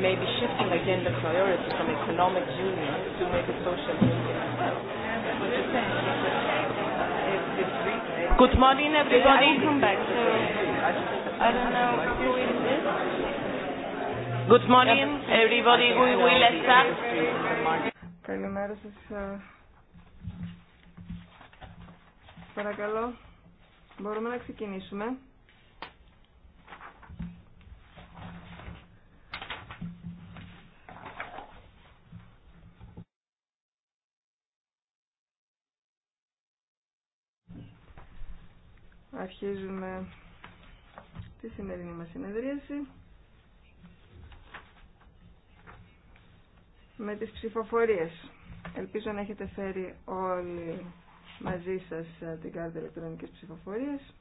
maybe shifting again the priority from economic union to maybe social union as well. Good morning, everybody. Yeah, come back. So, I don't know who is this. Good morning, everybody. We will start. Καλημέρα σας. Παρακαλώ, μπορούμε να ξεκινήσουμε. Αρχίζουμε τη σημερινή μας συνεδρίαση με τις ψηφοφορίες. Ελπίζω να έχετε φέρει όλοι μαζί σας ε, την κάρτα ηλεκτρονικής ψηφοφορίας.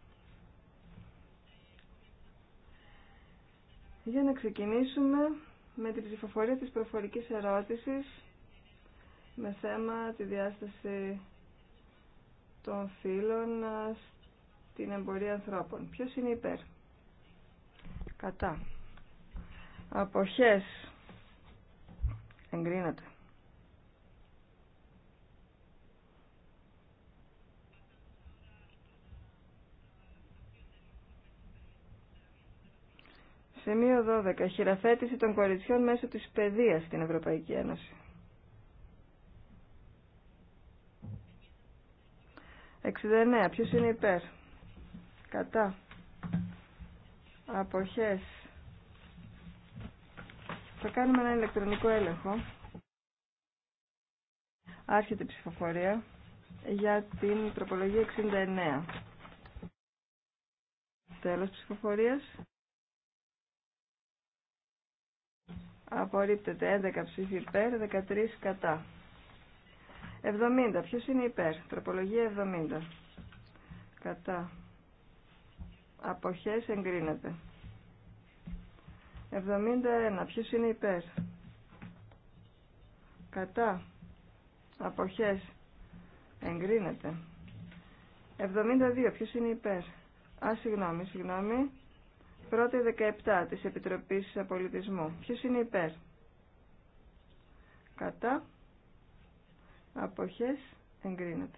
Για να ξεκινήσουμε με την ψηφοφορία της προφορικής ερώτησης με θέμα τη διάσταση των φύλων ε, την εμπορία ανθρώπων. Ποιος είναι υπέρ. Κατά. Αποχές. Εγκρίνεται. Σημείο 12. Χειραφέτηση των κοριτσιών μέσω της παιδείας στην Ευρωπαϊκή Ένωση. 69. Ποιος είναι υπέρ κατά αποχές θα κάνουμε ένα ηλεκτρονικό έλεγχο άρχεται η ψηφοφορία για την τροπολογία 69 τέλος ψηφοφορίας απορρίπτεται 11 ψήφι υπέρ 13 κατά 70 ποιος είναι υπέρ τροπολογία 70 κατά Αποχές εγκρίνεται. 71. Ποιος είναι υπέρ. Κατά. Αποχές. Εγκρίνεται. 72. Ποιος είναι υπέρ. Α, συγγνώμη, συγγνώμη. Πρώτη 17 της Επιτροπής Πολιτισμού. Ποιος είναι υπέρ. Κατά. Αποχές. Εγκρίνεται.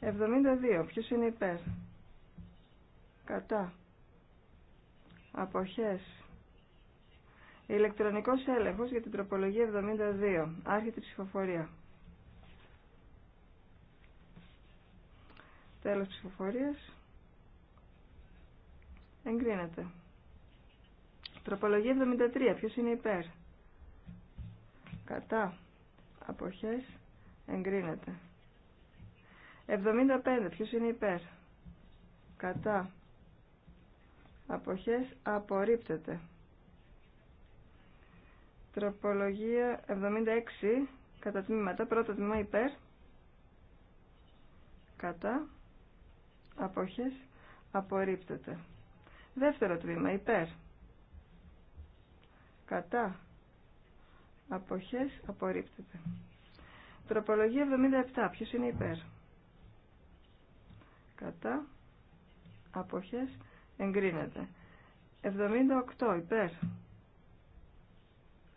72. Ποιος είναι υπέρ κατά αποχές ηλεκτρονικός έλεγχος για την τροπολογία 72 άρχεται η ψηφοφορία τέλος ψηφοφορίας εγκρίνεται τροπολογία 73 ποιος είναι υπέρ κατά αποχές εγκρίνεται 75 ποιος είναι υπέρ κατά αποχές απορρίπτεται. Τροπολογία 76 κατά τμήματα. Πρώτο τμήμα υπέρ. Κατά. Απόχες. Απορρίπτεται. Δεύτερο τμήμα υπέρ. Κατά. Απόχες. Απορρίπτεται. Τροπολογία 77. Ποιος είναι υπέρ. Κατά. Απόχες εγκρίνεται. 78 υπέρ.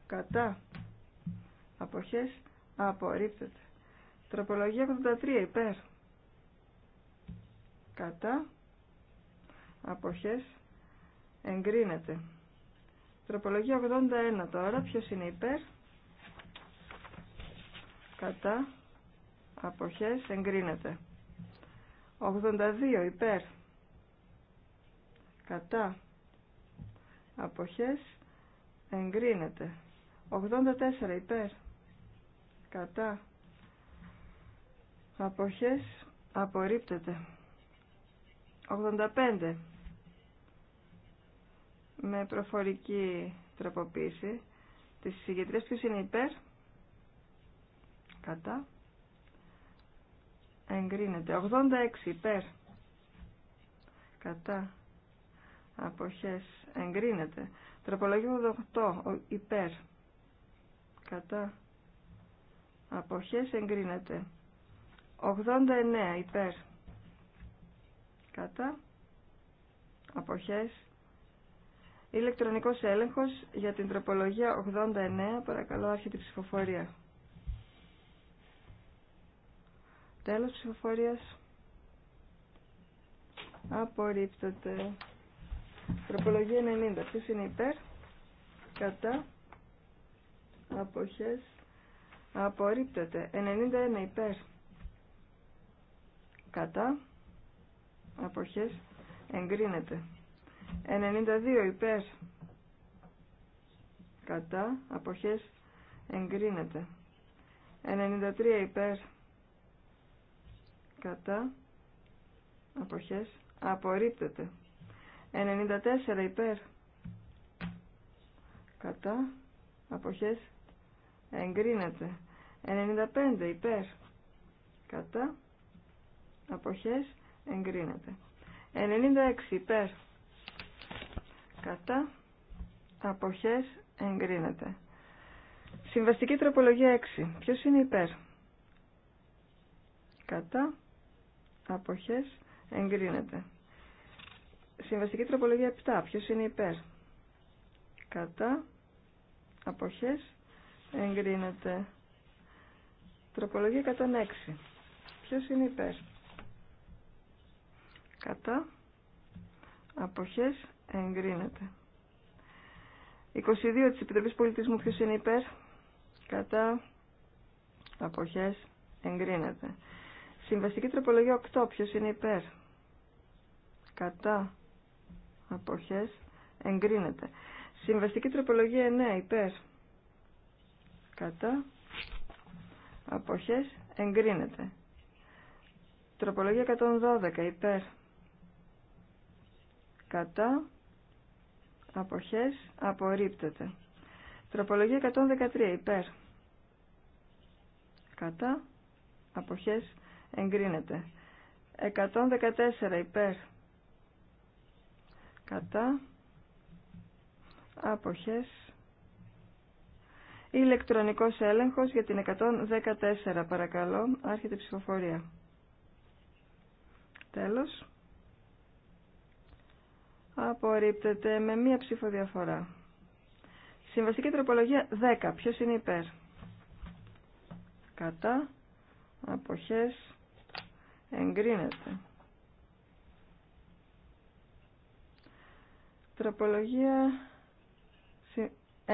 Κατά. Αποχές απορρίπτεται. Τροπολογία 83 υπέρ. Κατά. Αποχές εγκρίνεται. Τροπολογία 81 τώρα. Ποιος είναι υπέρ. Κατά. Αποχές εγκρίνεται. 82 υπέρ κατά αποχές εγκρίνεται 84 υπέρ κατά αποχές απορρίπτεται 85 με προφορική τροποποίηση της συγκεντρές ποιος είναι υπέρ κατά εγκρίνεται 86 υπέρ κατά αποχές εγκρίνεται. Τροπολογία 88 υπέρ κατά αποχές εγκρίνεται. 89 υπέρ κατά αποχές ηλεκτρονικός έλεγχος για την τροπολογία 89 παρακαλώ άρχεται ψηφοφορία τέλος ψηφοφορίας απορρίπτεται Τροπολογία 90. Ποιος είναι υπέρ, κατά, αποχές, απορρίπτεται. 91 υπέρ, κατά, αποχές, εγκρίνεται. 92 υπέρ, κατά, αποχές, εγκρίνεται. 93 υπέρ, κατά, αποχές, απορρίπτεται. 94 υπέρ. Κατά. Αποχές. Εγκρίνεται. 95 υπέρ. Κατά. Αποχές. Εγκρίνεται. 96 υπέρ. Κατά. Αποχές. Εγκρίνεται. Συμβαστική τροπολογία 6. Ποιος είναι υπέρ. Κατά. Αποχές. Εγκρίνεται. Συμβαστική τροπολογία 7. ποιο είναι υπέρ. Κατά. Αποχές. Εγκρίνεται. Τροπολογία 106. Ποιο είναι υπέρ. Κατά. απόχέ, Εγκρίνεται. 22 της Επιτροπής Πολιτισμού. Ποιος είναι υπέρ. Κατά. Αποχές. Εγκρίνεται. Συμβαστική τροπολογία 8. Ποιος είναι υπέρ. Κατά αποχές εγκρίνεται. Συμβαστική τροπολογία 9 υπέρ κατά αποχές εγκρίνεται. Τροπολογία 112 υπέρ κατά αποχές απορρίπτεται. Τροπολογία 113 υπέρ κατά αποχές εγκρίνεται. 114 υπέρ κατά άποχες ηλεκτρονικός έλεγχος για την 114 παρακαλώ άρχεται ψηφοφορία τέλος απορρίπτεται με μία ψηφοδιαφορά. συμβαστική τροπολογία 10 ποιος είναι υπέρ κατά αποχές εγκρίνεται Τροπολογία 11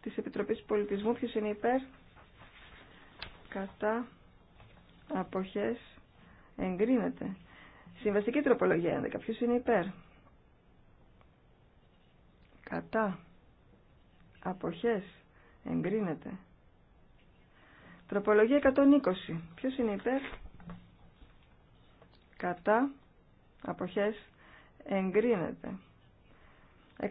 της Επιτροπής Πολιτισμού. Ποιος είναι υπέρ. Κατά. Αποχές. Εγκρίνεται. Συμβαστική τροπολογία 11. Ποιος είναι υπέρ. Κατά. Αποχές. Εγκρίνεται. Τροπολογία 120. Ποιος είναι υπέρ. Κατά. Αποχές. Εγκρίνεται. 122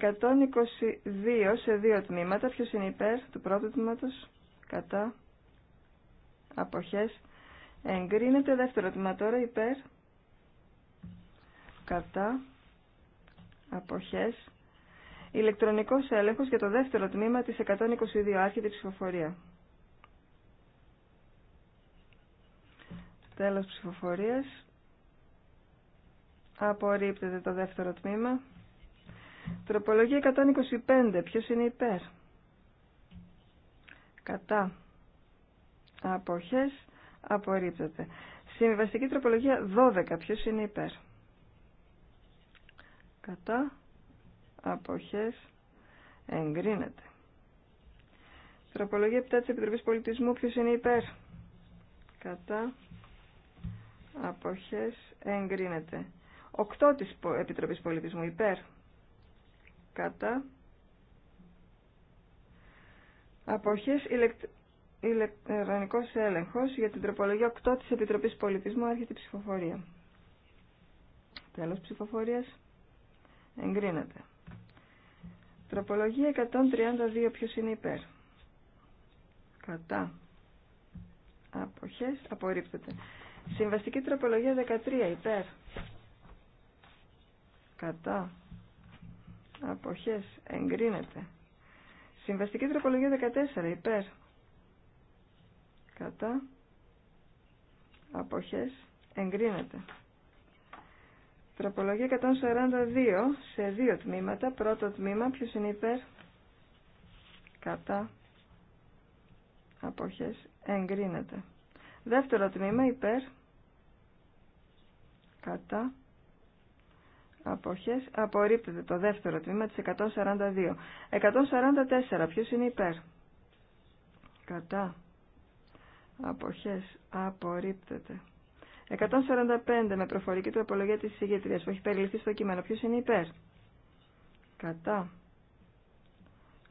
σε δύο τμήματα. Ποιος είναι υπέρ του πρώτου τμήματος. Κατά. Αποχές. Εγκρίνεται δεύτερο τμήμα τώρα υπέρ. Κατά. Αποχές. Ηλεκτρονικός έλεγχος για το δεύτερο τμήμα της 122. Άρχεται η ψηφοφορία. Τέλος ψηφοφορίας. Απορρίπτεται το δεύτερο τμήμα. Τροπολογία 125. Ποιος είναι υπέρ. Κατά. Αποχές. Απορρίπτεται. Συμβιβαστική τροπολογία 12. Ποιος είναι υπέρ. Κατά. Αποχές. Εγκρίνεται. Τροπολογία 7 της Επιτροπής Πολιτισμού. Ποιος είναι υπέρ. Κατά. Αποχές. Εγκρίνεται. 8 της Επιτροπής Πολιτισμού. Υπέρ κατά αποχές ηλεκτρονικός έλεγχος για την τροπολογία 8 της Επιτροπής Πολιτισμού έρχεται η ψηφοφορία. Τέλος ψηφοφορίας. Εγκρίνεται. Τροπολογία 132 ποιος είναι υπέρ. Κατά. Αποχές απορρίπτεται. Συμβαστική τροπολογία 13 υπέρ. Κατά αποχές εγκρίνεται. Συμβαστική τροπολογία 14 υπέρ κατά αποχές εγκρίνεται. Τροπολογία 142 σε δύο τμήματα. Πρώτο τμήμα ποιος είναι υπέρ κατά αποχές εγκρίνεται. Δεύτερο τμήμα υπέρ κατά αποχές απορρίπτεται το δεύτερο τμήμα της 142 144 ποιος είναι υπέρ κατά αποχές απορρίπτεται 145 με προφορική του απολογία της ηγετρίας που έχει περιληφθεί στο κείμενο ποιος είναι υπέρ κατά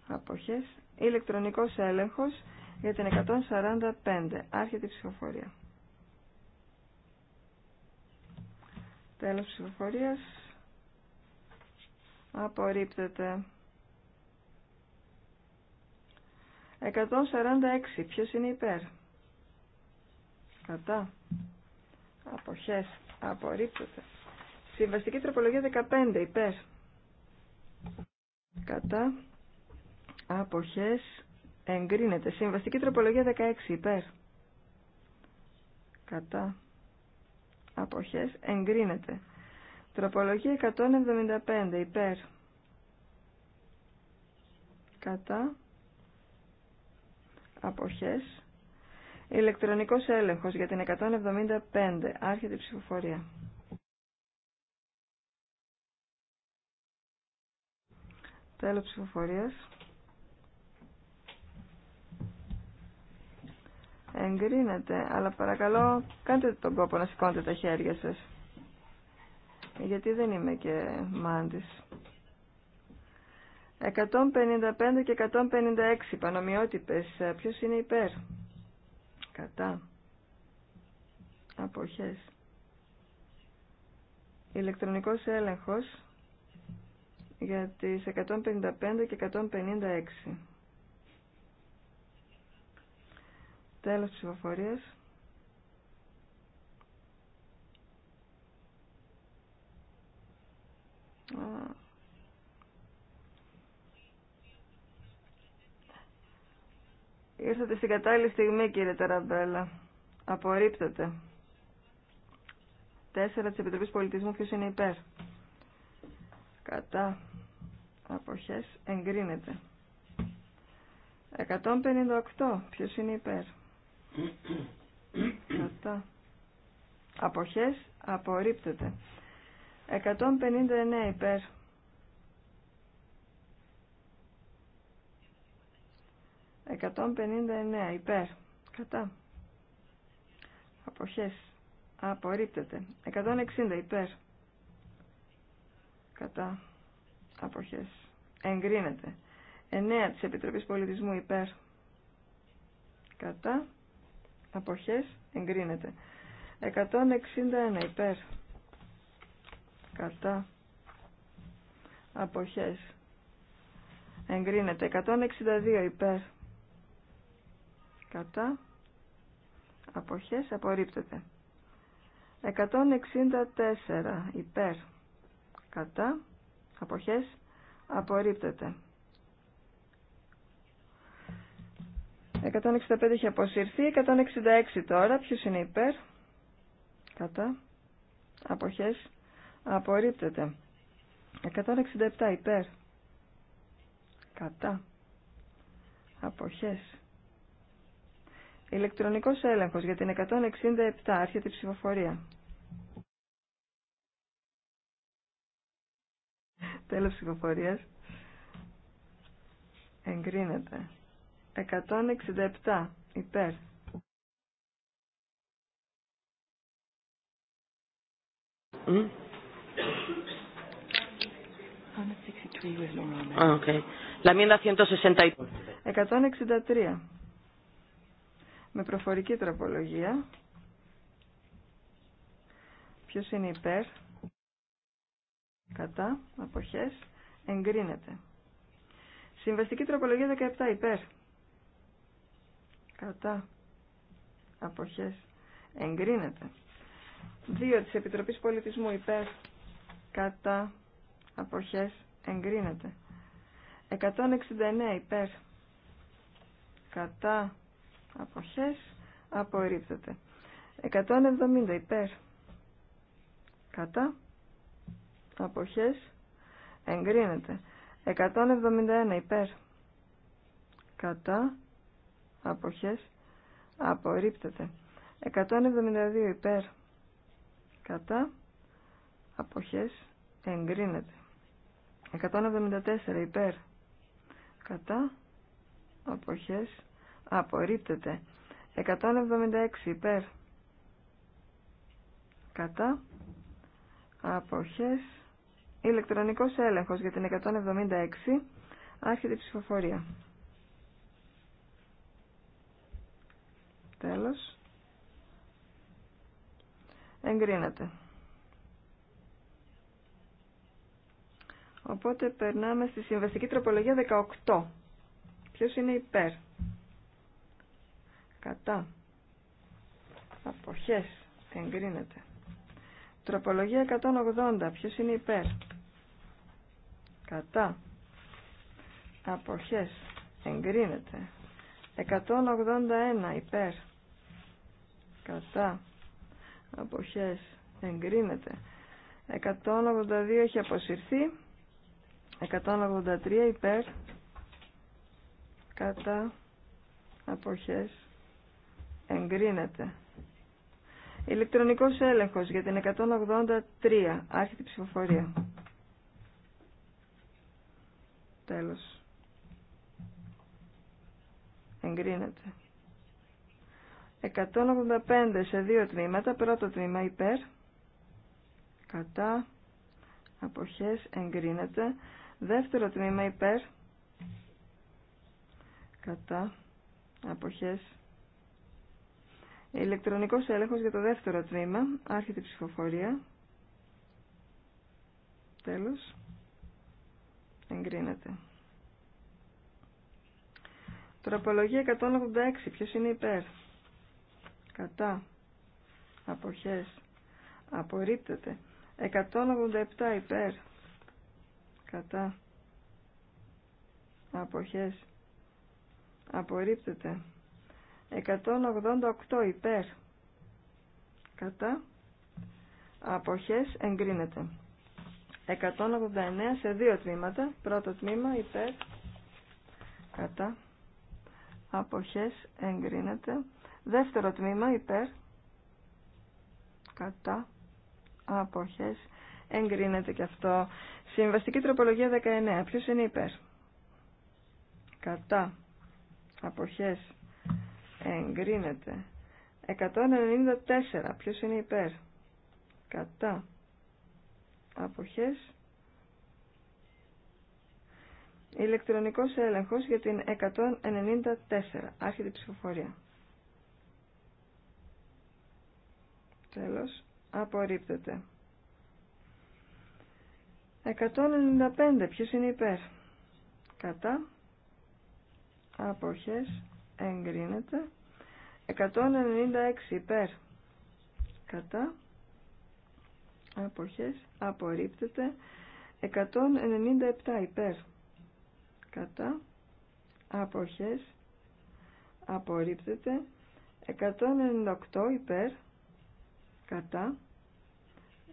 αποχές ηλεκτρονικός έλεγχος για την 145 άρχεται η ψηφοφορία Τέλος ψηφοφορίας Απορρίπτεται. 146. Ποιος είναι υπέρ. Κατά. Αποχές. Απορρίπτεται. Συμβαστική τροπολογία 15. Υπέρ. Κατά. Αποχές. Εγκρίνεται. Συμβαστική τροπολογία 16. Υπέρ. Κατά. Αποχές. Εγκρίνεται. Τροπολογία 175 υπέρ. Κατά. Αποχές. Ηλεκτρονικός έλεγχος για την 175. Άρχεται η ψηφοφορία. Τέλος ψηφοφορίας. Εγκρίνεται, αλλά παρακαλώ κάντε τον κόπο να σηκώνετε τα χέρια σας γιατί δεν είμαι και μάντης. 155 και 156 πανομοιότυπες. Ε, ποιος είναι υπέρ. Κατά. Αποχές. Ηλεκτρονικός έλεγχος για τις 155 και 156. Τέλος ψηφοφορίας. Ε, ήρθατε στην κατάλληλη στιγμή κύριε Ταραμπέλα. Απορρίπτεται. Τέσσερα της Επιτροπής Πολιτισμού ποιος είναι υπέρ. Κατά αποχές εγκρίνεται. 158 ποιος είναι υπέρ. Κατά αποχές απορρίπτεται. 159 υπέρ. Εκατόν πενήντα εννέα υπέρ. Κατά. Αποχές. Απορρίπτεται. Εκατόν εξήντα υπέρ. Κατά. Αποχές. Εγκρίνεται. Εννέα της Επιτροπής Πολιτισμού υπέρ. Κατά. Αποχές. Εγκρίνεται. Εκατόν εξήντα υπέρ κατά αποχές εγκρίνεται 162 υπέρ κατά αποχές απορρίπτεται 164 υπέρ κατά αποχές απορρίπτεται 165 έχει αποσυρθεί 166 τώρα ποιος είναι υπέρ κατά αποχές Απορρίπτεται. 167 υπέρ. Κατά. Αποχές. Ηλεκτρονικός έλεγχος για την 167 άρχεται η ψηφοφορία. Τέλος ψηφοφορίας. Εγκρίνεται. 167 υπέρ. Mm. 163. 163. Με προφορική τροπολογία. Ποιος είναι υπέρ. Κατά. Αποχές. Εγκρίνεται. Συμβαστική τροπολογία 17 υπέρ. Κατά. Αποχές. Εγκρίνεται. Δύο της Επιτροπής Πολιτισμού υπέρ. Κατά αποχές εγκρίνεται 169 υπέρ κατά αποχές απορρίπτεται 170 υπέρ κατά αποχές εγκρίνεται 171 υπέρ κατά αποχές απορρίπτεται 172 υπέρ κατά αποχές εγκρίνεται 174 υπέρ κατά αποχές απορρίπτεται 176 υπέρ κατά αποχές ηλεκτρονικός έλεγχος για την 176 άρχεται η ψηφοφορία τέλος εγκρίνεται Οπότε περνάμε στη συμβαστική τροπολογία 18. Ποιος είναι υπέρ. Κατά. Αποχές. Εγκρίνεται. Τροπολογία 180. Ποιος είναι υπέρ. Κατά. Αποχές. Εγκρίνεται. 181. Υπέρ. Κατά. Αποχές. Εγκρίνεται. 182 έχει αποσυρθεί. 183 υπέρ κατά αποχές εγκρίνεται. Ηλεκτρονικός έλεγχος για την 183 άρχιτη ψηφοφορία. Τέλος. Εγκρίνεται. 185 σε δύο τμήματα. Πρώτο τμήμα υπέρ. Κατά. Αποχές εγκρίνεται. Δεύτερο τμήμα υπέρ. Κατά. Αποχές. Ηλεκτρονικός έλεγχος για το δεύτερο τμήμα. Άρχεται η ψηφοφορία. Τέλος. Εγκρίνεται. Τροπολογία 186. Ποιος είναι υπέρ. Κατά. Αποχές. Απορρίπτεται. 187 υπέρ κατά αποχές απορρίπτεται 188 υπέρ κατά αποχές εγκρίνεται 189 σε δύο τμήματα πρώτο τμήμα υπέρ κατά αποχές εγκρίνεται δεύτερο τμήμα υπέρ κατά αποχές Εγκρίνεται και αυτό. Συμβαστική τροπολογία 19. Ποιος είναι υπέρ. Κατά. Αποχές. Εγκρίνεται. 194. Ποιος είναι υπέρ. Κατά. Αποχές. Ηλεκτρονικός έλεγχος για την 194. Άρχεται η ψηφοφορία. Τέλος. Απορρίπτεται. 195. Ποιος είναι υπέρ. Κατά. Αποχές. Εγκρίνεται. 196. Υπέρ. Κατά. Αποχές. Απορρίπτεται. 197. Υπέρ. Κατά. Αποχές. Απορρίπτεται. 198. Υπέρ. Κατά.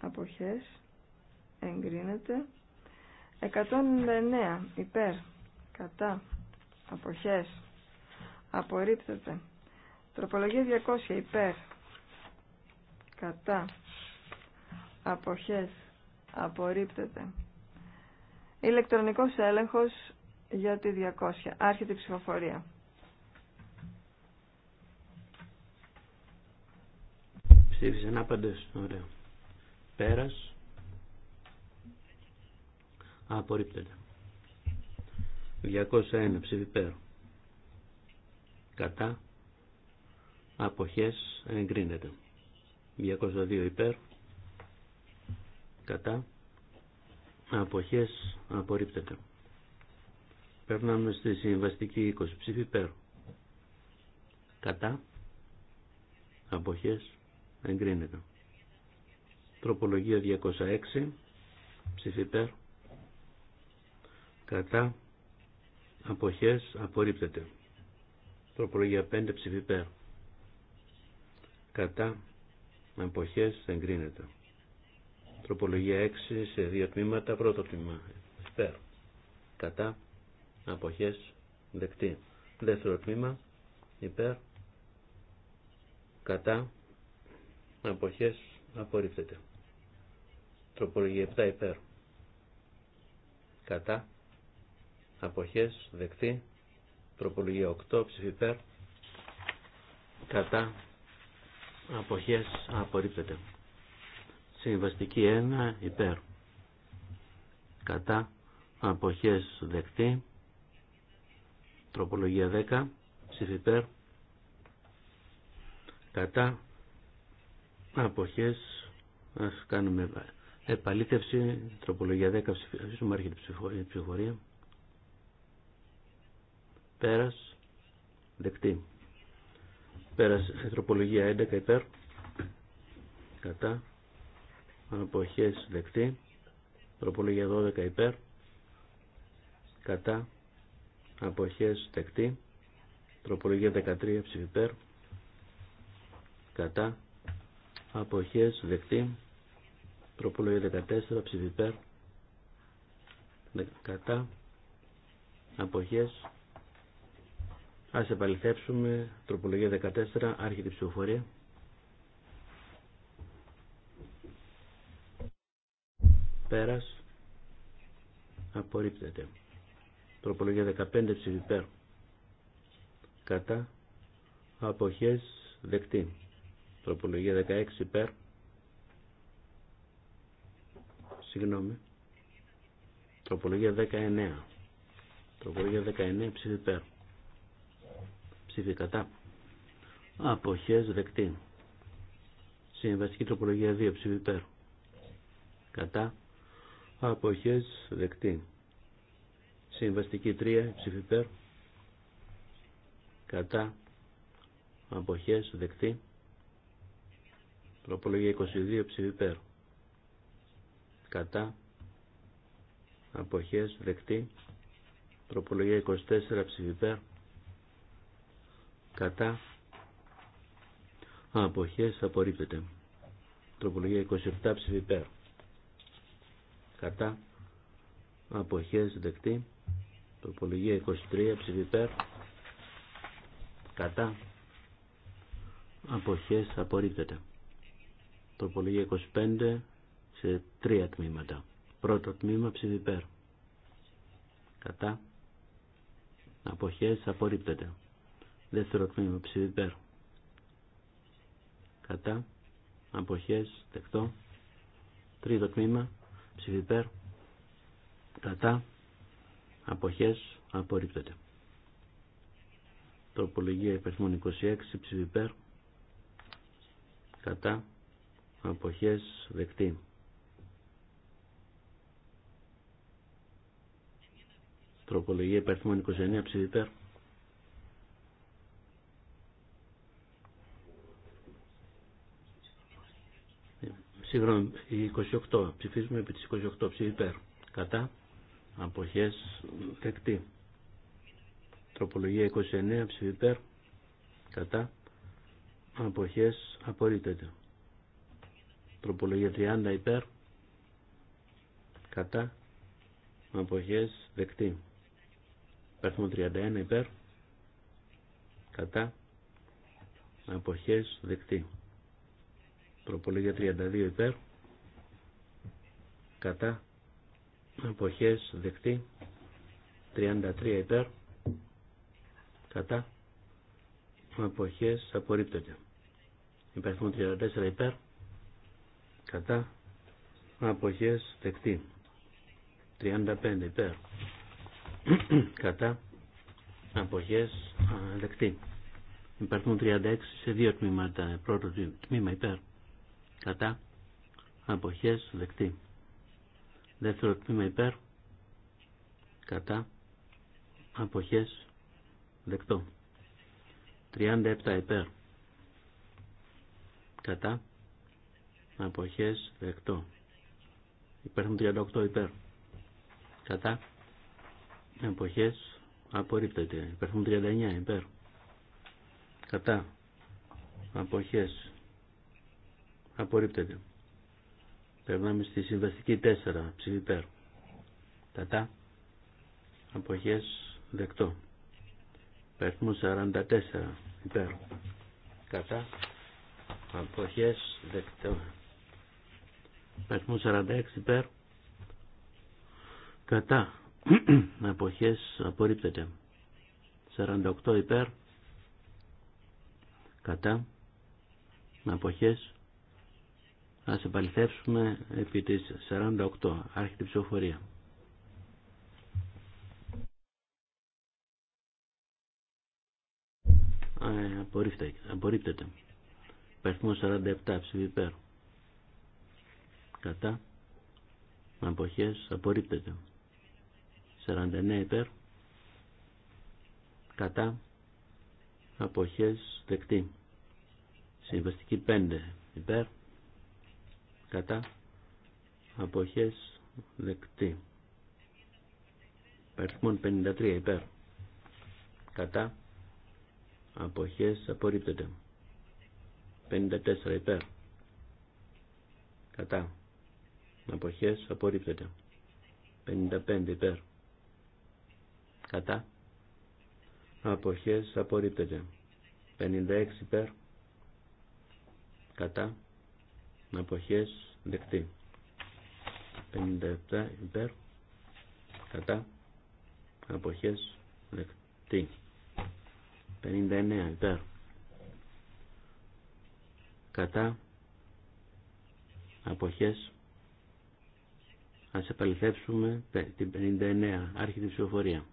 Αποχές εγκρίνεται. 199 υπέρ κατά αποχές απορρίπτεται. Τροπολογία 200 υπέρ κατά αποχές απορρίπτεται. Ηλεκτρονικός έλεγχος για τη 200. Άρχεται η ψηφοφορία. Ψήφισαν άπαντες. Ωραία. Πέρας. Απορρίπτεται. 201 ψήφι Κατά. Αποχές εγκρίνεται. 202 υπέρ. Κατά. Αποχές απορρίπτεται. Περνάμε στη συμβαστική 20 Ψηφιπέρο. Κατά. Αποχές εγκρίνεται. Τροπολογία 206 ψήφι κατά αποχές απορρίπτεται. Τροπολογία 5 ψηφιπέρ. Κατά αποχές εγκρίνεται. Τροπολογία 6 σε δύο τμήματα. Πρώτο τμήμα υπέρ. Κατά αποχές δεκτή. Δεύτερο τμήμα υπέρ. Κατά αποχές απορρίπτεται. Τροπολογία 7 υπέρ. Κατά αποχές δεκτή τροπολογία 8 ψηφιπέρ, κατά αποχές απορρίπτεται συμβαστική 1 υπέρ κατά αποχές δεκτή τροπολογία 10 ψηφιπέρ, κατά αποχές ας κάνουμε επαλήθευση τροπολογία 10 ψηφιπέρ, πέρας δεκτή πέρας σε τροπολογία 11 υπέρ κατά αναποχές δεκτή τροπολογία 12 υπέρ κατά αποχές δεκτή τροπολογία 13 ψηφιπέρ κατά αποχές δεκτή τροπολογία 14 ψηφιπέρ κατά αποχές Ας επαληθεύσουμε τροπολογία 14, άρχεται ψηφοφορία. Πέρας. Απορρίπτεται. Τροπολογία 15 ψηφιπέρ. Κατά. Αποχές δεκτή. Τροπολογία 16 υπέρ. Συγγνώμη. Τροπολογία 19. Τροπολογία 19 ψηφιπέρ κατά. Αποχές δεκτή. Συμβαστική τροπολογία 2 ψήφι υπέρ. Κατά. Αποχές δεκτή. Συμβαστική 3 ψήφι υπέρ. Κατά. Αποχές δεκτή. Τροπολογία 22 ψήφι υπέρ. Κατά. Αποχές δεκτή. Τροπολογία 24 ψηφιπέρ κατά αποχές απορρίπτεται. Τροπολογία 27 ψηφι Κατά αποχές δεκτή. Τροπολογία 23 ψηφι Κατά αποχές απορρίπτεται. Τροπολογία 25 σε τρία τμήματα. Πρώτο τμήμα ψηφι Κατά αποχές απορρίπτεται. Δεύτερο τμήμα ψηφιπέρ Κατά. Αποχές. Δεκτό. Τρίτο τμήμα ψηφιπέρ Κατά. Αποχές. Απορρίπτεται. Τροπολογία υπερθμών 26 ψηφιπέρ Κατά. Αποχές. Δεκτή. Τροπολογία υπερθμών 29 ψηφιπέρ. Συγγνώμη, 28. Ψηφίζουμε επί της 28. Ψήφι υπέρ. Κατά. Αποχές δεκτή. Τροπολογία 29. Ψήφι υπέρ. Κατά. Αποχές απορρίτεται. Τροπολογία 30 υπέρ. Κατά. Αποχές δεκτή. Παρθμό 31 υπέρ. Κατά. Αποχές δεκτή. Προπολογία 32 υπέρ. Κατά. Αποχές δεκτή. 33 υπέρ. Κατά. Αποχές απορρίπτεται. Υπερθμό 34 υπέρ. Κατά. Αποχές δεκτή. 35 υπέρ. Κατά. Αποχές δεκτή. Υπάρχουν 36 σε δύο τμήματα. Πρώτο τμήμα υπέρ κατά αποχές δεκτή δεύτερο τμήμα υπέρ κατά αποχές δεκτό 37 υπέρ κατά αποχές δεκτό Υπερθούν 38 υπέρ κατά αποχές απορρίπτεται Υπερθούν 39 υπέρ κατά αποχές απορρίπτεται. Περνάμε στη συμβαστική 4, ψήφι υπέρ. Κατά, αποχές δεκτό. Περνούμε 44, υπέρ. Κατά, αποχές δεκτό. Περνούμε 46, υπέρ. Κατά, αποχές απορρίπτεται. 48 υπέρ. Κατά, αποχές Ας επαληθεύσουμε επί της 48. Άρχεται ψηφοφορία. Ε, απορρίπτεται. Περιθμός 47 ψηφί υπέρ. Κατά. Αποχές απορρίπτεται. 49 υπέρ. Κατά. Αποχές δεκτή. Συμβαστική 5 υπέρ κατά αποχές δεκτή. Παριθμόν 53 υπέρ κατά αποχές απορρίπτεται. 54 υπέρ κατά αποχές απορρίπτεται. 55 υπέρ κατά αποχές απορρίπτεται. 56 υπέρ κατά αποχές δεκτή 57 υπέρ κατά αποχές δεκτή 59 υπέρ κατά αποχές ας επαληθεύσουμε την 59 άρχη της ψηφοφορία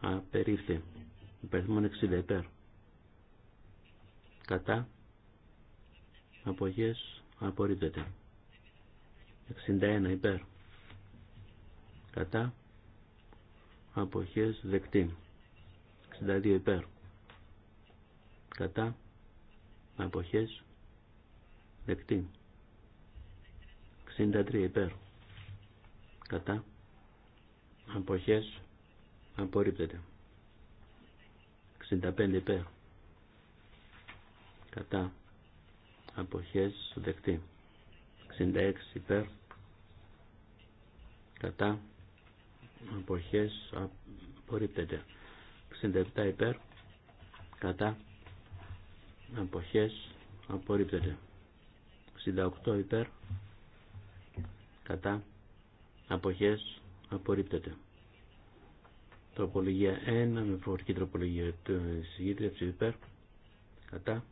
απερίφθη υπερθμόν 60 υπέρ κατά αποχές απορρίπτεται 61 υπέρ κατά αποχές δεκτή 62 υπέρ κατά αποχές δεκτή 63 υπέρ κατά αποχές απορρίπτεται 65 υπέρ κατά αποχές δεκτή 66 υπέρ κατά αποχές απορρίπτεται 67 υπέρ κατά αποχές απορρίπτεται 68 υπέρ κατά αποχές απορρίπτεται τροπολογία 1 με προφορική τροπολογία του εισηγήτρια Υπέρ. κατά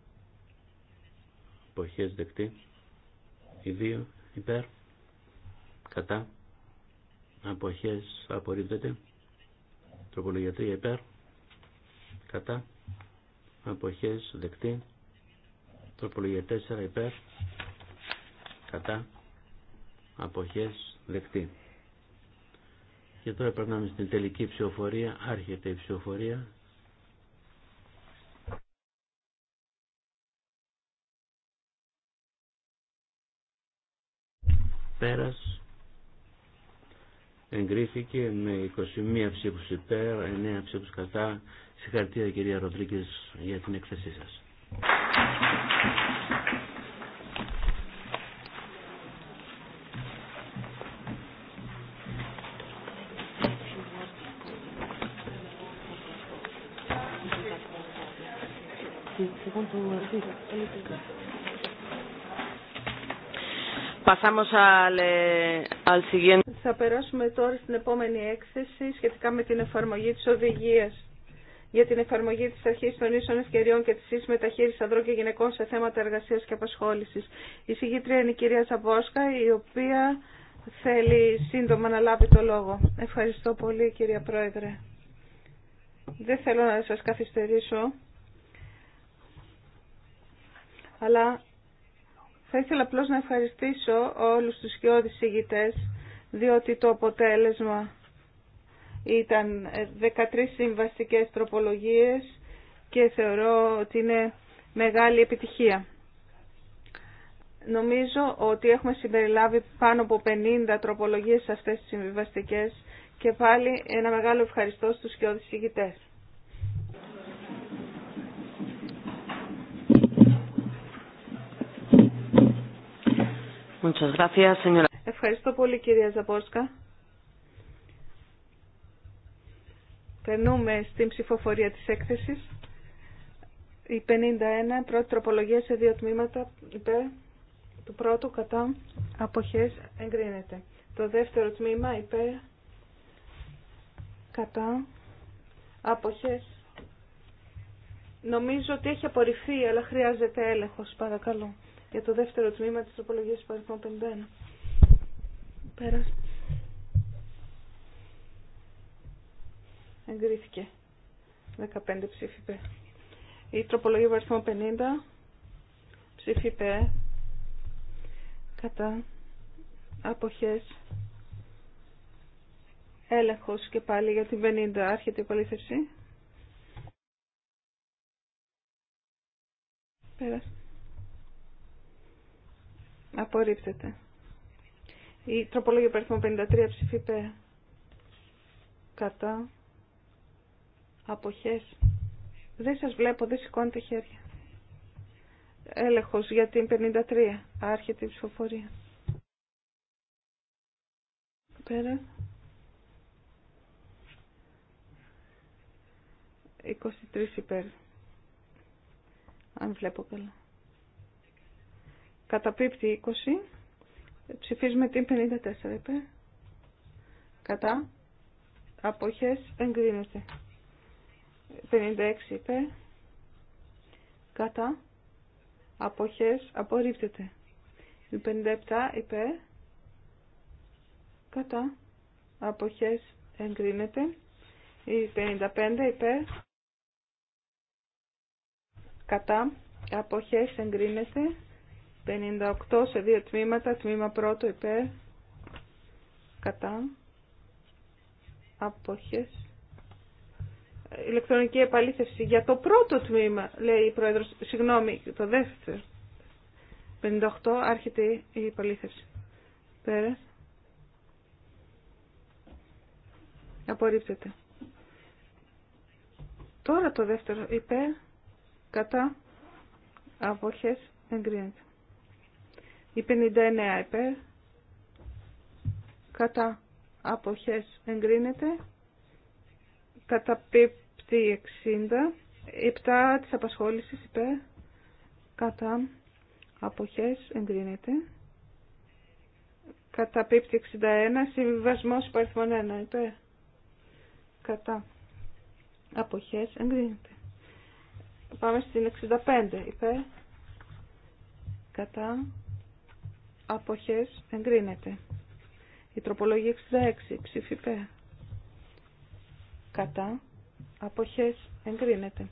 εποχές δεκτή οι 2 υπέρ κατά αποχές απορρίπτεται τροπολογία 3 υπέρ κατά αποχές δεκτή τροπολογία 4 υπέρ κατά αποχές δεκτή και τώρα περνάμε στην τελική ψηφοφορία άρχεται η ψηφοφορία Πέρας εγκρίθηκε με 21 ψήφους υπέρ, 9 ψήφους κατά. Συγχαρητήρια κυρία Ροδρίκης για την έκθεσή σας. Sí, Eh, Θα περάσουμε τώρα στην επόμενη έκθεση σχετικά με την εφαρμογή της οδηγίας για την εφαρμογή της αρχής των ίσων ευκαιριών και της ίσης μεταχείρισης ανδρών και γυναικών σε θέματα εργασίας και απασχόλησης. Η συγγήτρια είναι η κυρία Ζαμπόσκα, η οποία θέλει σύντομα να λάβει το λόγο. Ευχαριστώ πολύ κυρία Πρόεδρε. Δεν θέλω να σας καθυστερήσω, αλλά θα ήθελα απλώς να ευχαριστήσω όλους τους σκιώδεις ηγητές, διότι το αποτέλεσμα ήταν 13 ε, συμβαστικές τροπολογίες και θεωρώ ότι είναι μεγάλη επιτυχία. Νομίζω ότι έχουμε συμπεριλάβει πάνω από 50 τροπολογίες σε αυτές τις συμβιβαστικές και πάλι ένα μεγάλο ευχαριστώ στους σκιώδεις ηγητές. Ευχαριστώ πολύ κυρία Ζαπόρσκα. Περνούμε στην ψηφοφορία της έκθεσης. Η 51, πρώτη τροπολογία σε δύο τμήματα, υπέρ του πρώτου κατά αποχές εγκρίνεται. Το δεύτερο τμήμα υπέρ κατά αποχές. Νομίζω ότι έχει απορριφθεί, αλλά χρειάζεται έλεγχος, παρακαλώ για το δεύτερο τμήμα της τροπολογίας του παρελθόν 51. Πέρας. Εγκρίθηκε. 15 ψήφι Η τροπολογία παρελθόν 50. Ψήφι Κατά. Αποχές. Έλεγχος και πάλι για την 50. Άρχεται η υπολήθευση. Πέρασε. Απορρίπτεται. Η τροπολογία περίφημα 53 ψηφίπε Κατά. Αποχές. Δεν σας βλέπω, δεν σηκώνετε χέρια. Έλεγχος για την 53. Άρχεται η ψηφοφορία. Πέρα. 23 υπέρ. Αν βλέπω καλά. Καταπίπτει 20. Ψηφίζουμε την 54 Είπε. Κατά. Αποχές εγκρίνεται. 56 Είπε. Κατά. Αποχές απορρίπτεται. 57 Είπε. Κατά. Αποχές εγκρίνεται. Η 55 Είπε. Κατά. Αποχές εγκρίνεται. 58 σε δύο τμήματα, τμήμα πρώτο υπέρ, κατά, απόχες. Ηλεκτρονική επαλήθευση για το πρώτο τμήμα, λέει η Πρόεδρος, συγγνώμη, το δεύτερο. 58 άρχεται η επαλήθευση. Πέρας. Απορρίπτεται. Τώρα το δεύτερο υπέρ, κατά, απόχες, εγκρίνεται. Η 59 υπέρ. Κατά αποχές εγκρίνεται. Κατά πίπτη 60. Η 7 της απασχόλησης υπέρ. Κατά αποχές εγκρίνεται. Κατά πίπτη 61. Συμβιβασμός υπαριθμών 1 υπέρ. Κατά αποχές εγκρίνεται. Πάμε στην 65 υπέρ. Κατά αποχές εγκρίνεται. Η τροπολογία 66 ψηφιπέ κατά αποχές εγκρίνεται.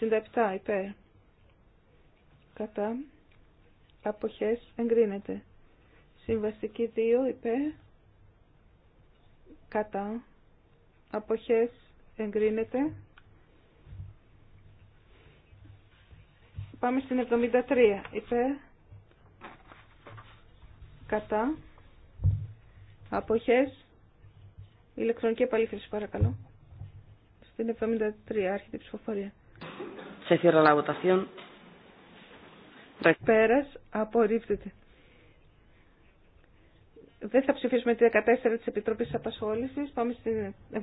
67 υπέρ κατά αποχές εγκρίνεται. Συμβαστική 2 υπέρ κατά αποχές εγκρίνεται. Πάμε στην 73 υπέρ κατά, αποχές, ηλεκτρονική επαλήθευση παρακαλώ. Στην 73 άρχεται η ψηφοφορία. Σε θύρα Πέρας, απορρίπτεται. Δεν θα ψηφίσουμε τη 14 της Επιτροπής Απασχόλησης. Πάμε στην 74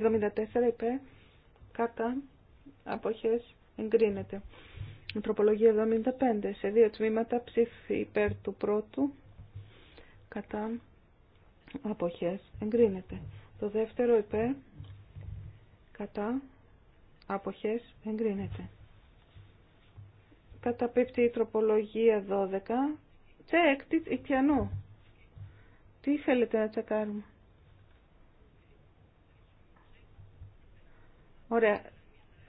υπέρ. Κατά. Αποχές. Εγκρίνεται. τροπολογία 75. Σε δύο τμήματα ψήφι υπέρ του πρώτου κατά αποχές εγκρίνεται. Το δεύτερο υπέ κατά αποχές εγκρίνεται. Καταπίπτει η τροπολογία 12. Τσέκ, τι, πιανού. Τι θέλετε να τσεκάρουμε. Ωραία.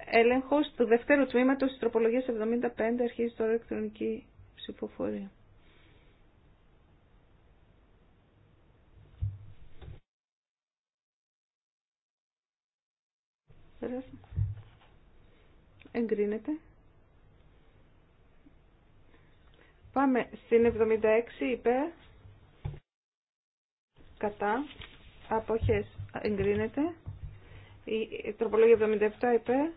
Έλεγχος του δευτέρου τμήματος της τροπολογίας 75 αρχίζει τώρα ηλεκτρονική ψηφοφορία. Εγκρίνεται. Πάμε στην 76 υπέρ. Κατά. Αποχές. Εγκρίνεται. Η τροπολογία 77 υπέρ.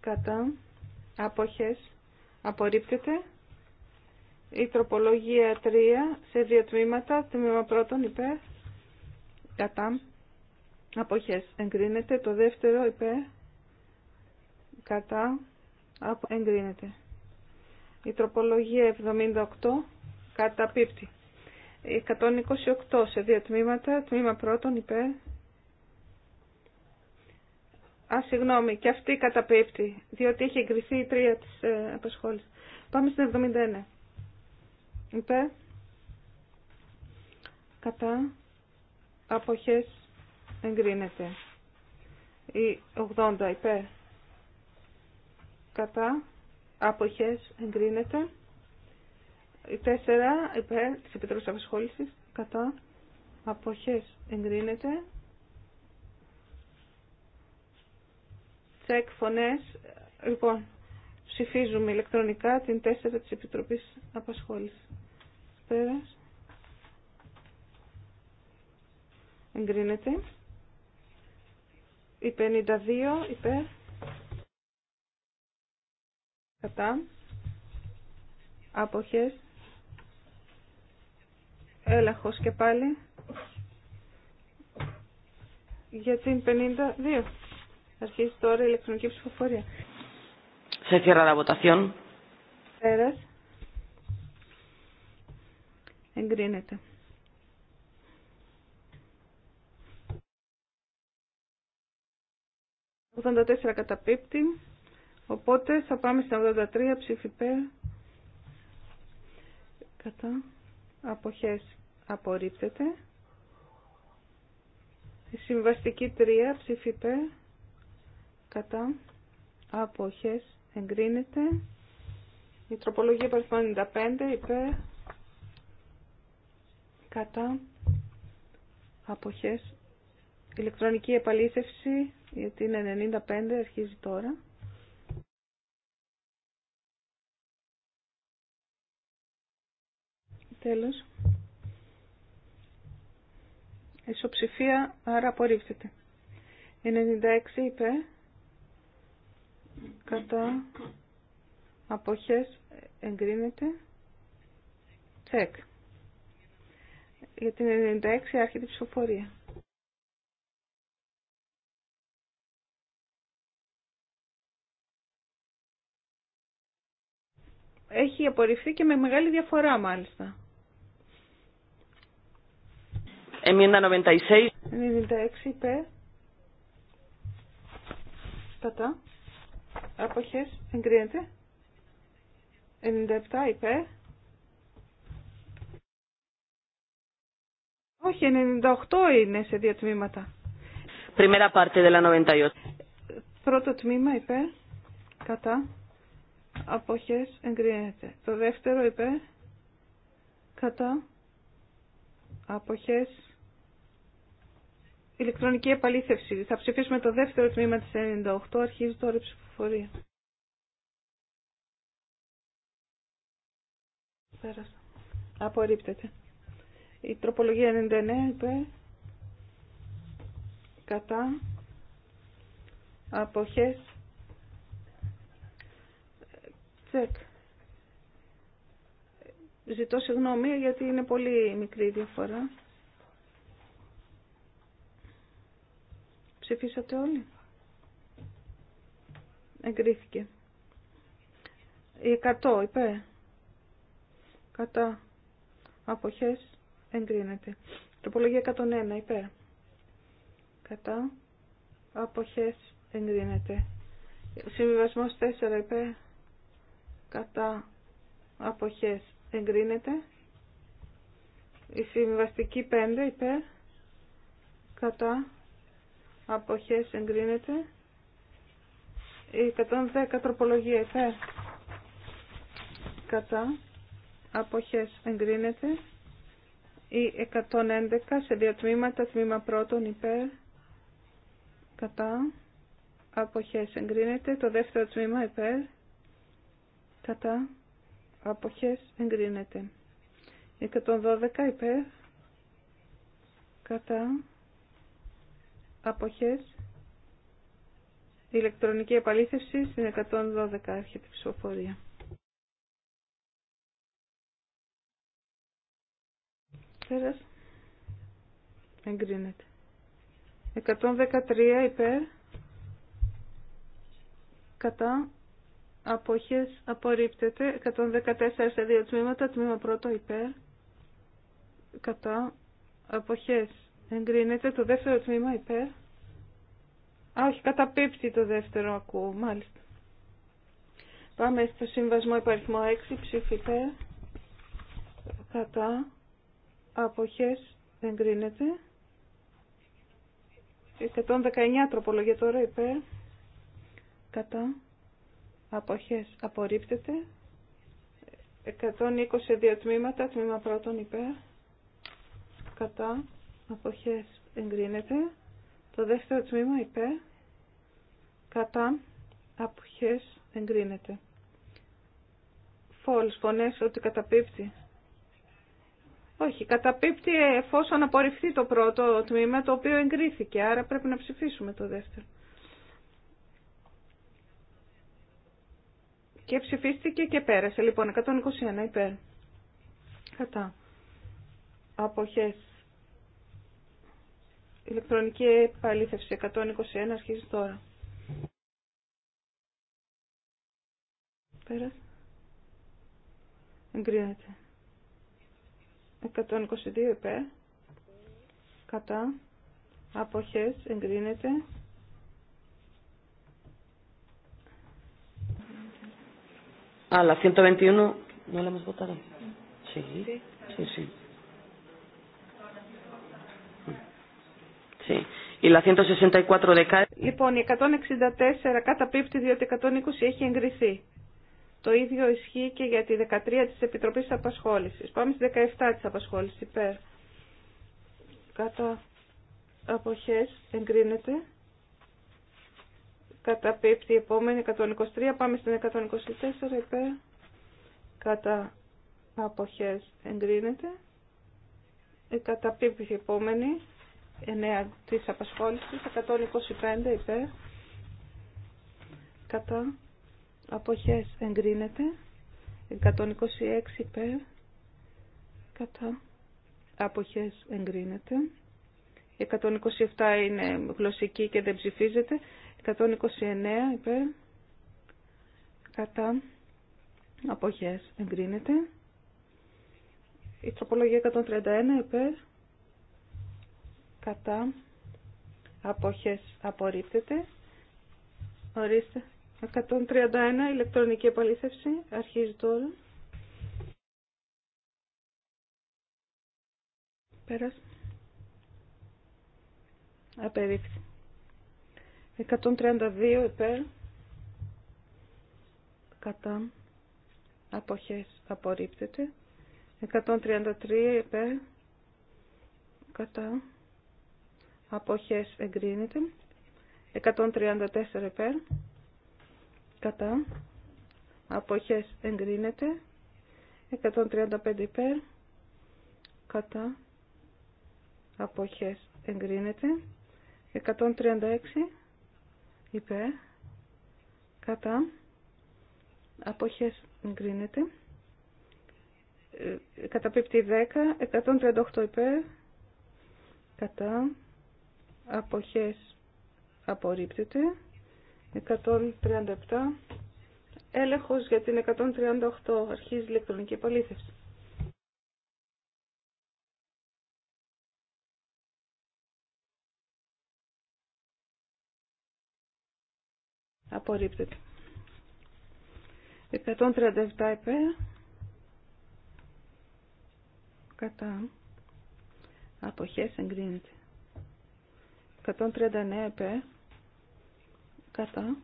Κατά. Αποχές. Απορρίπτεται. Η τροπολογία 3 σε δύο τμήματα. Τμήμα πρώτον υπέρ. Κατά αποχές εγκρίνεται. Το δεύτερο υπέ. κατά εγκρίνεται. Η τροπολογία 78 καταπίπτει. 128 σε δύο τμήματα, τμήμα πρώτον υπέ. Α, συγγνώμη, και αυτή καταπίπτει, διότι έχει εγκριθεί η τρία της ε, Πάμε στην 71. Υπέ. Κατά. Αποχές εγκρίνεται. Η 80 υπέρ κατά αποχές εγκρίνεται. Η 4 υπέρ της Επιτροπής Απασχόλησης κατά αποχές εγκρίνεται. Τσεκ φωνές. Λοιπόν, ψηφίζουμε ηλεκτρονικά την 4 της Επιτροπής Απασχόλησης. Πέρας. Εγκρίνεται. Η 52 υπέρ. Κατά. Άποχες. Έλαχος και πάλι. Για την 52. Αρχίζει τώρα η ηλεκτρονική ψηφοφορία. Σε cierra la βοτασιόν. Εγκρίνεται. 84 πίπτη, Οπότε θα πάμε στα 83 ψήφι Κατά. Αποχές απορρίπτεται. Η συμβαστική 3 ψήφι Κατά. Αποχές εγκρίνεται. Η τροπολογία 95 υπέρ. Κατά. Αποχές. Ηλεκτρονική επαλήθευση γιατί είναι 95, αρχίζει τώρα. Τέλος. Ισοψηφία, άρα απορρίφθηκε. 96 είπε, κατά αποχές εγκρίνεται. Τσεκ. Για την 96 άρχεται η ψηφοφορία. έχει απορριφθεί και με μεγάλη διαφορά μάλιστα. 96. 96 υπέρ. Κατά. Άποχες. Εγκρίνεται. 97 υπέρ. Όχι, 98 είναι σε δύο τμήματα. Πρώτο τμήμα υπέρ. Κατά αποχές εγκρίνεται. Το δεύτερο είπε κατά αποχές ηλεκτρονική επαλήθευση. Θα ψηφίσουμε το δεύτερο τμήμα της 98. Αρχίζει τώρα η ψηφοφορία. Πέρασα. Απορρίπτεται. Η τροπολογία 99 είπε κατά αποχές Ζητώ συγγνώμη γιατί είναι πολύ μικρή διαφορά. Ψηφίσατε όλοι. Εγκρίθηκε. Η 100 είπε. Κατά αποχές εγκρίνεται. Τροπολογία 101 είπε. Κατά αποχές εγκρίνεται. Συμβιβασμός 4 είπε κατά αποχές εγκρίνεται. Η συμβαστική 5 υπέρ κατά αποχές εγκρίνεται. Η 110 τροπολογία υπέρ κατά αποχές εγκρίνεται. Η 111 σε δύο τμήματα, τμήμα πρώτον υπέρ κατά αποχές εγκρίνεται. Το δεύτερο τμήμα υπέρ κατά αποχές εγκρίνεται 112 υπέρ κατά αποχές ηλεκτρονική επαλήθευση στην 112 έρχεται ψηφοφορία Πέρας εγκρίνεται 113 υπέρ κατά αποχές απορρίπτεται 114 σε δύο τμήματα τμήμα πρώτο υπέρ κατά αποχές εγκρίνεται το δεύτερο τμήμα υπέρ Α, όχι, καταπίπτει το δεύτερο ακούω, μάλιστα. Πάμε στο συμβασμό υπαριθμό 6, ψήφι υπέρ, κατά, αποχές, εγκρίνεται. 119 τροπολογία τώρα υπέρ, κατά, αποχές απορρίπτεται 122 τμήματα τμήμα πρώτον υπέρ κατά αποχές εγκρίνεται το δεύτερο τμήμα υπέρ κατά αποχές εγκρίνεται φόλς φωνές ότι καταπίπτει όχι, καταπίπτει εφόσον απορριφθεί το πρώτο τμήμα το οποίο εγκρίθηκε, άρα πρέπει να ψηφίσουμε το δεύτερο. και ψηφίστηκε και πέρασε. Λοιπόν, 121 υπέρ. Κατά. Αποχές. Ηλεκτρονική επαλήθευση 121 αρχίζει τώρα. Πέρασε. Εγκρίνεται. 122 υπέρ. Κατά. Αποχές. Εγκρίνεται. Ah, la 121 no la hemos votado. Sí, sí, sí. Sí. Η 164 δεκα... Λοιπόν, η 164 καταπίπτει διότι 120 έχει εγκριθεί. Το ίδιο ισχύει και για τη 13 της Επιτροπής Απασχόλησης. Πάμε στη 17 της Απασχόλησης, υπέρ. Κατά αποχές εγκρίνεται. Καταπίπτει η επόμενη 123. Πάμε στην 124 υπέρ. Κατά αποχές εγκρίνεται. η ε, πίπτη η επόμενη 9 της απασχόλησης. 125 υπέρ. Κατά αποχές εγκρίνεται. 126 υπέρ. Κατά αποχές εγκρίνεται. 127 είναι γλωσσική και δεν ψηφίζεται. 129 υπέρ κατά αποχές εγκρίνεται. Η τροπολογία 131 υπέρ κατά αποχές απορρίπτεται. Ορίστε. 131 ηλεκτρονική επαλήθευση αρχίζει τώρα. Πέρας. Απερίφθη. 132 υπέρ κατά αποχές απορρίπτεται 133 υπέρ κατά αποχές εγκρίνεται 134 υπέρ κατά αποχές εγκρίνεται 135 υπέρ κατά αποχές εγκρίνεται 136 ειπέ, κατά, αποχές εγκρίνεται, ε, καταπίπτει 10, 138 υπέρ, κατά, αποχές απορρίπτεται, 137, έλεγχος για την 138, αρχίζει ηλεκτρονική επαλήθευση. Απορρίπτεται. 137 επέ Κατά. Αποχές εγκρίνεται. 139 επέ Κατά.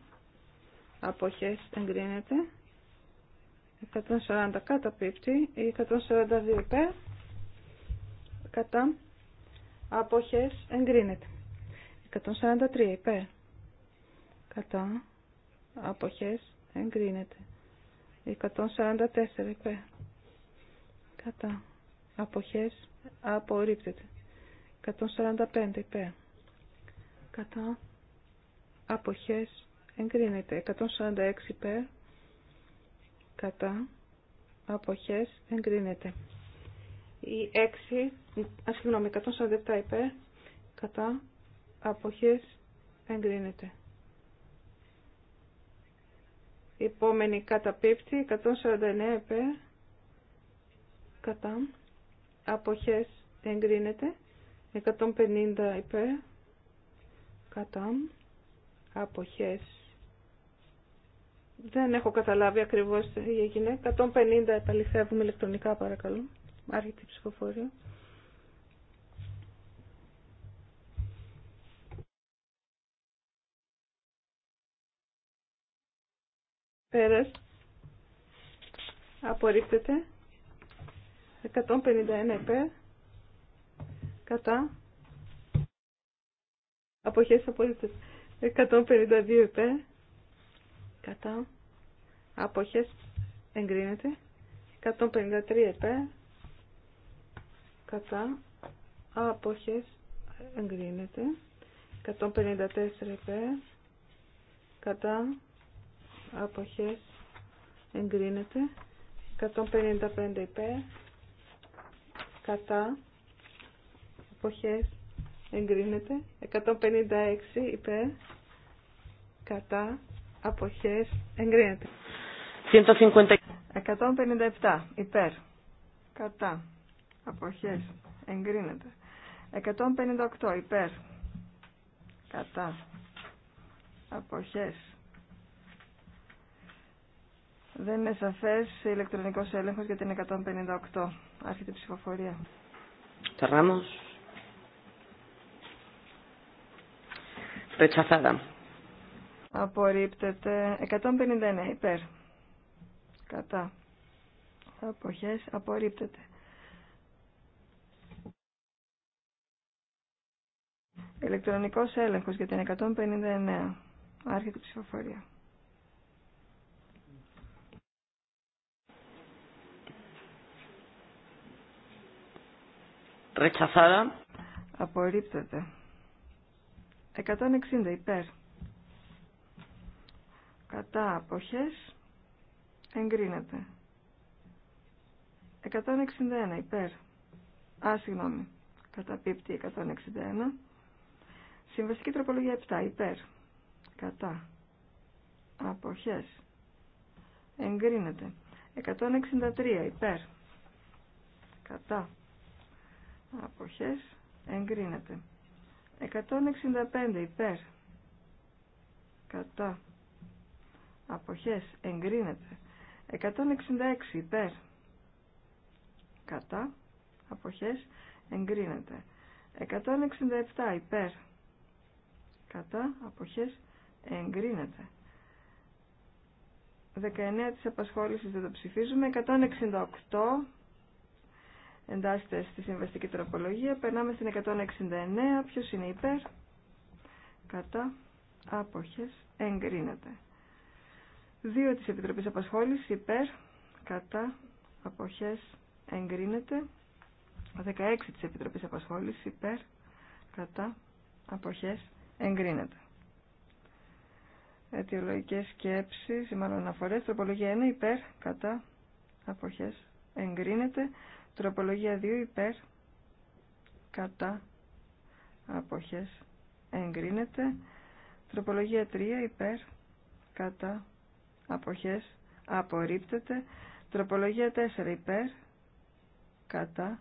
Αποχές εγκρίνεται. 140 κατά πίπτη. 142 επέ Κατά. Αποχές εγκρίνεται. 143 επέ Κατά αποχές εγκρίνεται 144 υπέρ κατά αποχές απορρίπτεται 145 υπέρ κατά αποχές εγκρίνεται 146 υπέρ κατά αποχές εγκρίνεται η 6 ας συγγνώμη 147 υπέρ κατά αποχές εγκρίνεται η επόμενη καταπίπτει 149 επέ κατά αποχές εγκρίνεται 150 επέ κατά αποχές δεν έχω καταλάβει ακριβώς τι έγινε 150 επαληθεύουμε ηλεκτρονικά παρακαλώ άρχεται η ψηφοφορία Πέρας. Απορρίπτεται. 151 υπέρ. Κατά. Αποχές απορρίπτεται. 152 υπέρ. Κατά. Αποχές εγκρίνεται. 153 υπέρ. Κατά. Αποχές εγκρίνεται. 154 υπέρ. Κατά αποχές εγκρίνεται 155 υπέρ κατά αποχές εγκρίνεται 156 υπέρ κατά αποχές εγκρίνεται 157 υπέρ κατά αποχές εγκρίνεται 158 υπέρ κατά αποχές δεν είναι σαφές ηλεκτρονικός έλεγχος για την 158. Άρχεται η ψηφοφορία. Τερνάμος. Ρετσαθάδα. Απορρίπτεται. 159 υπέρ. Κατά. Αποχές. Απορρίπτεται. Ηλεκτρονικό Ηλεκτρονικός έλεγχος για την 159. Άρχεται η ψηφοφορία. rechazada. Απορρίπτεται. 160 υπέρ. Κατά αποχές εγκρίνεται. 161 υπέρ. Α, συγγνώμη. Καταπίπτει 161. Συμβαστική τροπολογία 7 υπέρ. Κατά. Αποχές. Εγκρίνεται. 163 υπέρ. Κατά. Αποχές εγκρίνεται. 165 υπέρ. Κατά. Αποχές εγκρίνεται. 166 υπέρ. Κατά. Αποχές εγκρίνεται. 167 υπέρ. Κατά. Αποχές εγκρίνεται. 19 της απασχόλησης δεν το ψηφίζουμε. 168 εντάσσεται στη συμβαστική τροπολογία. Περνάμε στην 169. Ποιος είναι υπέρ. Κατά. Άποχες. Εγκρίνεται. Δύο της Επιτροπής Απασχόλησης. Υπέρ. Κατά. Αποχές. Εγκρίνεται. 16 της Επιτροπής Απασχόλησης. Υπέρ. Κατά. Αποχές. Εγκρίνεται. Αιτιολογικές σκέψεις, μάλλον αναφορές, τροπολογία 1, υπέρ, κατά, αποχές, εγκρίνεται. Τροπολογία 2 υπέρ κατά αποχές εγκρίνεται. Τροπολογία 3 υπέρ κατά αποχές απορρίπτεται. Τροπολογία 4 υπέρ κατά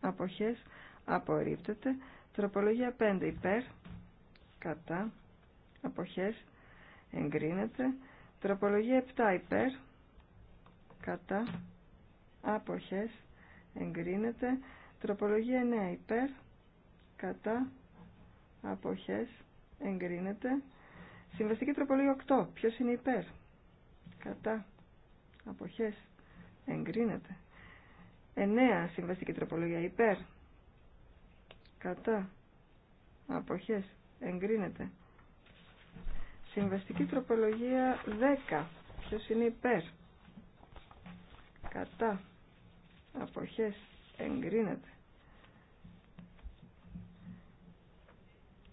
αποχές απορρίπτεται. Τροπολογία 5 υπέρ κατά αποχές εγκρίνεται. Τροπολογία 7 υπέρ κατά αποχές εγκρίνεται. Τροπολογία 9 υπέρ, κατά, αποχές, εγκρίνεται. Συμβαστική τροπολογία 8, ποιος είναι υπέρ, κατά, αποχές, εγκρίνεται. 9 συμβαστική τροπολογία υπέρ, κατά, αποχές, εγκρίνεται. Συμβαστική τροπολογία 10, ποιος είναι υπέρ, κατά, αποχές εγκρίνεται.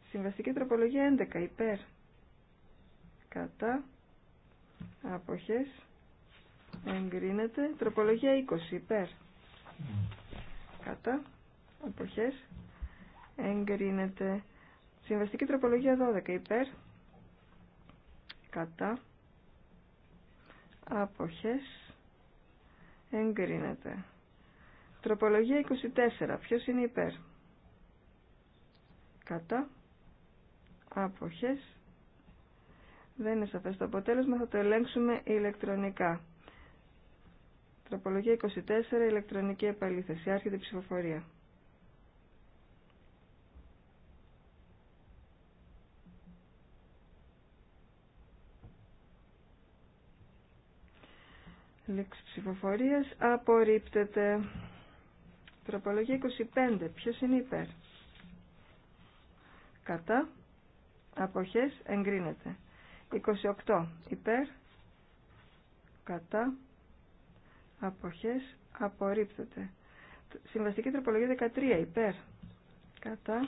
Συμβαστική τροπολογία 11 υπέρ κατά αποχές εγκρίνεται. Τροπολογία 20 υπέρ κατά αποχές εγκρίνεται. Συμβαστική τροπολογία 12 υπέρ κατά αποχές εγκρίνεται. Τροπολογία 24. Ποιος είναι υπέρ. Κατά. Άποχες. Δεν είναι σαφές το αποτέλεσμα. Θα το ελέγξουμε ηλεκτρονικά. Τροπολογία 24. Ηλεκτρονική επαλήθεση. Άρχεται η ψηφοφορία. Λήξη ψηφοφορίας απορρίπτεται. Τροπολογία 25. Ποιος είναι υπέρ. Κατά. Αποχές εγκρίνεται. 28. Υπέρ. Κατά. Αποχές απορρίπτεται. Συμβαστική τροπολογία 13. Υπέρ. Κατά.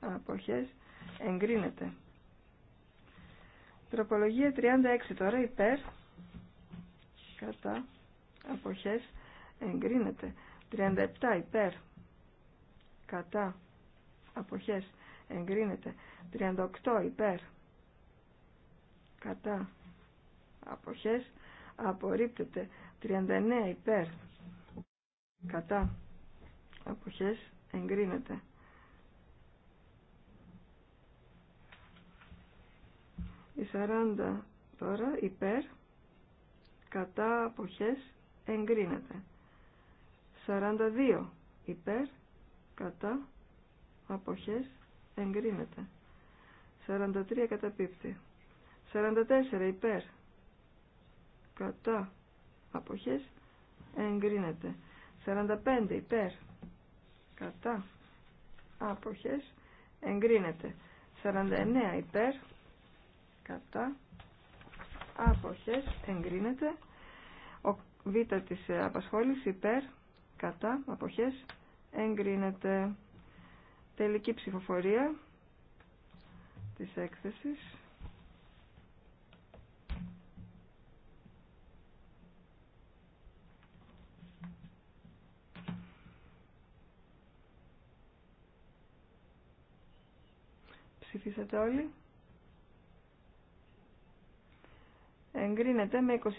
Αποχές εγκρίνεται. Τροπολογία 36 τώρα υπέρ κατά αποχές εγκρίνεται. 37 υπέρ κατά αποχές εγκρίνεται 38 υπέρ κατά αποχές απορρίπτεται 39 υπέρ κατά αποχές εγκρίνεται 40 τώρα υπέρ κατά αποχές εγκρίνεται 42 υπέρ κατά αποχές εγκρίνεται 43 καταπίπτει 44 υπέρ κατά αποχές εγκρίνεται 45 υπέρ κατά αποχές εγκρίνεται 49 υπέρ κατά αποχές εγκρίνεται ο β της ε, απασχόληση υπέρ κατά, αποχές, εγκρίνεται. Τελική ψηφοφορία της έκθεσης. Ψηφίσατε όλοι. εγκρίνεται με 24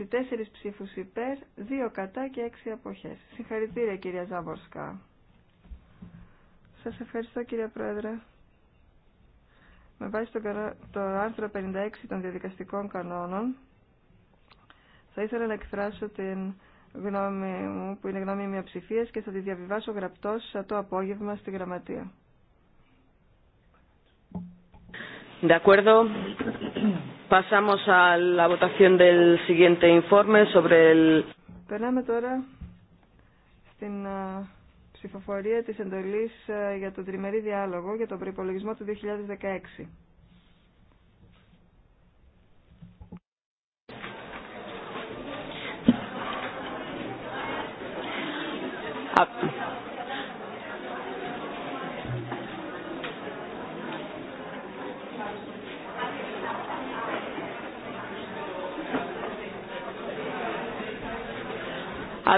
ψήφους υπέρ, 2 κατά και 6 αποχές. Συγχαρητήρια κυρία Ζάμπορσκα. Σας ευχαριστώ κυρία Πρόεδρε. Με βάση το άρθρο 56 των διαδικαστικών κανόνων, θα ήθελα να εκφράσω την γνώμη μου, που είναι γνώμη μια μειοψηφία και θα τη διαβιβάσω γραπτός το απόγευμα στη Γραμματεία. De Pasamos a la del siguiente informe Περνάμε τώρα στην ψηφοφορία της εντολής για το τριμερή διάλογο για τον προϋπολογισμό του 2016.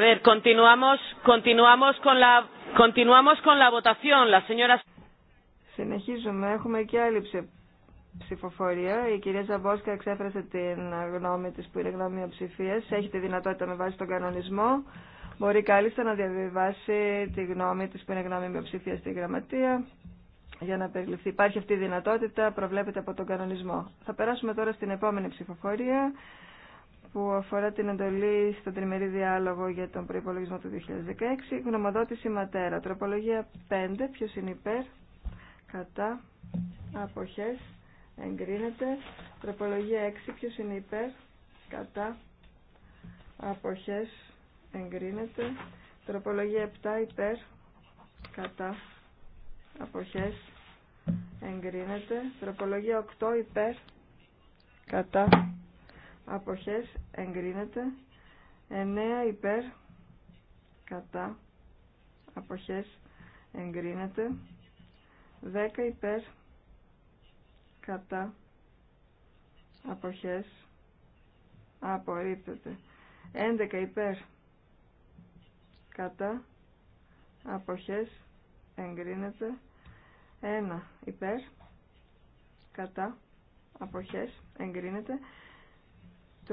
ver, continuamos, continuamos, con la, continuamos con la votación. La señora... Συνεχίζουμε. Έχουμε και άλλη ψηφοφορία. Η κυρία Ζαμπόσκα εξέφρασε την γνώμη τη που είναι γνώμη ψηφία. Έχετε δυνατότητα με βάση τον κανονισμό. Μπορεί κάλλιστα να διαβιβάσει τη γνώμη τη που είναι γνώμη μειοψηφία στη γραμματεία για να περιληφθεί. Υπάρχει αυτή η δυνατότητα, προβλέπεται από τον κανονισμό. Θα περάσουμε τώρα στην επόμενη ψηφοφορία που αφορά την εντολή στον τριμερή διάλογο για τον προπολογισμό του 2016, γνωμοδότηση ματέρα. Τροπολογία 5, ποιο είναι υπέρ, κατά, αποχές, εγκρίνεται. Τροπολογία 6, ποιο είναι υπέρ, κατά, απόχέ, εγκρίνεται. Τροπολογία 7, υπέρ, κατά, απόχέ, εγκρίνεται. Τροπολογία 8, υπέρ, κατά, αποχές εγκρίνεται 9 υπέρ κατά αποχές εγκρίνεται 10 υπέρ κατά αποχές απορρίπτεται 11 υπέρ κατά αποχές εγκρίνεται 1 υπέρ κατά αποχές εγκρίνεται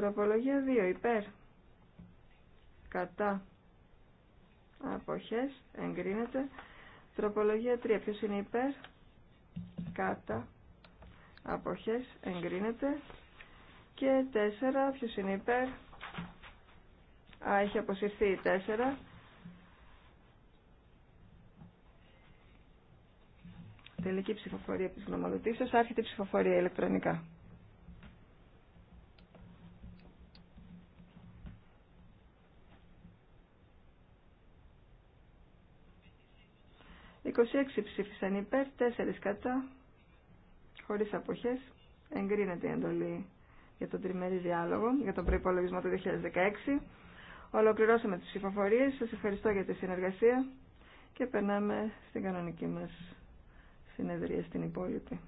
Τροπολογία 2. Υπέρ. Κατά. Αποχές. Εγκρίνεται. Τροπολογία 3. Ποιος είναι υπέρ. Κατά. Αποχές. Εγκρίνεται. Και 4. Ποιος είναι υπέρ. Α, έχει αποσυρθεί η 4. Τελική ψηφοφορία της νομοδοτήσεως. Άρχεται η ψηφοφορία ηλεκτρονικά. 26 ψήφισαν υπέρ, 4 κατά, χωρίς αποχές. Εγκρίνεται η εντολή για τον τριμερή διάλογο, για τον προϋπολογισμό του 2016. Ολοκληρώσαμε τις ψηφοφορίες. Σας ευχαριστώ για τη συνεργασία και περνάμε στην κανονική μας συνεδρία στην υπόλοιπη.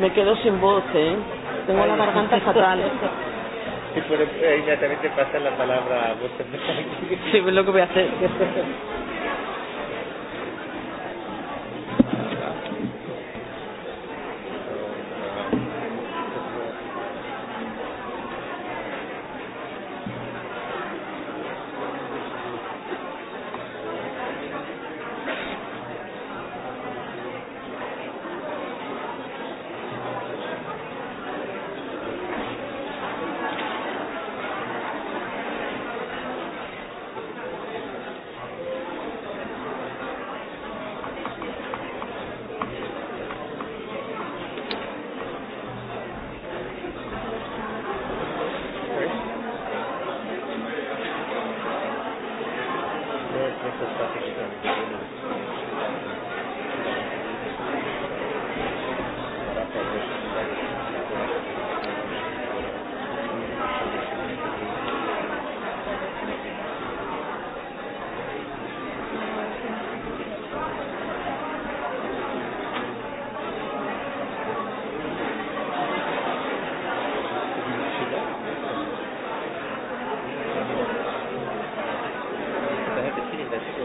Me quedo sin voz, ¿eh? Tengo la garganta fatal. Sí, pero ella también te pasa la palabra a vos. Sí, es lo que voy a hacer.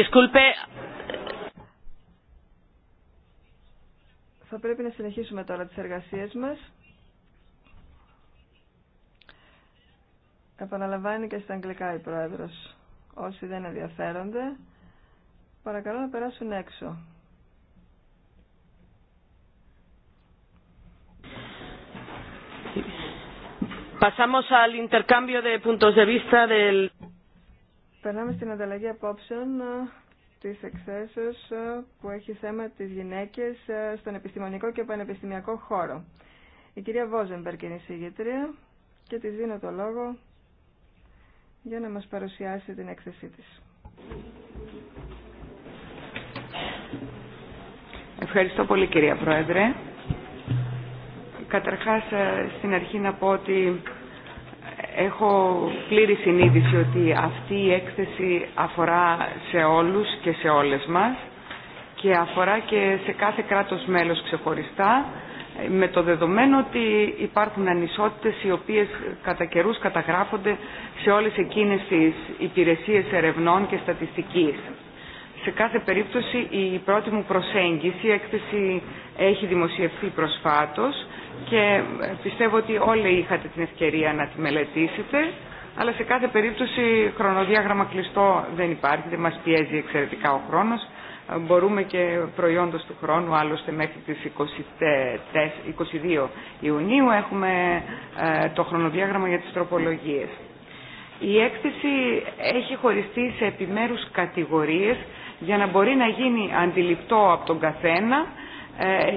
Disculpe. Θα πρέπει να συνεχίσουμε τώρα τις εργασίες μας. Επαναλαμβάνει και στα αγγλικά η Πρόεδρος. Όσοι δεν ενδιαφέρονται, παρακαλώ να περάσουν έξω. Pasamos al intercambio de puntos de vista del Περνάμε στην ανταλλαγή απόψεων ε, τη εξέσεω ε, που έχει θέμα τις γυναίκες ε, στον επιστημονικό και πανεπιστημιακό χώρο. Η κυρία Βόζενμπερκ είναι η συγγετρία και της δίνω το λόγο για να μας παρουσιάσει την έκθεσή της. Ευχαριστώ πολύ κυρία Πρόεδρε. Καταρχάς στην αρχή να πω ότι Έχω πλήρη συνείδηση ότι αυτή η έκθεση αφορά σε όλους και σε όλες μας και αφορά και σε κάθε κράτος μέλος ξεχωριστά με το δεδομένο ότι υπάρχουν ανισότητες οι οποίες κατά καιρούς καταγράφονται σε όλες εκείνες τις υπηρεσίες ερευνών και στατιστικής. Σε κάθε περίπτωση η πρώτη μου προσέγγιση, η έκθεση έχει δημοσιευθεί προσφάτως και ε, πιστεύω ότι όλοι είχατε την ευκαιρία να τη μελετήσετε, αλλά σε κάθε περίπτωση χρονοδιάγραμμα κλειστό δεν υπάρχει, δεν μας πιέζει εξαιρετικά ο χρόνος. Ε, μπορούμε και προϊόντος του χρόνου, άλλωστε μέχρι τις 22 Ιουνίου έχουμε ε, το χρονοδιάγραμμα για τις τροπολογίες. Η έκθεση έχει χωριστεί σε επιμέρους κατηγορίες για να μπορεί να γίνει αντιληπτό από τον καθένα ε,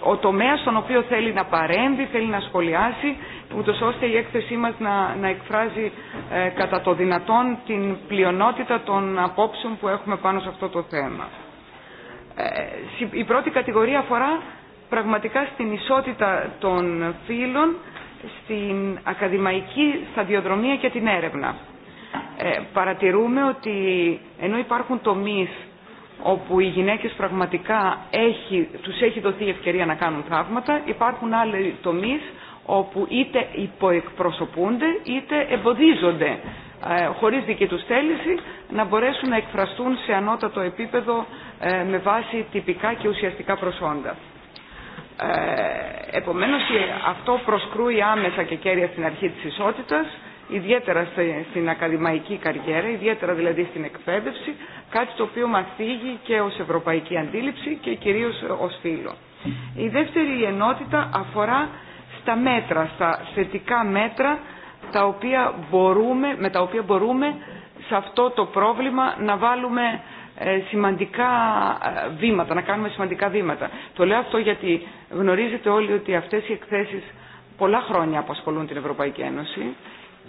ο τομέας στον οποίο θέλει να παρέμβει, θέλει να σχολιάσει, ούτως ώστε η έκθεσή μας να, εκφράζει ε, κατά το δυνατόν την πλειονότητα των απόψεων που έχουμε πάνω σε αυτό το θέμα. Ε, η πρώτη κατηγορία αφορά πραγματικά στην ισότητα των φύλων, στην ακαδημαϊκή σταδιοδρομία και την έρευνα. Ε, παρατηρούμε ότι ενώ υπάρχουν τομείς όπου οι γυναίκες πραγματικά έχει, τους έχει δοθεί η ευκαιρία να κάνουν θαύματα, υπάρχουν άλλοι τομείς όπου είτε υποεκπροσωπούνται είτε εμποδίζονται ε, χωρίς δική τους θέληση να μπορέσουν να εκφραστούν σε ανώτατο επίπεδο ε, με βάση τυπικά και ουσιαστικά προσόντα. Επομένως αυτό προσκρούει άμεσα και κέρια στην αρχή της ισότητας ιδιαίτερα στην ακαδημαϊκή καριέρα, ιδιαίτερα δηλαδή στην εκπαίδευση, κάτι το οποίο μας θίγει και ως ευρωπαϊκή αντίληψη και κυρίως ως φίλο. Η δεύτερη ενότητα αφορά στα μέτρα, στα θετικά μέτρα τα οποία μπορούμε, με τα οποία μπορούμε σε αυτό το πρόβλημα να βάλουμε ε, σημαντικά ε, βήματα, να κάνουμε σημαντικά βήματα. Το λέω αυτό γιατί γνωρίζετε όλοι ότι αυτές οι εκθέσεις πολλά χρόνια απασχολούν την Ευρωπαϊκή Ένωση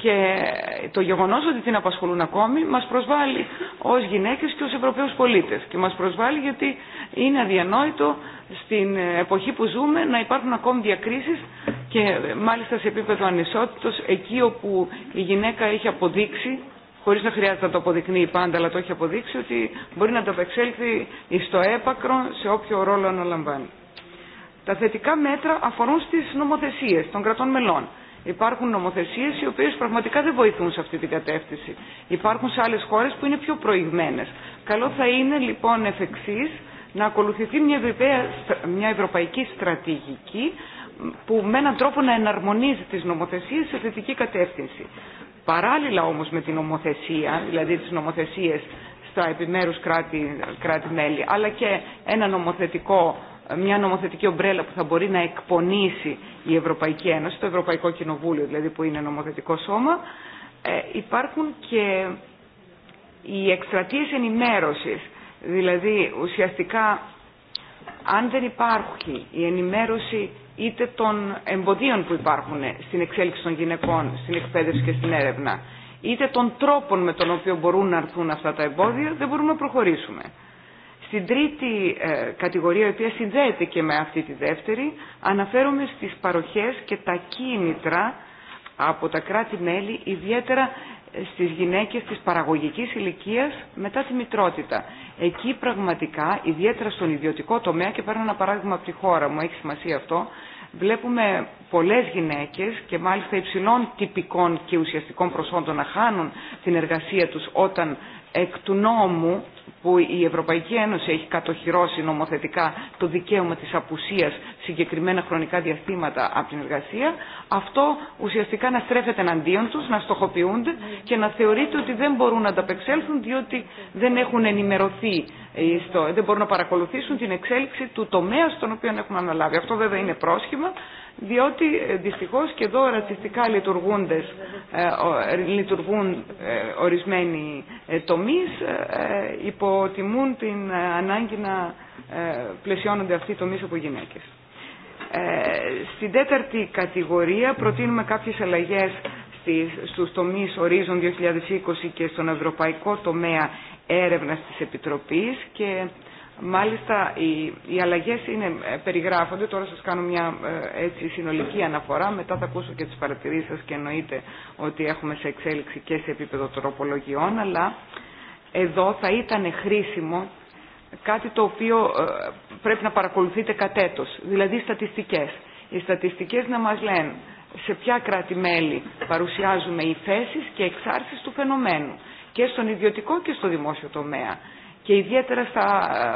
και το γεγονό ότι την απασχολούν ακόμη μα προσβάλλει ω γυναίκε και ω ευρωπαίου πολίτε Και μα προσβάλλει γιατί είναι αδιανόητο στην εποχή που ζούμε να υπάρχουν ακόμη διακρίσει. και μάλιστα σε επίπεδο ανισότητος εκεί όπου η γυναίκα έχει αποδείξει χωρίς να χρειάζεται να το αποδεικνύει πάντα, αλλά το έχει αποδείξει ότι μπορεί να ανταπεξέλθει στο έπακρο σε όποιο ρόλο αναλαμβάνει. Τα θετικά μέτρα αφορούν στις νομοθεσίες των κρατών μελών. Υπάρχουν νομοθεσίες οι οποίες πραγματικά δεν βοηθούν σε αυτή την κατεύθυνση. Υπάρχουν σε άλλες χώρες που είναι πιο προηγμένες. Καλό θα είναι λοιπόν εφ' εξής, να ακολουθηθεί μια, μια ευρωπαϊκή στρατηγική που με έναν τρόπο να εναρμονίζει τις νομοθεσίες σε θετική κατεύθυνση. Παράλληλα όμως με την νομοθεσία, δηλαδή τις νομοθεσίες στα επιμέρους κράτη-μέλη, αλλά και ένα νομοθετικό μια νομοθετική ομπρέλα που θα μπορεί να εκπονήσει η Ευρωπαϊκή Ένωση, το Ευρωπαϊκό Κοινοβούλιο δηλαδή που είναι νομοθετικό σώμα, ε, υπάρχουν και οι εκστρατείε ενημέρωσης. Δηλαδή ουσιαστικά αν δεν υπάρχει η ενημέρωση είτε των εμποδίων που υπάρχουν στην εξέλιξη των γυναικών, στην εκπαίδευση και στην έρευνα, είτε των τρόπων με τον οποίο μπορούν να έρθουν αυτά τα εμπόδια, δεν μπορούμε να προχωρήσουμε. Στην τρίτη ε, κατηγορία, η οποία συνδέεται και με αυτή τη δεύτερη, αναφέρομαι στις παροχές και τα κίνητρα από τα κράτη-μέλη, ιδιαίτερα ε, στις γυναίκες της παραγωγικής ηλικίας μετά τη μητρότητα. Εκεί πραγματικά, ιδιαίτερα στον ιδιωτικό τομέα, και παίρνω ένα παράδειγμα από τη χώρα μου, έχει σημασία αυτό, βλέπουμε πολλές γυναίκες και μάλιστα υψηλών τυπικών και ουσιαστικών προσόντων να χάνουν την εργασία τους όταν εκ του νόμου που η Ευρωπαϊκή Ένωση έχει κατοχυρώσει νομοθετικά το δικαίωμα της απουσίας συγκεκριμένα χρονικά διαστήματα από την εργασία, αυτό ουσιαστικά να στρέφεται εναντίον τους, να στοχοποιούνται και να θεωρείται ότι δεν μπορούν να ανταπεξέλθουν διότι δεν έχουν ενημερωθεί, ε, δεν μπορούν να παρακολουθήσουν την εξέλιξη του τομέα στον οποίο έχουν αναλάβει. Αυτό βέβαια είναι πρόσχημα, διότι ε, δυστυχώς και εδώ ρατσιστικά ε, λειτουργούν ορισμένοι τομείς, υποτιμούν την ε, ανάγκη να ε, πλαισιώνονται αυτοί οι τομείς από γυναίκες. Ε, στην τέταρτη κατηγορία προτείνουμε κάποιες αλλαγές στους τομείς ορίζων 2020 και στον ευρωπαϊκό τομέα έρευνας της Επιτροπής και μάλιστα οι αλλαγές είναι, περιγράφονται. Τώρα σας κάνω μια έτσι συνολική αναφορά. Μετά θα ακούσω και τις παρατηρήσεις σας και εννοείται ότι έχουμε σε εξέλιξη και σε επίπεδο τροπολογιών αλλά εδώ θα ήταν χρήσιμο κάτι το οποίο ε, πρέπει να παρακολουθείτε κατέτος, δηλαδή στατιστικές. Οι στατιστικές να μας λένε σε ποια κράτη-μέλη παρουσιάζουμε οι θέσεις και εξάρσεις του φαινομένου και στον ιδιωτικό και στο δημόσιο τομέα και ιδιαίτερα στα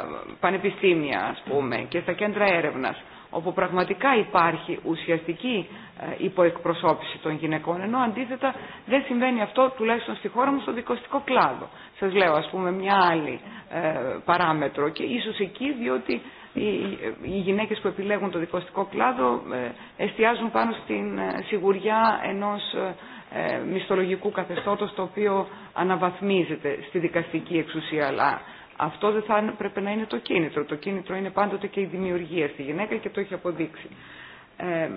ε, πανεπιστήμια ας πούμε και στα κέντρα έρευνας όπου πραγματικά υπάρχει ουσιαστική ε, υποεκπροσώπηση των γυναικών, ενώ αντίθετα δεν συμβαίνει αυτό τουλάχιστον στη χώρα μου στο δικοστικό κλάδο. Σας λέω ας πούμε μια άλλη ε, παράμετρο και ίσως εκεί διότι οι γυναίκες που επιλέγουν το δικοστικό κλάδο ε, εστιάζουν πάνω στην σιγουριά ενός μισθολογικού καθεστώτος το οποίο αναβαθμίζεται στη δικαστική εξουσία αλλά αυτό δεν θα πρέπει να είναι το κίνητρο. Το κίνητρο είναι πάντοτε και η δημιουργία στη γυναίκα και το έχει αποδείξει. Ε,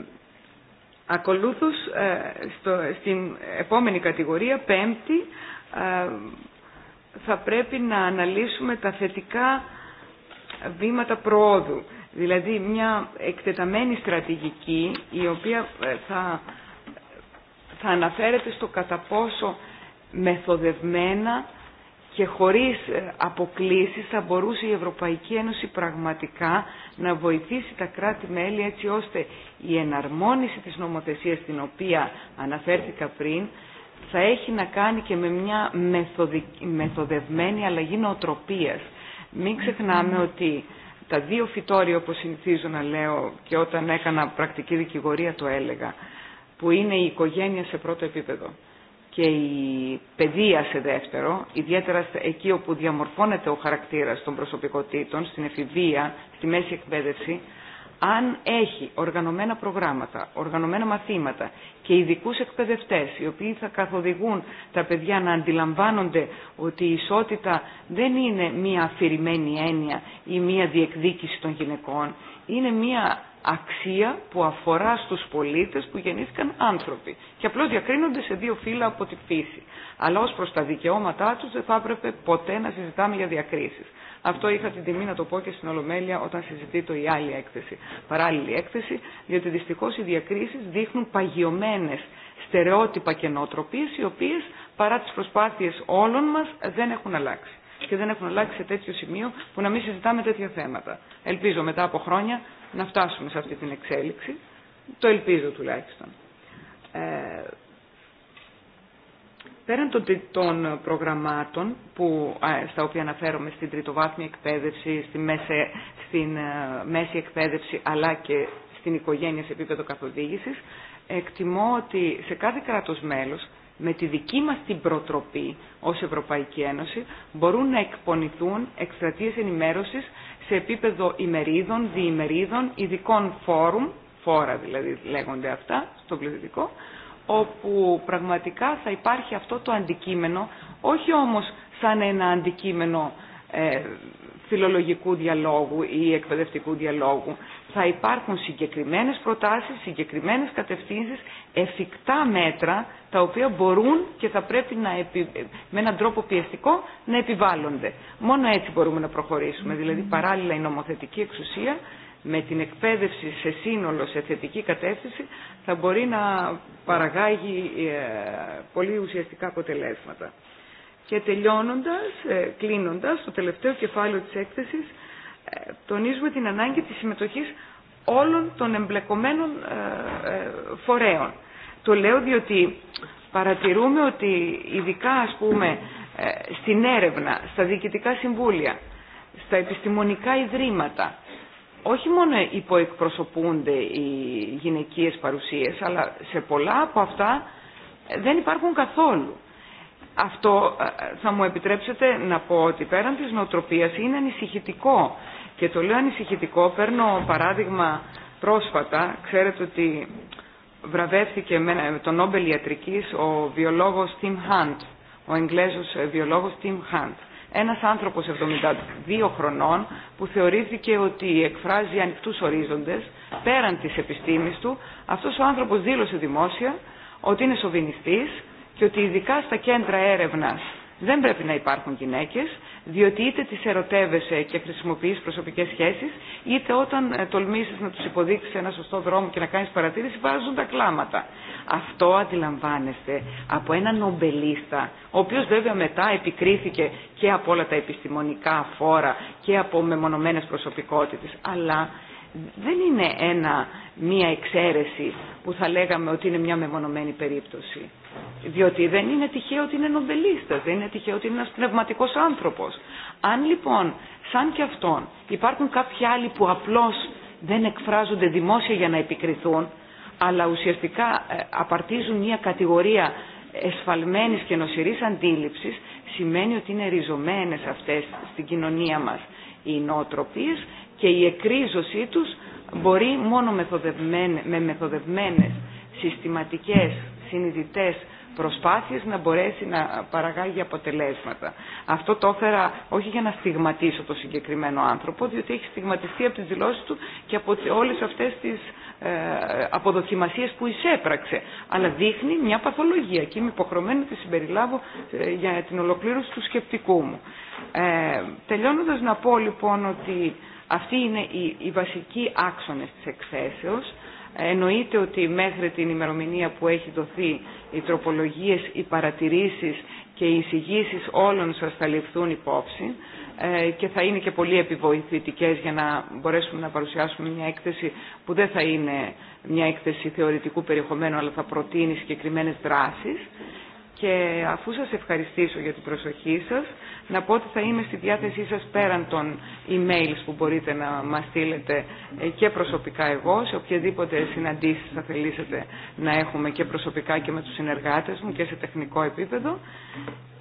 ακολούθως, ε, στο, στην επόμενη κατηγορία, πέμπτη, ε, θα πρέπει να αναλύσουμε τα θετικά βήματα προόδου. Δηλαδή μια εκτεταμένη στρατηγική η οποία ε, θα, θα αναφέρεται στο κατά πόσο μεθοδευμένα και χωρίς ε, αποκλήσει θα μπορούσε η Ευρωπαϊκή Ένωση πραγματικά να βοηθήσει τα κράτη-μέλη έτσι ώστε η εναρμόνιση της νομοθεσίας την οποία αναφέρθηκα πριν θα έχει να κάνει και με μια μεθοδευμένη αλλαγή νοοτροπίας. Μην ξεχνάμε ότι τα δύο φυτόρια όπως συνηθίζω να λέω και όταν έκανα πρακτική δικηγορία το έλεγα που είναι η οικογένεια σε πρώτο επίπεδο και η παιδεία σε δεύτερο, ιδιαίτερα εκεί όπου διαμορφώνεται ο χαρακτήρας των προσωπικότητων, στην εφηβεία, στη μέση εκπαίδευση, αν έχει οργανωμένα προγράμματα, οργανωμένα μαθήματα και ειδικού εκπαιδευτέ, οι οποίοι θα καθοδηγούν τα παιδιά να αντιλαμβάνονται ότι η ισότητα δεν είναι μία αφηρημένη έννοια ή μία διεκδίκηση των γυναικών, είναι μία αξία που αφορά στους πολίτες που γεννήθηκαν άνθρωποι και απλώς διακρίνονται σε δύο φύλλα από τη φύση. Αλλά ως προς τα δικαιώματά τους δεν θα έπρεπε ποτέ να συζητάμε για διακρίσεις. Αυτό είχα την τιμή να το πω και στην Ολομέλεια όταν το η άλλη έκθεση, παράλληλη έκθεση, διότι δυστυχώς οι διακρίσεις δείχνουν παγιωμένες στερεότυπα και νοοτροπίες οι οποίες παρά τις προσπάθειες όλων μας δεν έχουν αλλάξει και δεν έχουν αλλάξει σε τέτοιο σημείο που να μην συζητάμε τέτοια θέματα. Ελπίζω μετά από χρόνια να φτάσουμε σε αυτή την εξέλιξη. Το ελπίζω τουλάχιστον. Ε, πέραν των, προγραμμάτων που, στα οποία αναφέρομαι στην τριτοβάθμια εκπαίδευση, στη μέση, στην ε, μέση εκπαίδευση αλλά και στην οικογένεια σε επίπεδο καθοδήγησης, εκτιμώ ότι σε κάθε κράτος μέλος με τη δική μας την προτροπή ως Ευρωπαϊκή Ένωση μπορούν να εκπονηθούν εκστρατείες ενημέρωσης σε επίπεδο ημερίδων, διημερίδων, ειδικών φόρουμ, φόρα δηλαδή λέγονται αυτά στο πληθυντικό, όπου πραγματικά θα υπάρχει αυτό το αντικείμενο, όχι όμως σαν ένα αντικείμενο ε, φιλολογικού διαλόγου ή εκπαιδευτικού διαλόγου, θα υπάρχουν συγκεκριμένες προτάσεις, συγκεκριμένες κατευθύνσεις, εφικτά μέτρα, τα οποία μπορούν και θα πρέπει να με έναν τρόπο πιεστικό να επιβάλλονται. Μόνο έτσι μπορούμε να προχωρήσουμε. Δηλαδή παράλληλα η νομοθετική εξουσία με την εκπαίδευση σε σύνολο, σε θετική κατεύθυνση, θα μπορεί να παραγάγει ε, πολύ ουσιαστικά αποτελέσματα. Και τελειώνοντας, ε, κλείνοντας, το τελευταίο κεφάλαιο της έκθεσης τονίζουμε την ανάγκη της συμμετοχής όλων των εμπλεκομένων ε, ε, φορέων. Το λέω διότι παρατηρούμε ότι ειδικά ας πούμε ε, στην έρευνα, στα διοικητικά συμβούλια, στα επιστημονικά ιδρύματα, όχι μόνο υποεκπροσωπούνται οι γυναικείες παρουσίες, αλλά σε πολλά από αυτά δεν υπάρχουν καθόλου. Αυτό ε, ε, θα μου επιτρέψετε να πω ότι πέραν της νοοτροπίας είναι ανησυχητικό. Και το λέω ανησυχητικό, παίρνω παράδειγμα πρόσφατα, ξέρετε ότι βραβεύθηκε με ε, τον Νόμπελ Ιατρικής ο βιολόγος Tim Hunt, ο Εγγλέζος βιολόγος Tim Hunt. Ένας άνθρωπος 72 χρονών που θεωρήθηκε ότι εκφράζει ανοιχτούς ορίζοντες πέραν της επιστήμης του, αυτός ο άνθρωπος δήλωσε δημόσια ότι είναι σοβινιστής, και ότι ειδικά στα κέντρα έρευνας δεν πρέπει να υπάρχουν γυναίκες, διότι είτε τις ερωτεύεσαι και χρησιμοποιείς προσωπικές σχέσεις, είτε όταν ε, τολμήσεις να τους υποδείξεις ένα σωστό δρόμο και να κάνεις παρατήρηση, βάζουν τα κλάματα. Αυτό αντιλαμβάνεστε από έναν νομπελίστα, ο οποίος βέβαια μετά επικρίθηκε και από όλα τα επιστημονικά φόρα και από μεμονωμένες προσωπικότητες, αλλά δεν είναι ένα, μία εξαίρεση που θα λέγαμε ότι είναι μια μεμονωμένη περίπτωση. Διότι δεν είναι τυχαίο ότι είναι νομπελίστας, δεν είναι τυχαίο ότι είναι ένας πνευματικός άνθρωπος. Αν λοιπόν, σαν και αυτόν, υπάρχουν κάποιοι άλλοι που απλώς δεν εκφράζονται δημόσια για να επικριθούν, αλλά ουσιαστικά ε, απαρτίζουν μια κατηγορία εσφαλμένης και νοσηρής αντίληψης, σημαίνει ότι είναι ριζωμένες αυτές στην κοινωνία μας οι νοοτροπίες και η εκρίζωσή τους μπορεί μόνο με μεθοδευμένες συστηματικές συνειδητές προσπάθειες να μπορέσει να παραγάγει αποτελέσματα. Αυτό το έφερα όχι για να στιγματίσω το συγκεκριμένο άνθρωπο, διότι έχει στιγματιστεί από τις δηλώσεις του και από όλες αυτές τις ε, αποδοκιμασίες που εισέπραξε. Αλλά δείχνει μια παθολογία και είμαι υποχρεωμένη να τη συμπεριλάβω ε, για την ολοκλήρωση του σκεπτικού μου. Ε, τελειώνοντας να πω λοιπόν ότι αυτοί είναι οι, οι βασικοί άξονες της εκθέσεως. Εννοείται ότι μέχρι την ημερομηνία που έχει δοθεί οι τροπολογίες, οι παρατηρήσεις και οι εισηγήσει όλων σας θα ληφθούν υπόψη ε, και θα είναι και πολύ επιβοηθητικές για να μπορέσουμε να παρουσιάσουμε μια έκθεση που δεν θα είναι μια έκθεση θεωρητικού περιεχομένου αλλά θα προτείνει συγκεκριμένες δράσεις και αφού σας ευχαριστήσω για την προσοχή σας, να πω ότι θα είμαι στη διάθεσή σας πέραν των emails που μπορείτε να μας στείλετε ε, και προσωπικά εγώ, σε οποιαδήποτε συναντήσεις θα θελήσετε να έχουμε και προσωπικά και με τους συνεργάτες μου και σε τεχνικό επίπεδο.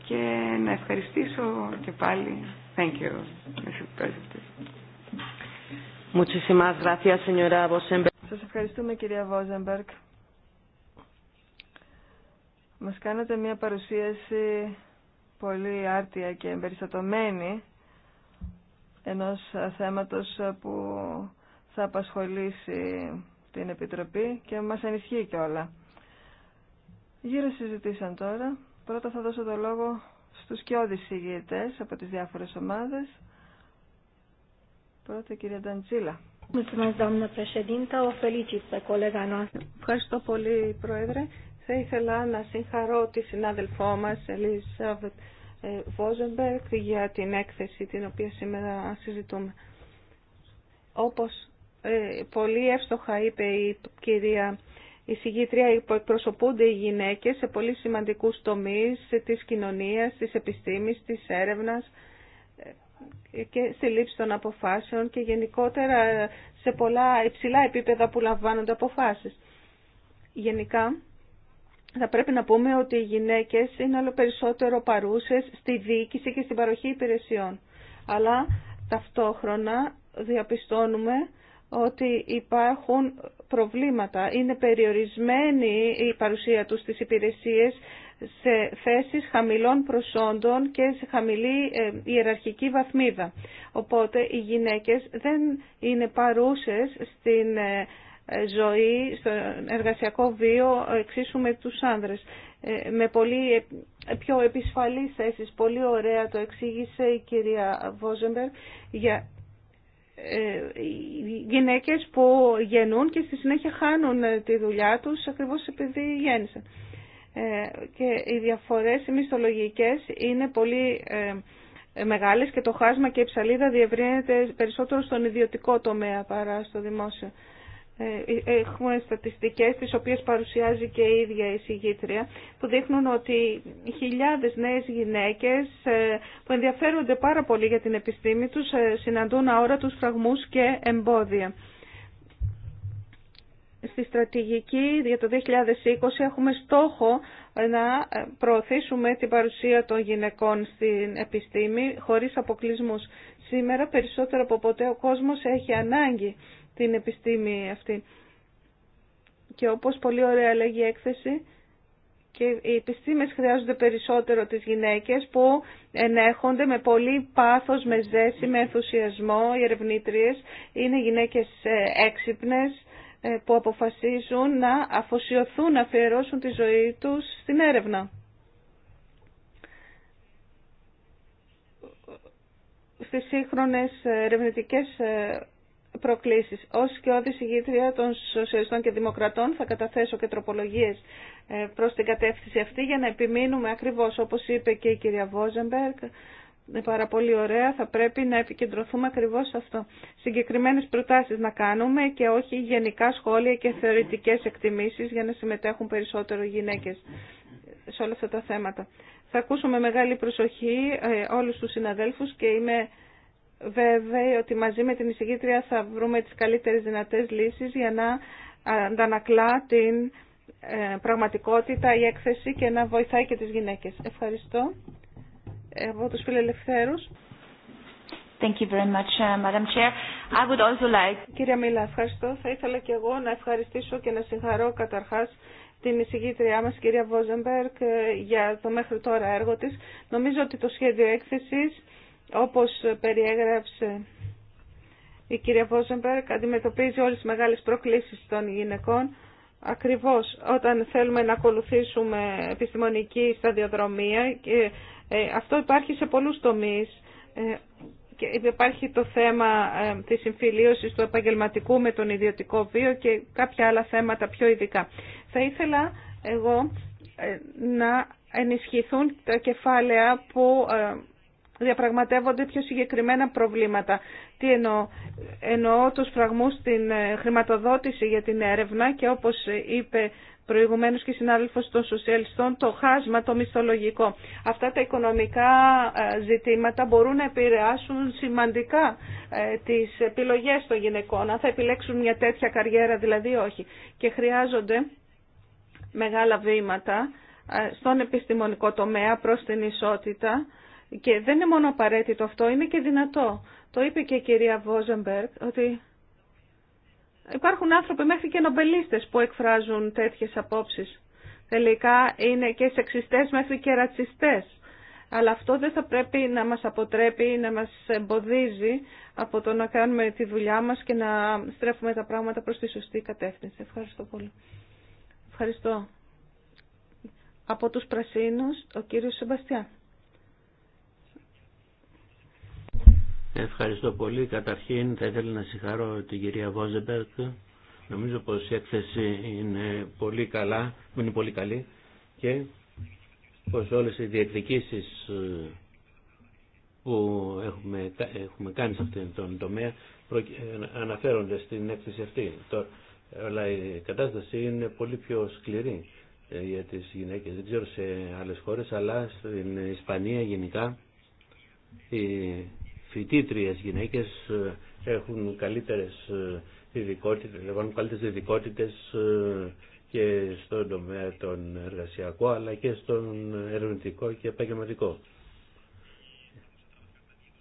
Και να ευχαριστήσω και πάλι. Thank you, Mr. Σας ευχαριστούμε κυρία Βόζεμπεργκ. Μας κάνατε μια παρουσίαση πολύ άρτια και εμπεριστατωμένη ενός θέματος που θα απασχολήσει την Επιτροπή και μας ενισχύει και όλα. Γύρω συζητήσαν τώρα. Πρώτα θα δώσω το λόγο στους και ηγητές από τις διάφορες ομάδες. Πρώτα η κυρία Νταντζίλα. Ευχαριστώ πολύ, Πρόεδρε. Θα ήθελα να συγχαρώ τη συνάδελφό μας, Ελίζα ε, Βόζεμπερκ, για την έκθεση την οποία σήμερα συζητούμε. Όπως ε, πολύ εύστοχα είπε η κυρία η συγγήτρια εκπροσωπούνται οι γυναίκες σε πολύ σημαντικούς τομείς της κοινωνίας, της επιστήμης, της έρευνας ε, και στη λήψη των αποφάσεων και γενικότερα σε πολλά υψηλά επίπεδα που λαμβάνονται αποφάσεις. Γενικά, θα πρέπει να πούμε ότι οι γυναίκες είναι όλο περισσότερο παρούσες στη διοίκηση και στην παροχή υπηρεσιών. Αλλά ταυτόχρονα διαπιστώνουμε ότι υπάρχουν προβλήματα. Είναι περιορισμένη η παρουσία τους στις υπηρεσίες σε θέσεις χαμηλών προσόντων και σε χαμηλή ε, ιεραρχική βαθμίδα. Οπότε οι γυναίκες δεν είναι παρούσες στην ε, ε, ζωή, στο εργασιακό βίο ε, εξίσου με τους άνδρες. Ε, με πολύ πιο επισφαλή θέση, πολύ ωραία το εξήγησε η κυρία Βόζεμπερ για γυναίκες που γεννούν και στη συνέχεια χάνουν τη δουλειά τους ακριβώς επειδή γέννησαν. Και οι διαφορές οι είναι πολύ μεγάλες και το χάσμα και η ψαλίδα διευρύνεται περισσότερο στον ιδιωτικό τομέα παρά στο δημόσιο. Ε, έχουμε στατιστικές τις οποίες παρουσιάζει και η ίδια η συγγήτρια που δείχνουν ότι χιλιάδες νέες γυναίκες ε, που ενδιαφέρονται πάρα πολύ για την επιστήμη τους ε, συναντούν αόρατους φραγμούς και εμπόδια. Στη στρατηγική για το 2020 έχουμε στόχο να προωθήσουμε την παρουσία των γυναικών στην επιστήμη χωρίς αποκλεισμούς. Σήμερα περισσότερο από ποτέ ο κόσμος έχει ανάγκη την επιστήμη αυτή. Και όπως πολύ ωραία λέγει η έκθεση, και οι επιστήμες χρειάζονται περισσότερο τις γυναίκες που ενέχονται με πολύ πάθος, με ζέση, με ενθουσιασμό. Οι ερευνήτριες είναι γυναίκες ε, έξυπνες ε, που αποφασίζουν να αφοσιωθούν, να αφιερώσουν τη ζωή τους στην έρευνα. Στις σύγχρονες ερευνητικές ε, προκλήσεις. Ως και συγγήτρια των Σοσιαλιστών και Δημοκρατών θα καταθέσω και τροπολογίες ε, προς την κατεύθυνση αυτή για να επιμείνουμε ακριβώς όπως είπε και η κυρία Βόζεμπεργκ είναι πάρα πολύ ωραία, θα πρέπει να επικεντρωθούμε ακριβώς σε αυτό. Συγκεκριμένες προτάσεις να κάνουμε και όχι γενικά σχόλια και θεωρητικές εκτιμήσεις για να συμμετέχουν περισσότερο γυναίκες σε όλα αυτά τα θέματα. Θα ακούσουμε μεγάλη προσοχή ε, όλους τους συναδέλφους και είμαι βέβαια ότι μαζί με την εισηγήτρια θα βρούμε τις καλύτερες δυνατές λύσεις για να αντανακλά την ε, πραγματικότητα, η έκθεση και να βοηθάει και τις γυναίκες. Ευχαριστώ Εγώ τους φιλελευθέρους. Thank you very much, uh, Madam Chair. I would also like... Κύριε Μίλα, ευχαριστώ. Θα ήθελα και εγώ να ευχαριστήσω και να συγχαρώ καταρχάς την εισηγήτριά μας, κυρία Βόζεμπερκ, ε, για το μέχρι τώρα έργο της. Νομίζω ότι το σχέδιο έκθεσης όπως περιέγραψε η κυρία Βόζεμπερκ, αντιμετωπίζει όλες τις μεγάλες προκλήσεις των γυναικών ακριβώς όταν θέλουμε να ακολουθήσουμε επιστημονική σταδιοδρομία. Και, ε, αυτό υπάρχει σε πολλούς τομείς. Ε, και υπάρχει το θέμα ε, της συμφιλίωσης του επαγγελματικού με τον ιδιωτικό βίο και κάποια άλλα θέματα πιο ειδικά. Θα ήθελα εγώ να ενισχυθούν τα κεφάλαια που διαπραγματεύονται πιο συγκεκριμένα προβλήματα. Τι εννοώ, εννοώ τους φραγμούς στην ε, χρηματοδότηση για την έρευνα και όπως είπε προηγουμένως και συνάδελφος των σοσιαλιστών, το χάσμα, το μισθολογικό. Αυτά τα οικονομικά ε, ζητήματα μπορούν να επηρεάσουν σημαντικά ε, τις επιλογές των γυναικών, αν θα επιλέξουν μια τέτοια καριέρα δηλαδή όχι. Και χρειάζονται μεγάλα βήματα στον επιστημονικό τομέα προς την ισότητα, και δεν είναι μόνο απαραίτητο αυτό, είναι και δυνατό. Το είπε και η κυρία Βόζεμπερτ ότι υπάρχουν άνθρωποι μέχρι και νομπελίστες που εκφράζουν τέτοιες απόψεις. Τελικά είναι και σεξιστές μέχρι και ρατσιστές. Αλλά αυτό δεν θα πρέπει να μας αποτρέπει, να μας εμποδίζει από το να κάνουμε τη δουλειά μας και να στρέφουμε τα πράγματα προς τη σωστή κατεύθυνση. Ευχαριστώ πολύ. Ευχαριστώ. Από τους Πρασίνους, ο κύριος Σεμπαστιάν. Ευχαριστώ πολύ. Καταρχήν θα ήθελα να συγχαρώ την κυρία Βόζεμπερκ. Νομίζω πως η έκθεση είναι πολύ καλά, είναι πολύ καλή και πως όλες οι διεκδικήσεις ε, που έχουμε, έχουμε κάνει σε αυτήν τον τομέα ε, αναφέρονται στην έκθεση αυτή. Τώρα, αλλά η κατάσταση είναι πολύ πιο σκληρή ε, για τις γυναίκες. Δεν ξέρω σε άλλες χώρες, αλλά στην Ισπανία γενικά η φοιτήτριε γυναίκες ε, έχουν καλύτερες ε, ειδικότητε, λαμβάνουν καλύτερε ε, και στον τομέα των εργασιακό αλλά και στον ερευνητικό και επαγγελματικό.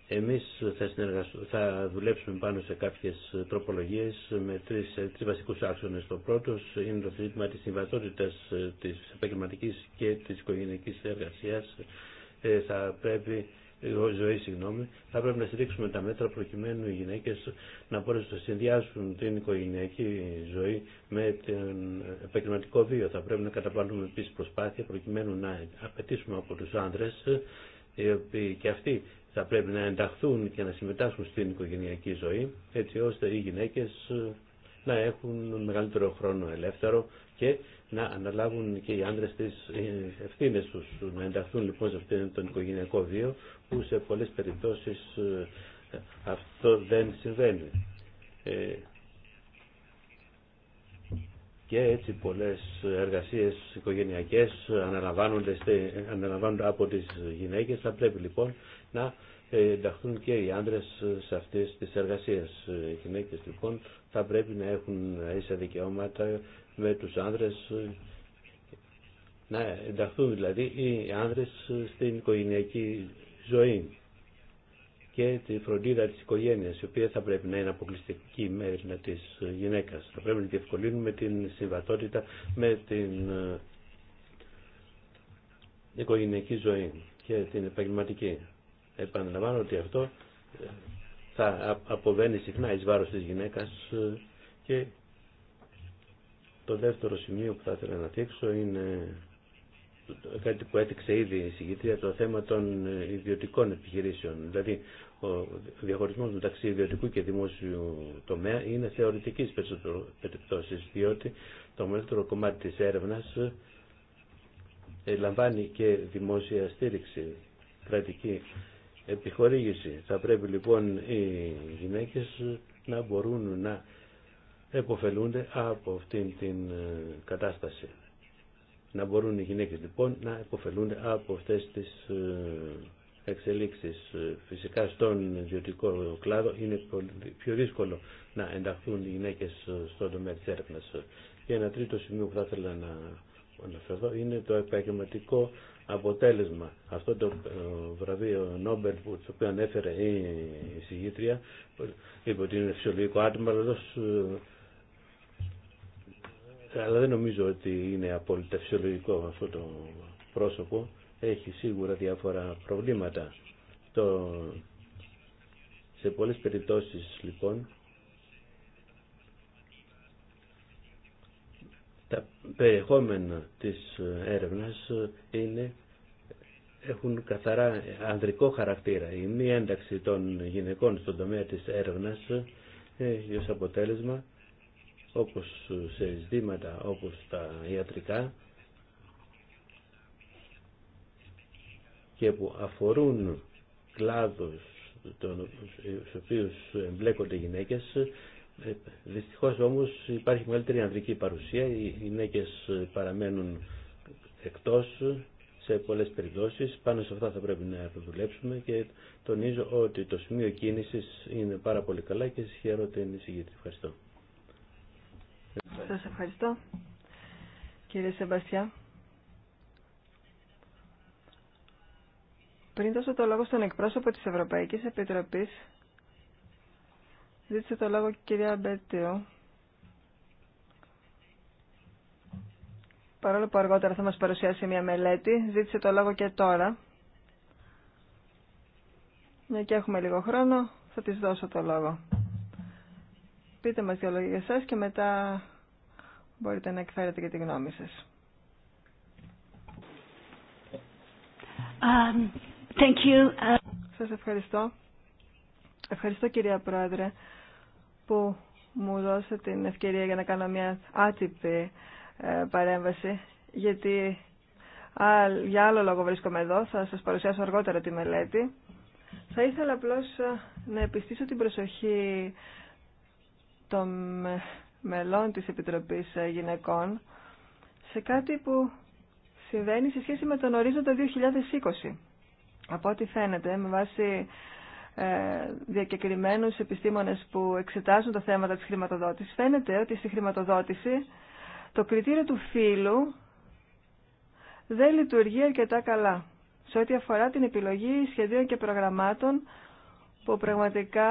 Εμείς θα, δουλέψουμε πάνω σε κάποιες τροπολογίες με τρεις, τρεις βασικούς άξονες. Το πρώτος είναι το θέμα της συμβατότητας της επαγγελματικής και της οικογενειακής εργασίας. θα πρέπει ζωή, συγγνώμη, θα πρέπει να στηρίξουμε τα μέτρα προκειμένου οι γυναίκες να μπορέσουν να συνδυάσουν την οικογενειακή ζωή με την επαγγελματικό βίο. Θα πρέπει να καταβάλουμε επίση προσπάθεια προκειμένου να απαιτήσουμε από τους άντρε οι οποίοι και αυτοί θα πρέπει να ενταχθούν και να συμμετάσχουν στην οικογενειακή ζωή έτσι ώστε οι γυναίκε να έχουν μεγαλύτερο χρόνο ελεύθερο και να αναλάβουν και οι άντρε τι ε, ευθύνε του. Να ενταχθούν λοιπόν σε αυτόν τον οικογενειακό βίο που σε πολλέ περιπτώσει ε, αυτό δεν συμβαίνει. Ε, και έτσι πολλές εργασίες οικογενειακές αναλαμβάνονται, αναλαμβάνονται από τις γυναίκες. Θα πρέπει λοιπόν να ενταχθούν και οι άντρες σε αυτές τις εργασίες. Οι γυναίκες λοιπόν θα πρέπει να έχουν ίσα δικαιώματα με τους άνδρες να ενταχθούν δηλαδή οι άνδρες στην οικογενειακή ζωή και τη φροντίδα της οικογένειας, η οποία θα πρέπει να είναι αποκλειστική μέρη της γυναίκας. Θα πρέπει να διευκολύνουμε την συμβατότητα με την ε, οικογενειακή ζωή και την επαγγελματική. Επαναλαμβάνω ότι αυτό ε, θα αποβαίνει συχνά εις βάρος της γυναίκας ε, και το δεύτερο σημείο που θα ήθελα να δείξω είναι κάτι που έτυξε ήδη η συγκήτρια, το θέμα των ιδιωτικών επιχειρήσεων. Δηλαδή, ο διαχωρισμός μεταξύ ιδιωτικού και δημόσιου τομέα είναι θεωρητικής περισσότερο διότι το μεγαλύτερο κομμάτι της έρευνας ε, λαμβάνει και δημόσια στήριξη, κρατική επιχορήγηση. Θα πρέπει λοιπόν οι γυναίκες να μπορούν να εποφελούνται από αυτήν την ε, κατάσταση. Να μπορούν οι γυναίκες λοιπόν να εποφελούνται από αυτές τις ε, εξελίξεις. Φυσικά στον ιδιωτικό κλάδο είναι πιο δύσκολο να ενταχθούν οι γυναίκες ε, στον τομέα της έρευνας. Και ένα τρίτο σημείο που θα ήθελα να αναφερθώ είναι το επαγγελματικό αποτέλεσμα. Αυτό το βραβείο Νόμπελ που το οποίο ανέφερε η συγγήτρια είπε ότι είναι φυσιολογικό άτομα, αλλά δεν νομίζω ότι είναι απόλυτα φυσιολογικό αυτό το πρόσωπο. Έχει σίγουρα διάφορα προβλήματα. Το... Σε πολλές περιπτώσεις λοιπόν τα περιεχόμενα της έρευνας είναι, έχουν καθαρά ανδρικό χαρακτήρα. Η μη ένταξη των γυναικών στον τομέα της έρευνας έχει ως αποτέλεσμα όπως σε ζητήματα όπως τα ιατρικά και που αφορούν κλάδους στους οποίους εμπλέκονται οι γυναίκες ε, δυστυχώς όμως υπάρχει μεγαλύτερη ανδρική παρουσία οι γυναίκες παραμένουν εκτός σε πολλές περιπτώσεις πάνω σε αυτά θα πρέπει να δουλέψουμε και τονίζω ότι το σημείο κίνησης είναι πάρα πολύ καλά και συγχαίρω την εισηγητή. Ευχαριστώ. Σας ευχαριστώ. Κύριε Σεμπαστιά. Πριν δώσω το λόγο στον εκπρόσωπο της Ευρωπαϊκής Επιτροπής, ζήτησε το λόγο κυρία Μπέτιο. Παρόλο που αργότερα θα μας παρουσιάσει μια μελέτη, ζήτησε το λόγο και τώρα. Μια ναι, και έχουμε λίγο χρόνο, θα της δώσω το λόγο πείτε μας δύο λόγια για και μετά μπορείτε να εκφέρετε και τη γνώμη σας. Um, uh, Σας ευχαριστώ. Ευχαριστώ κυρία Πρόεδρε που μου δώσατε την ευκαιρία για να κάνω μια άτυπη ε, παρέμβαση γιατί για άλλο λόγο βρίσκομαι εδώ, θα σας παρουσιάσω αργότερα τη μελέτη. Θα ήθελα απλώς ε, να επιστήσω την προσοχή των μελών της Επιτροπής Γυναικών σε κάτι που συμβαίνει σε σχέση με τον ορίζοντα 2020. Από ό,τι φαίνεται, με βάση ε, διακεκριμένους επιστήμονες που εξετάζουν τα θέματα της χρηματοδότησης, φαίνεται ότι στη χρηματοδότηση το κριτήριο του φύλου δεν λειτουργεί αρκετά καλά σε ό,τι αφορά την επιλογή σχεδίων και προγραμμάτων που πραγματικά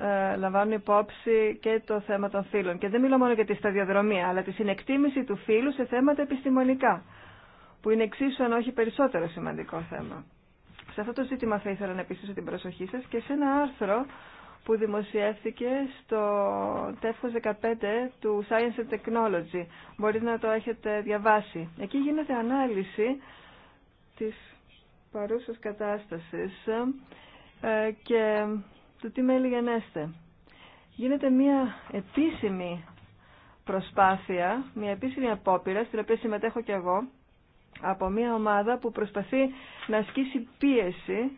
ε, λαμβάνουν υπόψη και το θέμα των φύλων. Και δεν μιλώ μόνο για τη σταδιοδρομία, αλλά τη συνεκτίμηση του φύλου σε θέματα επιστημονικά, που είναι εξίσου αν όχι περισσότερο σημαντικό θέμα. Σε αυτό το ζήτημα θα ήθελα να επιστήσω την προσοχή σας και σε ένα άρθρο που δημοσιεύθηκε στο τεύχος 15 του Science and Technology. Μπορείτε να το έχετε διαβάσει. Εκεί γίνεται ανάλυση της παρούσας κατάστασης ε, και το τι με λιγενέστε. Γίνεται μια επίσημη προσπάθεια, μια επίσημη απόπειρα, στην οποία συμμετέχω και εγώ, από μια ομάδα που προσπαθεί να ασκήσει πίεση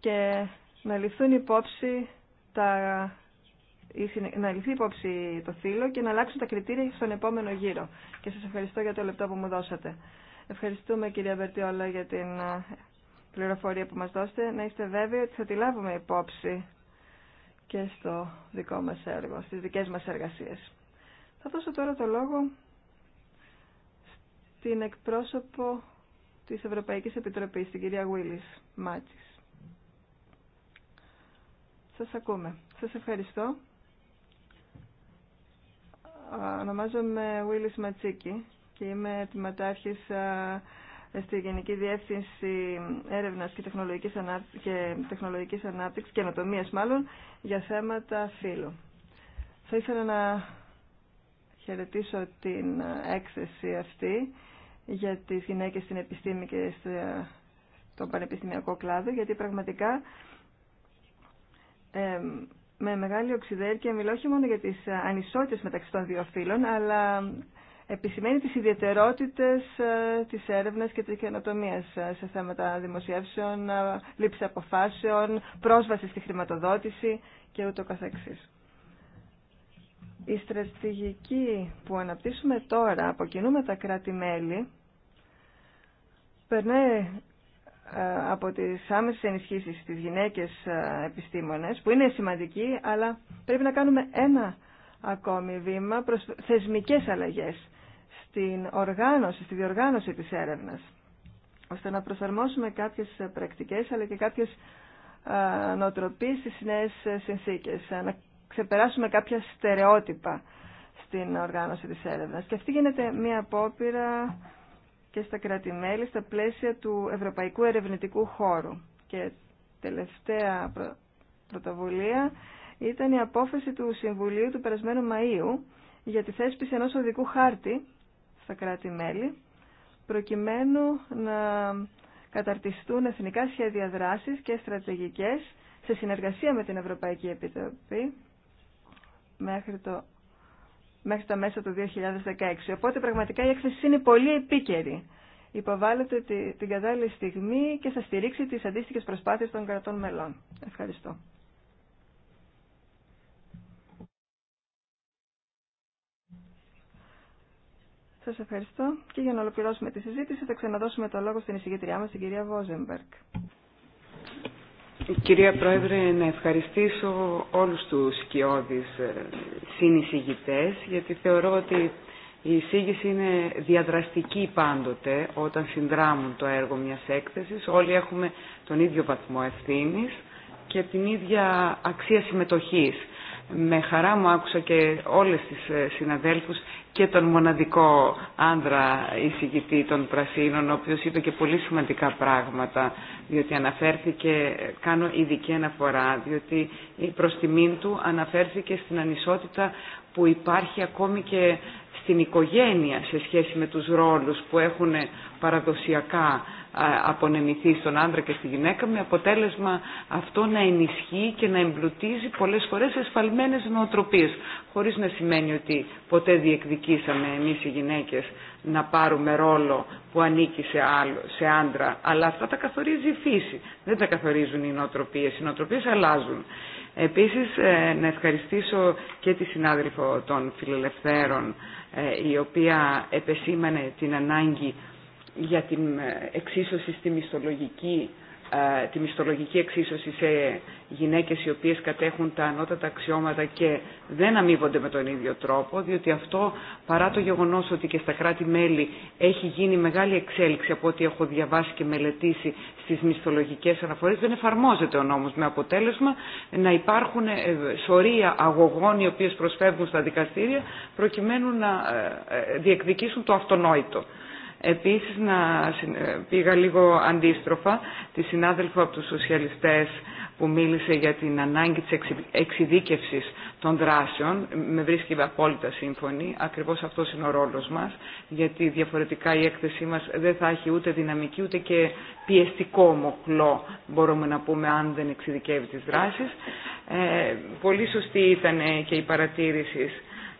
και να ληφθούν υπόψη τα να ληφθεί υπόψη το θύλο και να αλλάξουν τα κριτήρια στον επόμενο γύρο. Και σας ευχαριστώ για το λεπτό που μου δώσατε. Ευχαριστούμε κυρία Βερτιόλα για την ε, πληροφορία που μας δώσετε, να είστε βέβαιοι ότι θα τη λάβουμε υπόψη και στο δικό μας έργο, στις δικές μας εργασίες. Θα δώσω τώρα το λόγο στην εκπρόσωπο της Ευρωπαϊκής Επιτροπής, την κυρία Γουίλης Μάτσης. Σας ακούμε. Σας ευχαριστώ. Ονομάζομαι Βίλης Ματσίκη και είμαι ματάρχης στη Γενική Διεύθυνση Έρευνας και Τεχνολογικής, ανάπτυξη και Τεχνολογικής Ανάπτυξης, μάλλον, για θέματα φύλου. Θα ήθελα να χαιρετήσω την έκθεση αυτή για τις γυναίκες στην επιστήμη και στον πανεπιστημιακό κλάδο, γιατί πραγματικά με μεγάλη οξυδέρκεια μιλώ όχι μόνο για τις ανισότητες μεταξύ των δύο φύλων, αλλά επισημαίνει τις ιδιαιτερότητες ε, της έρευνας και της καινοτομίας ε, σε θέματα δημοσιεύσεων, ε, λήψη αποφάσεων, πρόσβαση στη χρηματοδότηση και ούτω καθεξής. Η στρατηγική που αναπτύσσουμε τώρα από κοινού με τα κράτη-μέλη περνάει από τις άμεσες ενισχύσεις στις γυναίκες επιστήμονες, που είναι σημαντική, αλλά πρέπει να κάνουμε ένα ακόμη βήμα προς θεσμικές αλλαγές στην οργάνωση, στη διοργάνωση της έρευνας, ώστε να προσαρμόσουμε κάποιες πρακτικές αλλά και κάποιες νοοτροπίες στις νέες συνθήκες, να ξεπεράσουμε κάποια στερεότυπα στην οργάνωση της έρευνας. Και αυτή γίνεται μια απόπειρα και στα κράτη-μέλη στα πλαίσια του Ευρωπαϊκού Ερευνητικού Χώρου. Και τελευταία πρωτοβουλία ήταν η απόφαση του Συμβουλίου του περασμένου Μαΐου για τη θέσπιση ενός οδικού χάρτη στα κράτη-μέλη, προκειμένου να καταρτιστούν εθνικά σχέδια δράσης και στρατηγικές σε συνεργασία με την Ευρωπαϊκή Επιτροπή μέχρι, το, μέχρι τα μέσα του 2016. Οπότε πραγματικά η έκθεση είναι πολύ επίκαιρη. Υποβάλλεται την κατάλληλη στιγμή και θα στηρίξει τις αντίστοιχες προσπάθειες των κρατών μελών. Ευχαριστώ. Σα ευχαριστώ και για να ολοκληρώσουμε τη συζήτηση θα ξαναδώσουμε το λόγο στην εισηγητριά μα την κυρία Βόζεμπερκ. Κυρία Πρόεδρε, να ευχαριστήσω όλους τους σκιώδεις ε, συνεισηγητές γιατί θεωρώ ότι η εισήγηση είναι διαδραστική πάντοτε όταν συνδράμουν το έργο μιας έκθεσης. Όλοι έχουμε τον ίδιο βαθμό ευθύνη και την ίδια αξία συμμετοχής με χαρά μου άκουσα και όλες τις ε, συναδέλφους και τον μοναδικό άνδρα εισηγητή των Πρασίνων, ο οποίος είπε και πολύ σημαντικά πράγματα, διότι αναφέρθηκε, κάνω ειδική αναφορά, διότι προς τιμήν του αναφέρθηκε στην ανισότητα που υπάρχει ακόμη και στην οικογένεια σε σχέση με τους ρόλους που έχουν παραδοσιακά απονεμηθεί στον άντρα και στη γυναίκα με αποτέλεσμα αυτό να ενισχύει και να εμπλουτίζει πολλές φορές εσφαλμένες νοοτροπίες χωρίς να σημαίνει ότι ποτέ διεκδικήσαμε εμείς οι γυναίκες να πάρουμε ρόλο που ανήκει σε, άλλο, σε άντρα αλλά αυτά τα καθορίζει η φύση δεν τα καθορίζουν οι νοοτροπίες οι νοοτροπίες αλλάζουν Επίσης ε, να ευχαριστήσω και τη συνάδελφο των φιλελευθέρων ε, η οποία επεσήμανε την ανάγκη για την ε, εξίσωση στη μισθολογική τη μισθολογική εξίσωση σε γυναίκες οι οποίες κατέχουν τα ανώτατα αξιώματα και δεν αμείβονται με τον ίδιο τρόπο, διότι αυτό παρά το γεγονός ότι και στα κράτη-μέλη έχει γίνει μεγάλη εξέλιξη από ό,τι έχω διαβάσει και μελετήσει στις μισθολογικές αναφορές, δεν εφαρμόζεται ο νόμος με αποτέλεσμα να υπάρχουν ε, σωρία αγωγών οι οποίες προσφεύγουν στα δικαστήρια προκειμένου να ε, ε, διεκδικήσουν το αυτονόητο. Επίσης να ε, πήγα λίγο αντίστροφα τη συνάδελφο από τους σοσιαλιστές που μίλησε για την ανάγκη της εξειδίκευσης των δράσεων. Με βρίσκει απόλυτα σύμφωνη. Ακριβώς αυτό είναι ο ρόλος μας, γιατί διαφορετικά η έκθεσή μας δεν θα έχει ούτε δυναμική ούτε και πιεστικό μοχλό, μπορούμε να πούμε, αν δεν εξειδικεύει τις δράσεις. Ε, πολύ σωστή ήταν και η παρατήρηση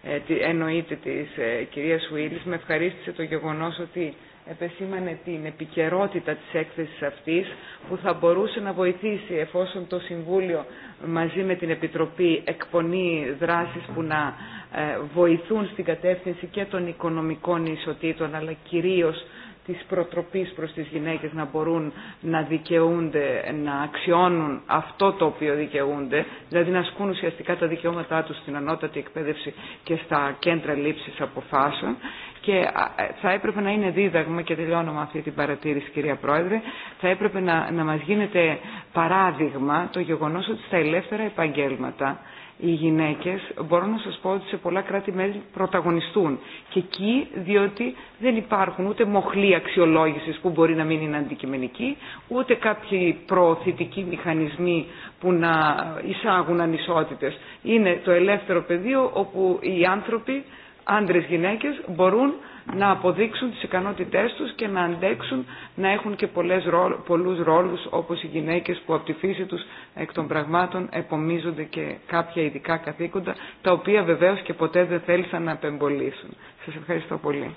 ε, εννοείται της ε, κυρίας Σουήλης με ευχαρίστησε το γεγονός ότι επεσήμανε την επικαιρότητα της έκθεσης αυτής που θα μπορούσε να βοηθήσει εφόσον το Συμβούλιο μαζί με την Επιτροπή εκπονεί δράσεις που να ε, βοηθούν στην κατεύθυνση και των οικονομικών ισοτήτων αλλά κυρίως της προτροπής προς τις γυναίκες να μπορούν να δικαιούνται, να αξιώνουν αυτό το οποίο δικαιούνται, δηλαδή να ασκούν ουσιαστικά τα δικαιώματά τους στην ανώτατη εκπαίδευση και στα κέντρα λήψης αποφάσεων. Και ε, θα έπρεπε να είναι δίδαγμα, και τελειώνω με αυτή την παρατήρηση κυρία Πρόεδρε, θα έπρεπε να, να μας γίνεται παράδειγμα το γεγονός ότι στα ελεύθερα επαγγέλματα οι γυναίκες, μπορώ να σας πω ότι σε πολλά κράτη-μέλη πρωταγωνιστούν. Και εκεί διότι δεν υπάρχουν ούτε μοχλή αξιολόγηση που μπορεί να μην είναι αντικειμενική, ούτε κάποιοι προωθητικοί μηχανισμοί που να εισάγουν ανισότητες. Είναι το ελεύθερο πεδίο όπου οι άνθρωποι άντρες γυναίκες μπορούν να αποδείξουν τις ικανότητές τους και να αντέξουν να έχουν και πολλές, πολλούς ρόλους όπως οι γυναίκες που από τη φύση τους εκ των πραγμάτων επομίζονται και κάποια ειδικά καθήκοντα τα οποία βεβαίως και ποτέ δεν θέλησαν να απεμπολίσουν. Σας ευχαριστώ πολύ.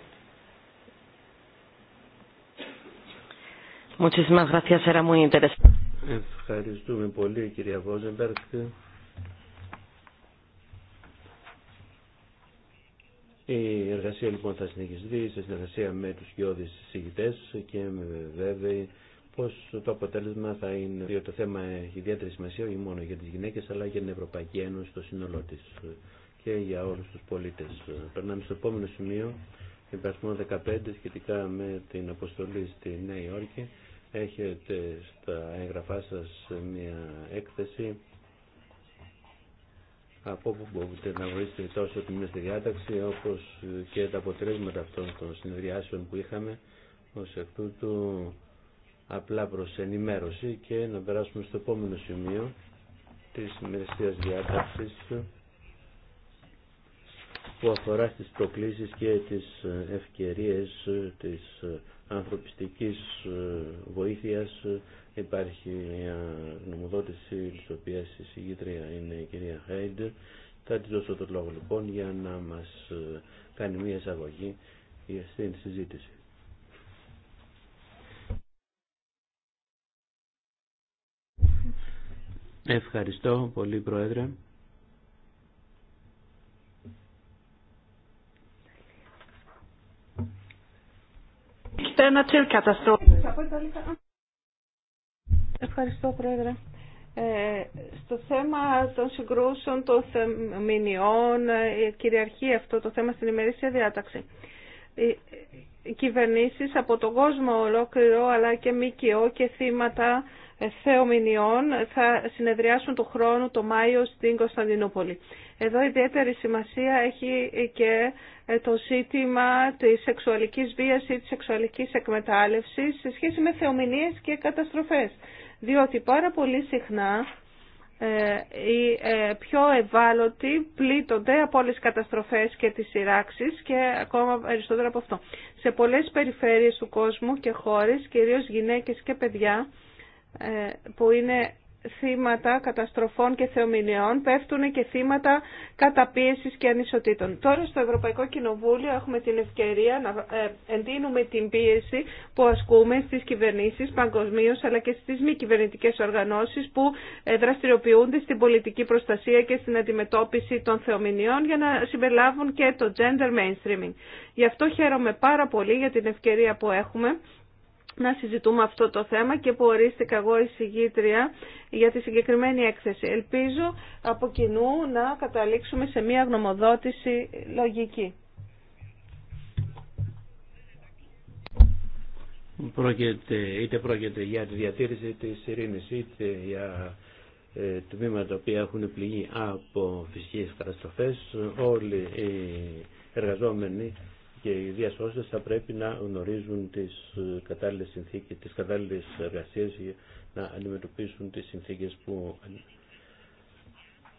Ευχαριστούμε πολύ κυρία Βόζεμπεργκ. Η εργασία λοιπόν θα συνεχιστεί σε συνεργασία με τους γιώδεις συζητητές και με βέβαιη πως το αποτέλεσμα θα είναι διότι το θέμα έχει ιδιαίτερη σημασία όχι μόνο για τις γυναίκες αλλά και για την Ευρωπαϊκή Ένωση το σύνολό της και για όλους τους πολίτες. Περνάμε στο επόμενο σημείο, υπερασμό 15 σχετικά με την αποστολή στη Νέα Υόρκη. Έχετε στα έγγραφά σας μια έκθεση από που μπορείτε να γνωρίσετε τόσο τη στη διάταξη όπως και τα αποτελέσματα αυτών των συνεδριάσεων που είχαμε ως εκ τούτου απλά προς ενημέρωση και να περάσουμε στο επόμενο σημείο της μεριστίας διάταξης που αφορά στις προκλήσεις και τις ευκαιρίες της ανθρωπιστικής ε, βοήθειας ε, υπάρχει μια νομοδότηση της οποίας η συγγήτρια είναι η κυρία Χέιντ. Θα της δώσω το λόγο λοιπόν για να μας ε, κάνει μια εισαγωγή στην συζήτηση. Ευχαριστώ πολύ Πρόεδρε. σε naturkatastrofer. Ευχαριστώ, Πρόεδρε. Ε, στο θέμα των συγκρούσεων των θεμηνιών ε, κυριαρχεί αυτό το θέμα στην ημερήσια διάταξη. Ε, ε, κυβερνήσεις από τον κόσμο ολόκληρο αλλά και ΜΚΟ και θύματα ε, θεομηνιών θα συνεδριάσουν του χρόνου το Μάιο στην Κωνσταντινούπολη. Εδώ ιδιαίτερη σημασία έχει και το ζήτημα της σεξουαλικής βίας ή της σεξουαλικής εκμετάλλευσης σε σχέση με θεομηνίες και καταστροφές. Διότι πάρα πολύ συχνά ε, οι ε, πιο ευάλωτοι πλήττονται από όλες τις καταστροφές και τις σειράξεις και ακόμα περισσότερο από αυτό. Σε πολλές περιφέρειες του κόσμου και χώρες, κυρίως γυναίκες και παιδιά ε, που είναι θύματα καταστροφών και θεομηνιών, πέφτουν και θύματα καταπίεσης και ανισοτήτων. Τώρα στο Ευρωπαϊκό Κοινοβούλιο έχουμε την ευκαιρία να ε, εντείνουμε την πίεση που ασκούμε στις κυβερνήσεις παγκοσμίω, αλλά και στις μη κυβερνητικέ οργανώσεις που ε, δραστηριοποιούνται στην πολιτική προστασία και στην αντιμετώπιση των θεομηνιών για να συμπεριλάβουν και το gender mainstreaming. Γι' αυτό χαίρομαι πάρα πολύ για την ευκαιρία που έχουμε να συζητούμε αυτό το θέμα και που ορίστηκα εγώ εισηγήτρια για τη συγκεκριμένη έκθεση. Ελπίζω από κοινού να καταλήξουμε σε μια γνωμοδότηση λογική. Πρόκειται, είτε πρόκειται για τη διατήρηση της ειρήνης είτε για ε, τμήματα που έχουν πληγεί από φυσικές καταστροφές όλοι οι εργαζόμενοι και οι διασώσεις θα πρέπει να γνωρίζουν τις ε, κατάλληλες συνθήκες, τις κατάλληλες εργασίες για να αντιμετωπίσουν τις συνθήκες που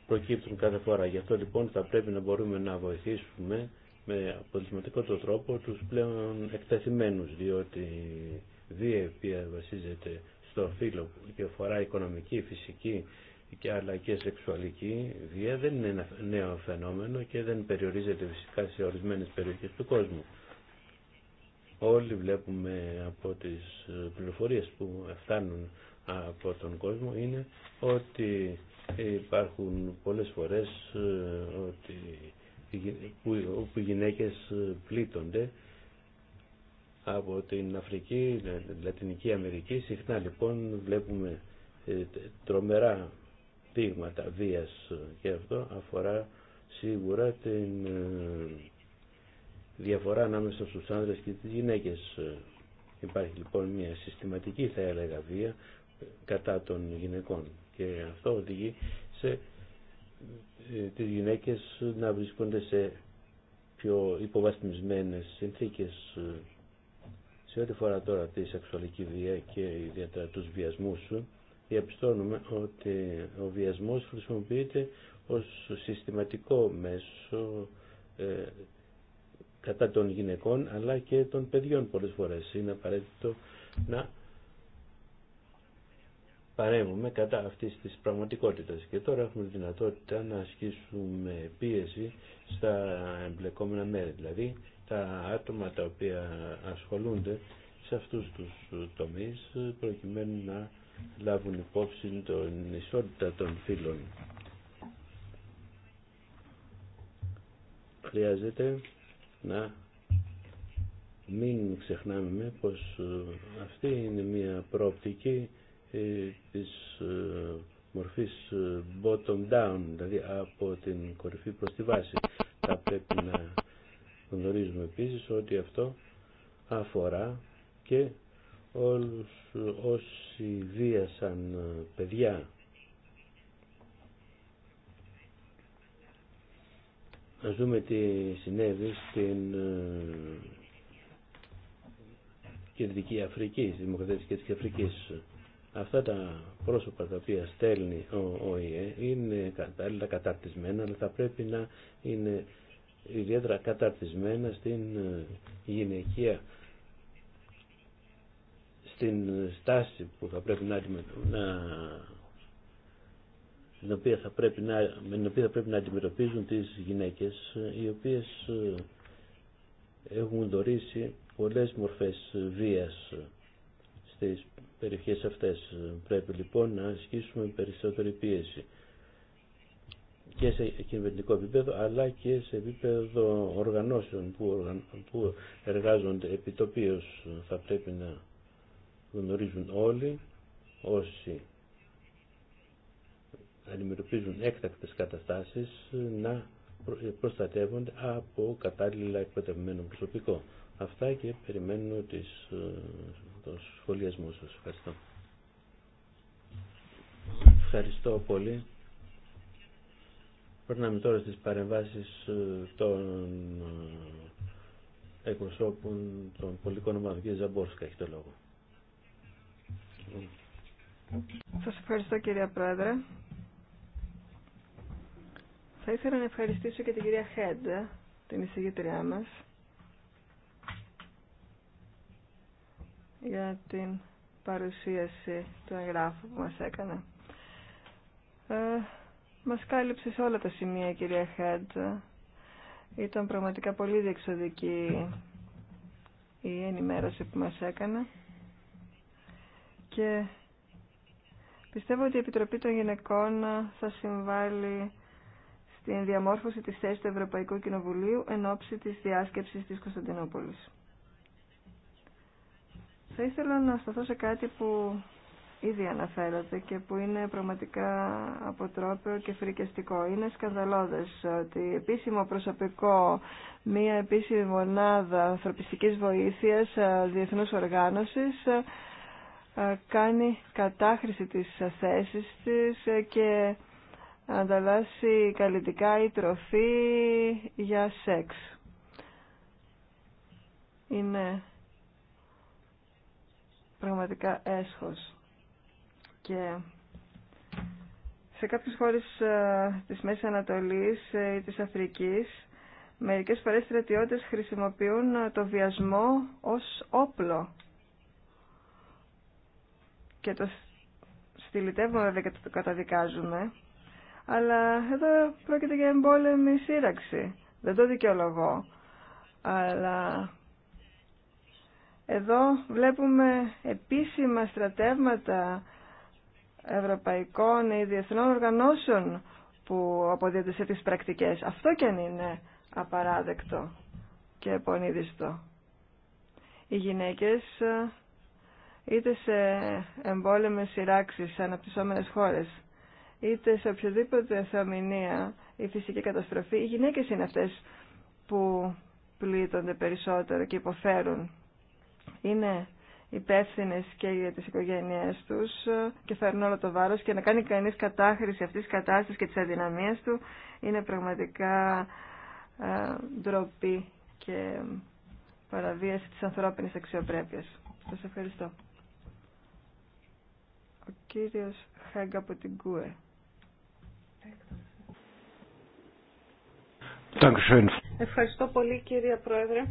προκύπτουν κάθε φορά. Γι' αυτό λοιπόν θα πρέπει να μπορούμε να βοηθήσουμε με αποτελεσματικό τρόπο τους πλέον εκτεθειμένους, διότι βία η οποία βασίζεται στο φύλλο και αφορά οικονομική, φυσική και αλλά και σεξουαλική βία δεν είναι ένα νέο φαινόμενο και δεν περιορίζεται φυσικά σε ορισμένες περιοχές του κόσμου. Όλοι βλέπουμε από τις πληροφορίες που φτάνουν από τον κόσμο είναι ότι υπάρχουν πολλές φορές ε, ότι όπου οι γυναίκες ε, πλήττονται από την Αφρική, Λατινική Αμερική. Συχνά λοιπόν βλέπουμε ε, τρομερά δείγματα βίας και αυτό αφορά σίγουρα την ε, διαφορά ανάμεσα στους άνδρες και τις γυναίκες. Υπάρχει λοιπόν μια συστηματική θα έλεγα βία κατά των γυναικών και αυτό οδηγεί σε ε, τις γυναίκες να βρίσκονται σε πιο υποβαθμισμένες συνθήκες ε, σε ό,τι φορά τώρα τη σεξουαλική βία και ιδιαίτερα τους βιασμούς διαπιστώνουμε ότι ο βιασμός χρησιμοποιείται ως συστηματικό μέσο ε, κατά των γυναικών αλλά και των παιδιών πολλές φορές. Είναι απαραίτητο να παρέμβουμε κατά αυτής της πραγματικότητας και τώρα έχουμε δυνατότητα να ασκήσουμε πίεση στα εμπλεκόμενα μέρη, δηλαδή τα άτομα τα οποία ασχολούνται σε αυτούς τους τομείς προκειμένου να λάβουν υπόψη την ισότητα των φύλων. Χρειάζεται να μην ξεχνάμε πως ε, αυτή είναι μια προοπτική ε, της ε, μορφής bottom-down, δηλαδή από την κορυφή προς τη βάση. Θα πρέπει να γνωρίζουμε επίσης ότι αυτό αφορά και όλους όσοι βίασαν ε, παιδιά. Ας δούμε τι συνέβη στην ε, Κεντρική Αφρική, στη Δημοκρατία της Κεντρικής Αυτά τα πρόσωπα τα οποία στέλνει ο ΟΗΕ είναι κατάλληλα καταρτισμένα, αλλά θα πρέπει να είναι ιδιαίτερα καταρτισμένα στην ε, γυναικεία στην στάση που θα πρέπει να, να οποία πρέπει να, με την οποία θα πρέπει να αντιμετωπίζουν τις γυναίκες οι οποίες ε, έχουν δωρήσει πολλές μορφές βίας στις περιοχές αυτές. Πρέπει λοιπόν να ασκήσουμε περισσότερη πίεση και σε κυβερνητικό επίπεδο αλλά και σε επίπεδο οργανώσεων που, εργάζονται επιτοπίως θα πρέπει να γνωρίζουν όλοι όσοι αντιμετωπίζουν έκτακτες καταστάσεις να προστατεύονται από κατάλληλα εκπαιδευμένο προσωπικό. Αυτά και περιμένω τις, ε, το σχολιασμό σας. Ευχαριστώ. Ευχαριστώ πολύ. Περνάμε τώρα στις παρεμβάσεις ε, των ε, εκπροσώπων των πολιτικών ομάδων. Κύριε Ζαμπόρσκα έχει το λόγο. Σας ευχαριστώ κυρία Πρόεδρε. Θα ήθελα να ευχαριστήσω και την κυρία Χέντ την εισηγήτριά μας, για την παρουσίαση του εγγράφου που μας έκανε. Ε, μας κάλυψε σε όλα τα σημεία κυρία Χέντ Ήταν πραγματικά πολύ διεξοδική η ενημέρωση που μας έκανε και πιστεύω ότι η Επιτροπή των Γυναικών θα συμβάλλει στην διαμόρφωση της θέσης του Ευρωπαϊκού Κοινοβουλίου εν ώψη της διάσκεψης της Κωνσταντινούπολης. Θα ήθελα να σταθώ σε κάτι που ήδη αναφέρατε και που είναι πραγματικά αποτρόπαιο και φρικιαστικό. Είναι σκανδαλώδες ότι επίσημο προσωπικό, μία επίσημη μονάδα ανθρωπιστικής βοήθειας ε, διεθνούς οργάνωσης κάνει κατάχρηση της θέσης της ε, και ανταλλάσσει καλλιτικά ή τροφή για σεξ. Είναι πραγματικά έσχος. Και σε κάποιες χώρες της Μέσης Ανατολής ε, ή της Αφρικής μερικές φορές στρατιώτες χρησιμοποιούν το βιασμό ως όπλο και το στυλιτεύουμε βέβαια και το καταδικάζουμε, αλλά εδώ πρόκειται για εμπόλεμη σύραξη. Δεν το δικαιολογώ, αλλά εδώ βλέπουμε επίσημα στρατεύματα ευρωπαϊκών ή διεθνών οργανώσεων που αποδίδονται σε τις πρακτικές. Αυτό και αν είναι απαράδεκτο και επονίδιστο. Οι γυναίκες είτε σε εμπόλεμες σειράξεις σε αναπτυσσόμενες χώρες, είτε σε οποιοδήποτε θεομηνία ή φυσική καταστροφή, οι γυναίκες είναι αυτές που πλήττονται περισσότερο και υποφέρουν. Είναι υπεύθυνε και για τις οικογένειές τους και φέρνουν όλο το βάρος και να κάνει κανείς κατάχρηση αυτής της κατάστασης και της αδυναμίας του είναι πραγματικά ε, ντροπή και παραβίαση της ανθρώπινης αξιοπρέπειας. Σας ευχαριστώ κύριος Ευχαριστώ πολύ κύριε Πρόεδρε.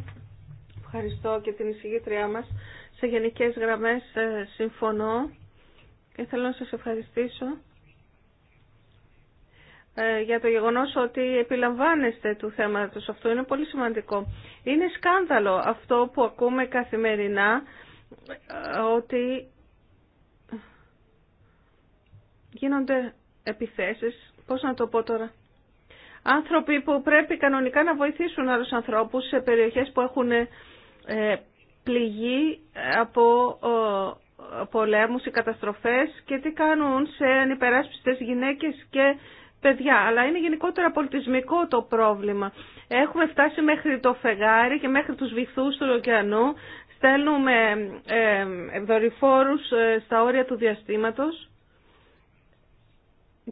Ευχαριστώ και την εισηγήτριά μας. Σε γενικές γραμμές ε, συμφωνώ και θέλω να σας ευχαριστήσω ε, για το γεγονός ότι επιλαμβάνεστε του θέματος Αυτό Είναι πολύ σημαντικό. Είναι σκάνδαλο αυτό που ακούμε καθημερινά ε, ότι γίνονται επιθέσεις, πώς να το πω τώρα, άνθρωποι που πρέπει κανονικά να βοηθήσουν άλλους ανθρώπους σε περιοχές που έχουν ε, πληγή από πολέμους ή καταστροφές και τι κάνουν σε ανυπεράσπιστες γυναίκες και παιδιά. Αλλά είναι γενικότερα πολιτισμικό το πρόβλημα. Έχουμε φτάσει μέχρι το φεγάρι και μέχρι τους βυθούς του ωκεανού. Στέλνουμε ε, ε, δορυφόρους στα όρια του διαστήματος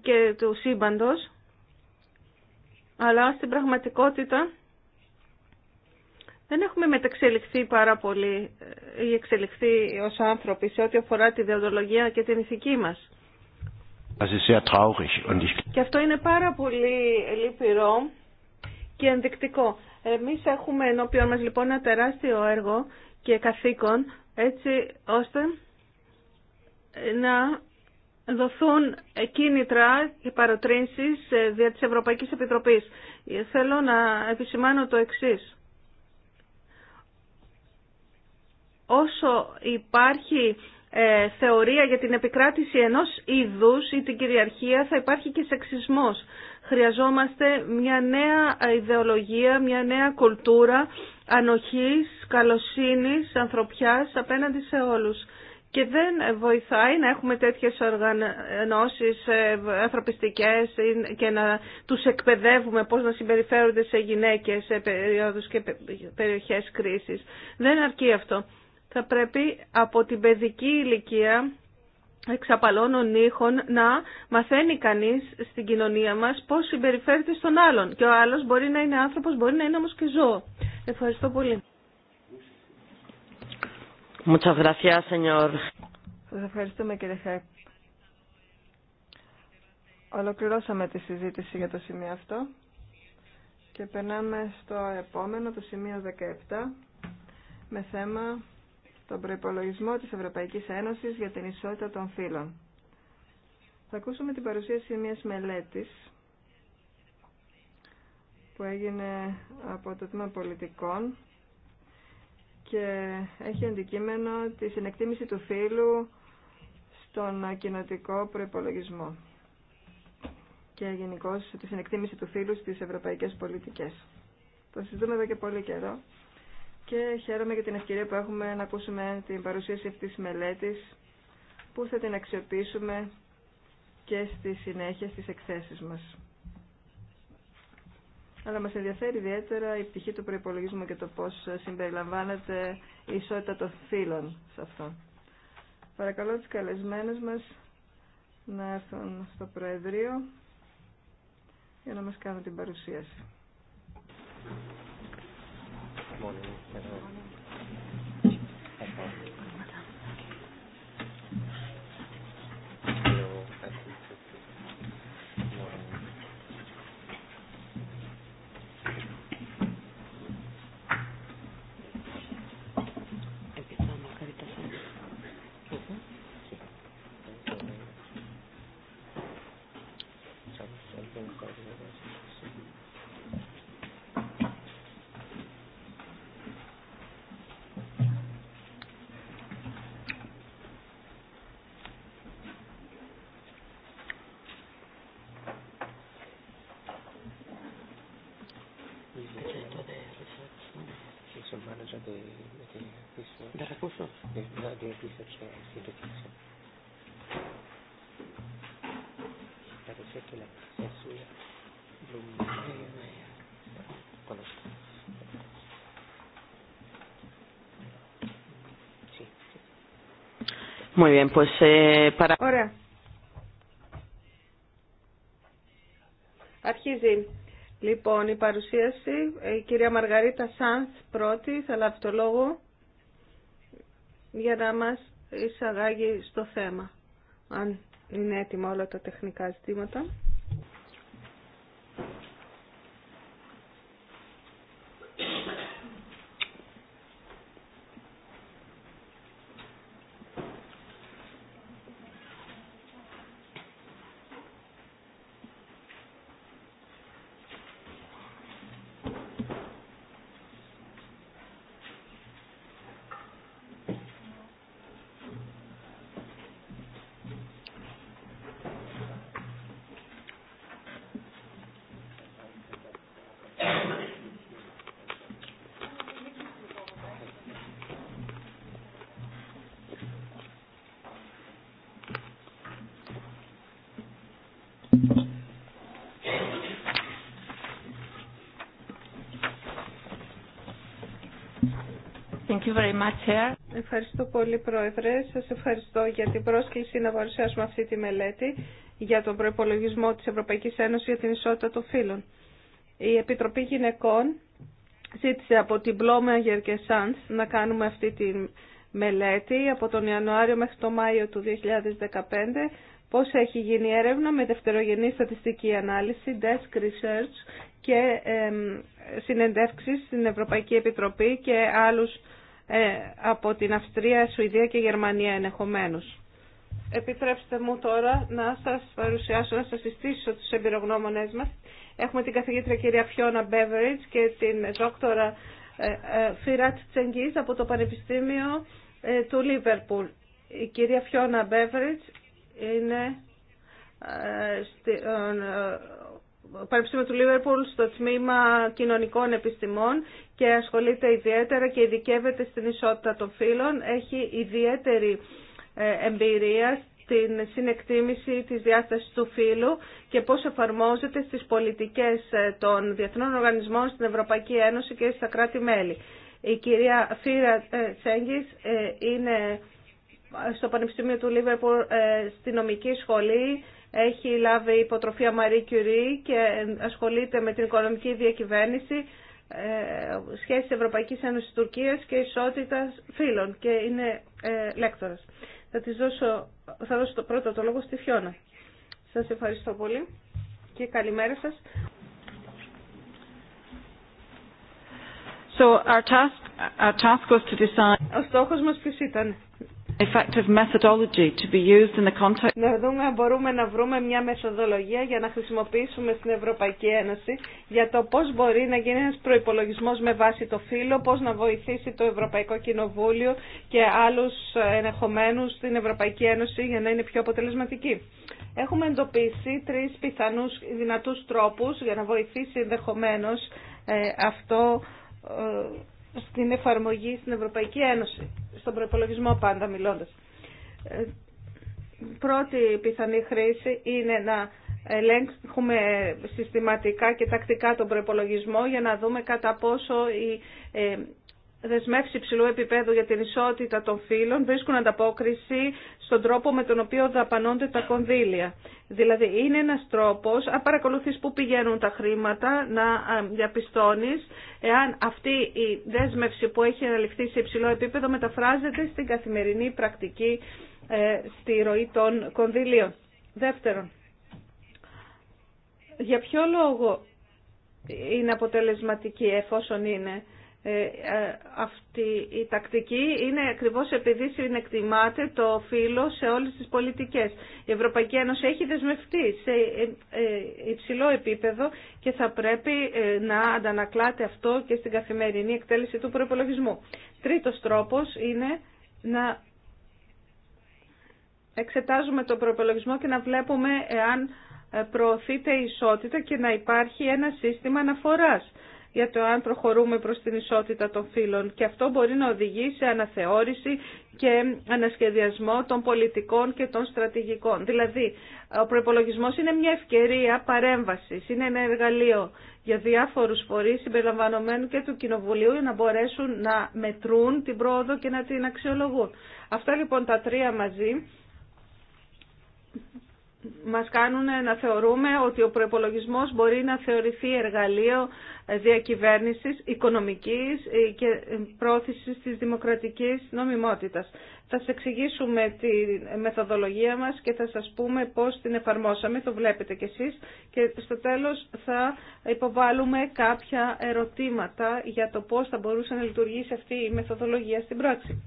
και του σύμπαντος, αλλά στην πραγματικότητα δεν έχουμε μεταξελιχθεί πάρα πολύ ε, ή εξελιχθεί ως άνθρωποι σε ό,τι αφορά τη διοντολογία και την ηθική μας. Και αυτό είναι πάρα πολύ λυπηρό και ενδεικτικό. Εμείς έχουμε ενώπιον μας λοιπόν ένα τεράστιο έργο και καθήκον έτσι ώστε να δοθούν κίνητρα και παροτρύνσεις ε, δια της Ευρωπαϊκής Επιτροπής. Θέλω να επισημάνω το εξής. Όσο υπάρχει ε, θεωρία για την επικράτηση ενός είδους ή την κυριαρχία θα υπάρχει και σεξισμός. Χρειαζόμαστε μια νέα ιδεολογία, μια νέα κουλτούρα ανοχής, καλοσύνης, ανθρωπιάς απέναντι σε όλους και δεν βοηθάει να έχουμε τέτοιες οργανώσεις ε, ανθρωπιστικές και να τους εκπαιδεύουμε πώς να συμπεριφέρονται σε γυναίκες σε περιόδους και περιοχές κρίσης. Δεν αρκεί αυτό. Θα πρέπει από την παιδική ηλικία εξαπαλώνων ήχων να μαθαίνει κανείς στην κοινωνία μας πώς συμπεριφέρεται στον άλλον. Και ο άλλος μπορεί να είναι άνθρωπος, μπορεί να είναι όμως και ζώο. Ευχαριστώ πολύ. Muchas gracias, Σας ευχαριστούμε κύριε Χαίπ. Ολοκληρώσαμε τη συζήτηση για το σημείο αυτό και περνάμε στο επόμενο, το σημείο 17, με θέμα τον προϋπολογισμό της Ευρωπαϊκής Ένωσης για την ισότητα των φύλων. Θα ακούσουμε την παρουσίαση μιας μελέτης που έγινε από το Τμήμα Πολιτικών και έχει αντικείμενο τη συνεκτίμηση του φύλου στον κοινοτικό προϋπολογισμό και γενικώ τη συνεκτίμηση του φύλου στις ευρωπαϊκές πολιτικές. Το συζητούμε εδώ και πολύ καιρό και χαίρομαι για την ευκαιρία που έχουμε να ακούσουμε την παρουσίαση αυτής της μελέτης που θα την αξιοποιήσουμε και στη συνέχεια στις εκθέσεις μας αλλά μας ενδιαφέρει ιδιαίτερα η πτυχή του προϋπολογισμού και το πώς συμπεριλαμβάνεται η ισότητα των φύλων σε αυτό. Παρακαλώ τους καλεσμένους μας να έρθουν στο Προεδρείο για να μας κάνουν την παρουσίαση. Muy bien, pues eh, para... Ωραία. Αρχίζει. Λοιπόν, η παρουσίαση, ε, η κυρία Μαργαρίτα Σάνς πρώτη θα λάβει το λόγο για να μας εισαγάγει στο θέμα, αν είναι έτοιμα όλα τα τεχνικά ζητήματα. Thank you very much, Chair. Ευχαριστώ πολύ, Πρόεδρε. Σα ευχαριστώ για την πρόσκληση να παρουσιάσουμε αυτή τη μελέτη για τον προπολογισμό τη Ευρωπαϊκή Ένωση για την ισότητα των φύλων. Η Επιτροπή Γυναικών ζήτησε από την Πλόμε και Sands να κάνουμε αυτή τη μελέτη από τον Ιανουάριο μέχρι τον Μάιο του 2015 πώ έχει γίνει η έρευνα με δευτερογενή στατιστική ανάλυση, desk research και ε, συνεντεύξεις στην Ευρωπαϊκή Επιτροπή και άλλου. Ε, από την Αυστρία, Σουηδία και Γερμανία ενεχομένως. Επιτρέψτε μου τώρα να σας παρουσιάσω, να σας συστήσω τους εμπειρογνώμονές μας. Έχουμε την καθηγήτρια κυρία Φιώνα Μπέβεριτς και την δόκτωρα ε, ε, Φιράτ Τσενγκής από το Πανεπιστήμιο του Λίβερπουλ. Η κυρία Φιώνα Μπέβεριτς είναι Πανεπιστήμιο του Λίβερπουλ στο τμήμα κοινωνικών επιστημών και ασχολείται ιδιαίτερα και ειδικεύεται στην ισότητα των φύλων. Έχει ιδιαίτερη ε, εμπειρία στην συνεκτίμηση της διάστασης του φύλου και πώς εφαρμόζεται στις πολιτικές ε, των διεθνών οργανισμών στην Ευρωπαϊκή Ένωση και στα κράτη-μέλη. Η κυρία Φύρα ε, Τσέγγις είναι στο Πανεπιστήμιο του Λίβερπουλ στη νομική σχολή έχει λάβει υποτροφία Marie Curie και ασχολείται με την οικονομική διακυβέρνηση, ε, σχέσεις Ευρωπαϊκής Ένωσης Τουρκίας και ισότητα φίλων και είναι ε, λέκτορας. Θα, της δώσω, θα δώσω το πρώτο το λόγο στη Φιώνα. Σας ευχαριστώ πολύ και καλημέρα σας. So our task, our task was Ο στόχος μας ποιος ήταν να δούμε αν μπορούμε να βρούμε μια μεθοδολογία για να χρησιμοποιήσουμε στην Ευρωπαϊκή Ένωση για το πώς μπορεί να γίνει ένας προϋπολογισμός με βάση το φύλλο, πώς να βοηθήσει το Ευρωπαϊκό Κοινοβούλιο και άλλους ενεχομένους στην Ευρωπαϊκή Ένωση για να είναι πιο αποτελεσματική. Έχουμε εντοπίσει τρεις πιθανούς δυνατούς τρόπους για να βοηθήσει ενδεχομένως ε, αυτό ε, στην εφαρμογή στην Ευρωπαϊκή Ένωση, στον προπολογισμό πάντα μιλώντας. Ε, πρώτη πιθανή χρήση είναι να ελέγχουμε συστηματικά και τακτικά τον προπολογισμό για να δούμε κατά πόσο η ε, δεσμεύσει υψηλού επίπεδου για την ισότητα των φύλων βρίσκουν ανταπόκριση στον τρόπο με τον οποίο δαπανώνται τα κονδύλια. Δηλαδή είναι ένας τρόπος, αν παρακολουθείς που πηγαίνουν τα χρήματα, να διαπιστώνεις εάν αυτή η δέσμευση που έχει αναλυφθεί σε υψηλό επίπεδο μεταφράζεται στην καθημερινή πρακτική ε, στη ροή των κονδύλιων. Δεύτερον, για ποιο λόγο είναι αποτελεσματική εφόσον είναι ε, ε, αυτή η τακτική είναι ακριβώς επειδή συνεκτιμάται το φύλλο σε όλες τις πολιτικές. Η Ευρωπαϊκή Ένωση έχει δεσμευτεί σε ε, υψηλό επίπεδο και θα πρέπει να αντανακλάται αυτό και στην καθημερινή εκτέλεση του προπολογισμού. Τρίτος τρόπος είναι να εξετάζουμε το προπολογισμό και να βλέπουμε εάν προωθείται η ισότητα και να υπάρχει ένα σύστημα αναφοράς για το αν προχωρούμε προς την ισότητα των φύλων και αυτό μπορεί να οδηγεί σε αναθεώρηση και ανασχεδιασμό των πολιτικών και των στρατηγικών. Δηλαδή, ο προπολογισμό είναι μια ευκαιρία παρέμβασης, είναι ένα εργαλείο για διάφορους φορείς συμπεριλαμβανομένου και του Κοινοβουλίου να μπορέσουν να μετρούν την πρόοδο και να την αξιολογούν. Αυτά λοιπόν τα τρία μαζί μας κάνουν να θεωρούμε ότι ο προϋπολογισμός μπορεί να θεωρηθεί εργαλείο διακυβέρνησης, οικονομικής και πρόθεσης της δημοκρατικής νομιμότητας. Θα σας εξηγήσουμε τη μεθοδολογία μας και θα σας πούμε πώς την εφαρμόσαμε, το βλέπετε κι εσείς και στο τέλος θα υποβάλουμε κάποια ερωτήματα για το πώς θα μπορούσε να λειτουργήσει αυτή η μεθοδολογία στην πράξη.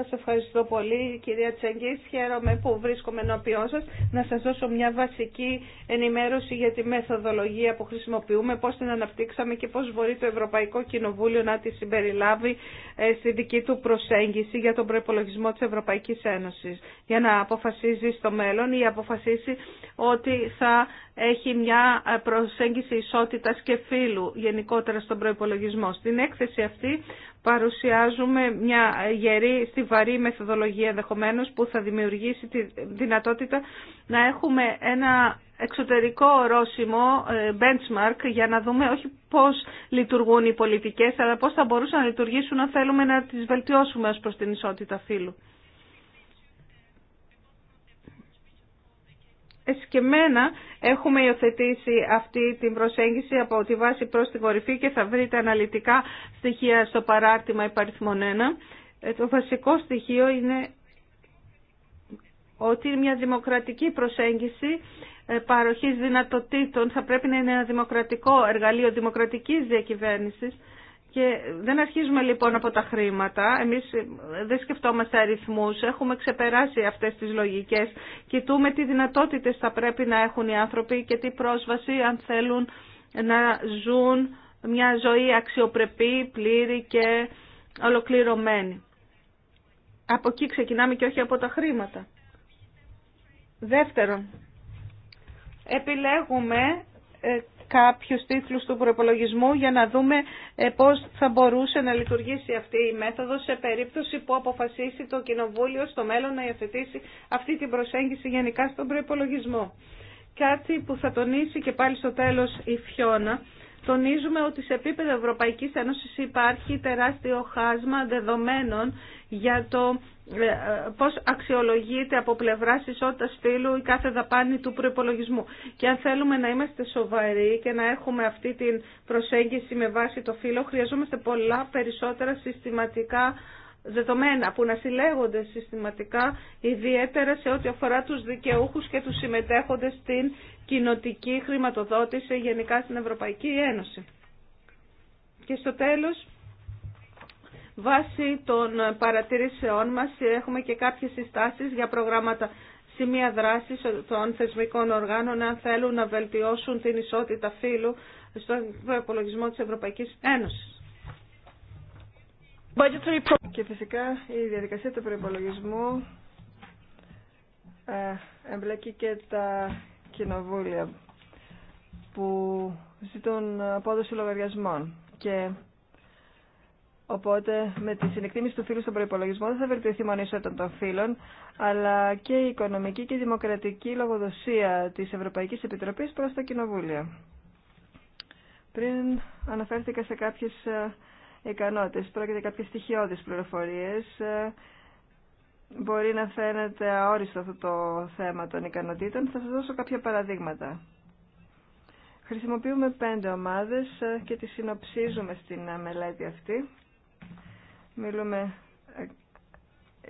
Σας ευχαριστώ πολύ κυρία Τσέγγις. Χαίρομαι που βρίσκομαι ενώπιό σας να σας δώσω μια βασική ενημέρωση για τη μεθοδολογία που χρησιμοποιούμε, πώς την αναπτύξαμε και πώς μπορεί το Ευρωπαϊκό Κοινοβούλιο να τη συμπεριλάβει ε, στη δική του προσέγγιση για τον προπολογισμό της Ευρωπαϊκής Ένωσης. Για να αποφασίζει στο μέλλον ή αποφασίσει ότι θα έχει μια ε, προσέγγιση ισότητας και φύλου γενικότερα στον προπολογισμό. Στην έκθεση αυτή παρουσιάζουμε μια γερή, στιβαρή μεθοδολογία ενδεχομένω που θα δημιουργήσει τη δυνατότητα να έχουμε ένα εξωτερικό ορόσημο, ε, benchmark, για να δούμε όχι πώς λειτουργούν οι πολιτικές, αλλά πώς θα μπορούσαν να λειτουργήσουν αν θέλουμε να τις βελτιώσουμε ως προς την ισότητα φύλου. εσκεμένα έχουμε υιοθετήσει αυτή την προσέγγιση από τη βάση προς την κορυφή και θα βρείτε αναλυτικά στοιχεία στο παράρτημα υπαριθμών 1. Ε, το βασικό στοιχείο είναι ότι μια δημοκρατική προσέγγιση ε, παροχής δυνατοτήτων θα πρέπει να είναι ένα δημοκρατικό εργαλείο δημοκρατικής διακυβέρνησης και δεν αρχίζουμε λοιπόν από τα χρήματα, εμείς δεν σκεφτόμαστε αριθμούς, έχουμε ξεπεράσει αυτές τις λογικές, κοιτούμε τι δυνατότητες θα πρέπει να έχουν οι άνθρωποι και τι πρόσβαση αν θέλουν να ζουν μια ζωή αξιοπρεπή, πλήρη και ολοκληρωμένη. Από εκεί ξεκινάμε και όχι από τα χρήματα. Δεύτερον, επιλέγουμε ε, κάποιους τίτλους του προπολογισμού για να δούμε ε, πώς θα μπορούσε να λειτουργήσει αυτή η μέθοδος σε περίπτωση που αποφασίσει το Κοινοβούλιο στο μέλλον να υιοθετήσει αυτή την προσέγγιση γενικά στον προπολογισμό. Κάτι που θα τονίσει και πάλι στο τέλος η Φιώνα. Τονίζουμε ότι σε επίπεδο Ευρωπαϊκής Ένωσης υπάρχει τεράστιο χάσμα δεδομένων για το ε, ε, πώς αξιολογείται από πλευρά ισότητας φύλου η κάθε δαπάνη του προϋπολογισμού. Και αν θέλουμε να είμαστε σοβαροί και να έχουμε αυτή την προσέγγιση με βάση το φύλο, χρειαζόμαστε πολλά περισσότερα συστηματικά δεδομένα που να συλλέγονται συστηματικά, ιδιαίτερα σε ό,τι αφορά τους δικαιούχους και τους συμμετέχοντες στην κοινοτική χρηματοδότηση γενικά στην Ευρωπαϊκή Ένωση. Και στο τέλος, Βάσει των παρατηρήσεών μας έχουμε και κάποιες συστάσεις για προγράμματα σημεία δράσης των θεσμικών οργάνων αν θέλουν να βελτιώσουν την ισότητα φύλου στον προπολογισμό της Ευρωπαϊκής Ένωσης. Και φυσικά η διαδικασία του προπολογισμού ε, εμπλέκει και τα κοινοβούλια που ζητούν απόδοση λογαριασμών και Οπότε με τη συνεκτίμηση του φύλου στον προπολογισμό δεν θα βελτιωθεί μόνο η ισότητα των φύλων, αλλά και η οικονομική και η δημοκρατική λογοδοσία τη Ευρωπαϊκή Επιτροπή προ τα κοινοβούλια. Πριν αναφέρθηκα σε κάποιε ε, ικανότητες, πρόκειται κάποιε στοιχειώδει πληροφορίε, ε, Μπορεί να φαίνεται αόριστο αυτό το θέμα των ικανοτήτων. Θα σας δώσω κάποια παραδείγματα. Χρησιμοποιούμε πέντε ομάδες ε, και τις συνοψίζουμε στην μελέτη αυτή Μιλούμε ε,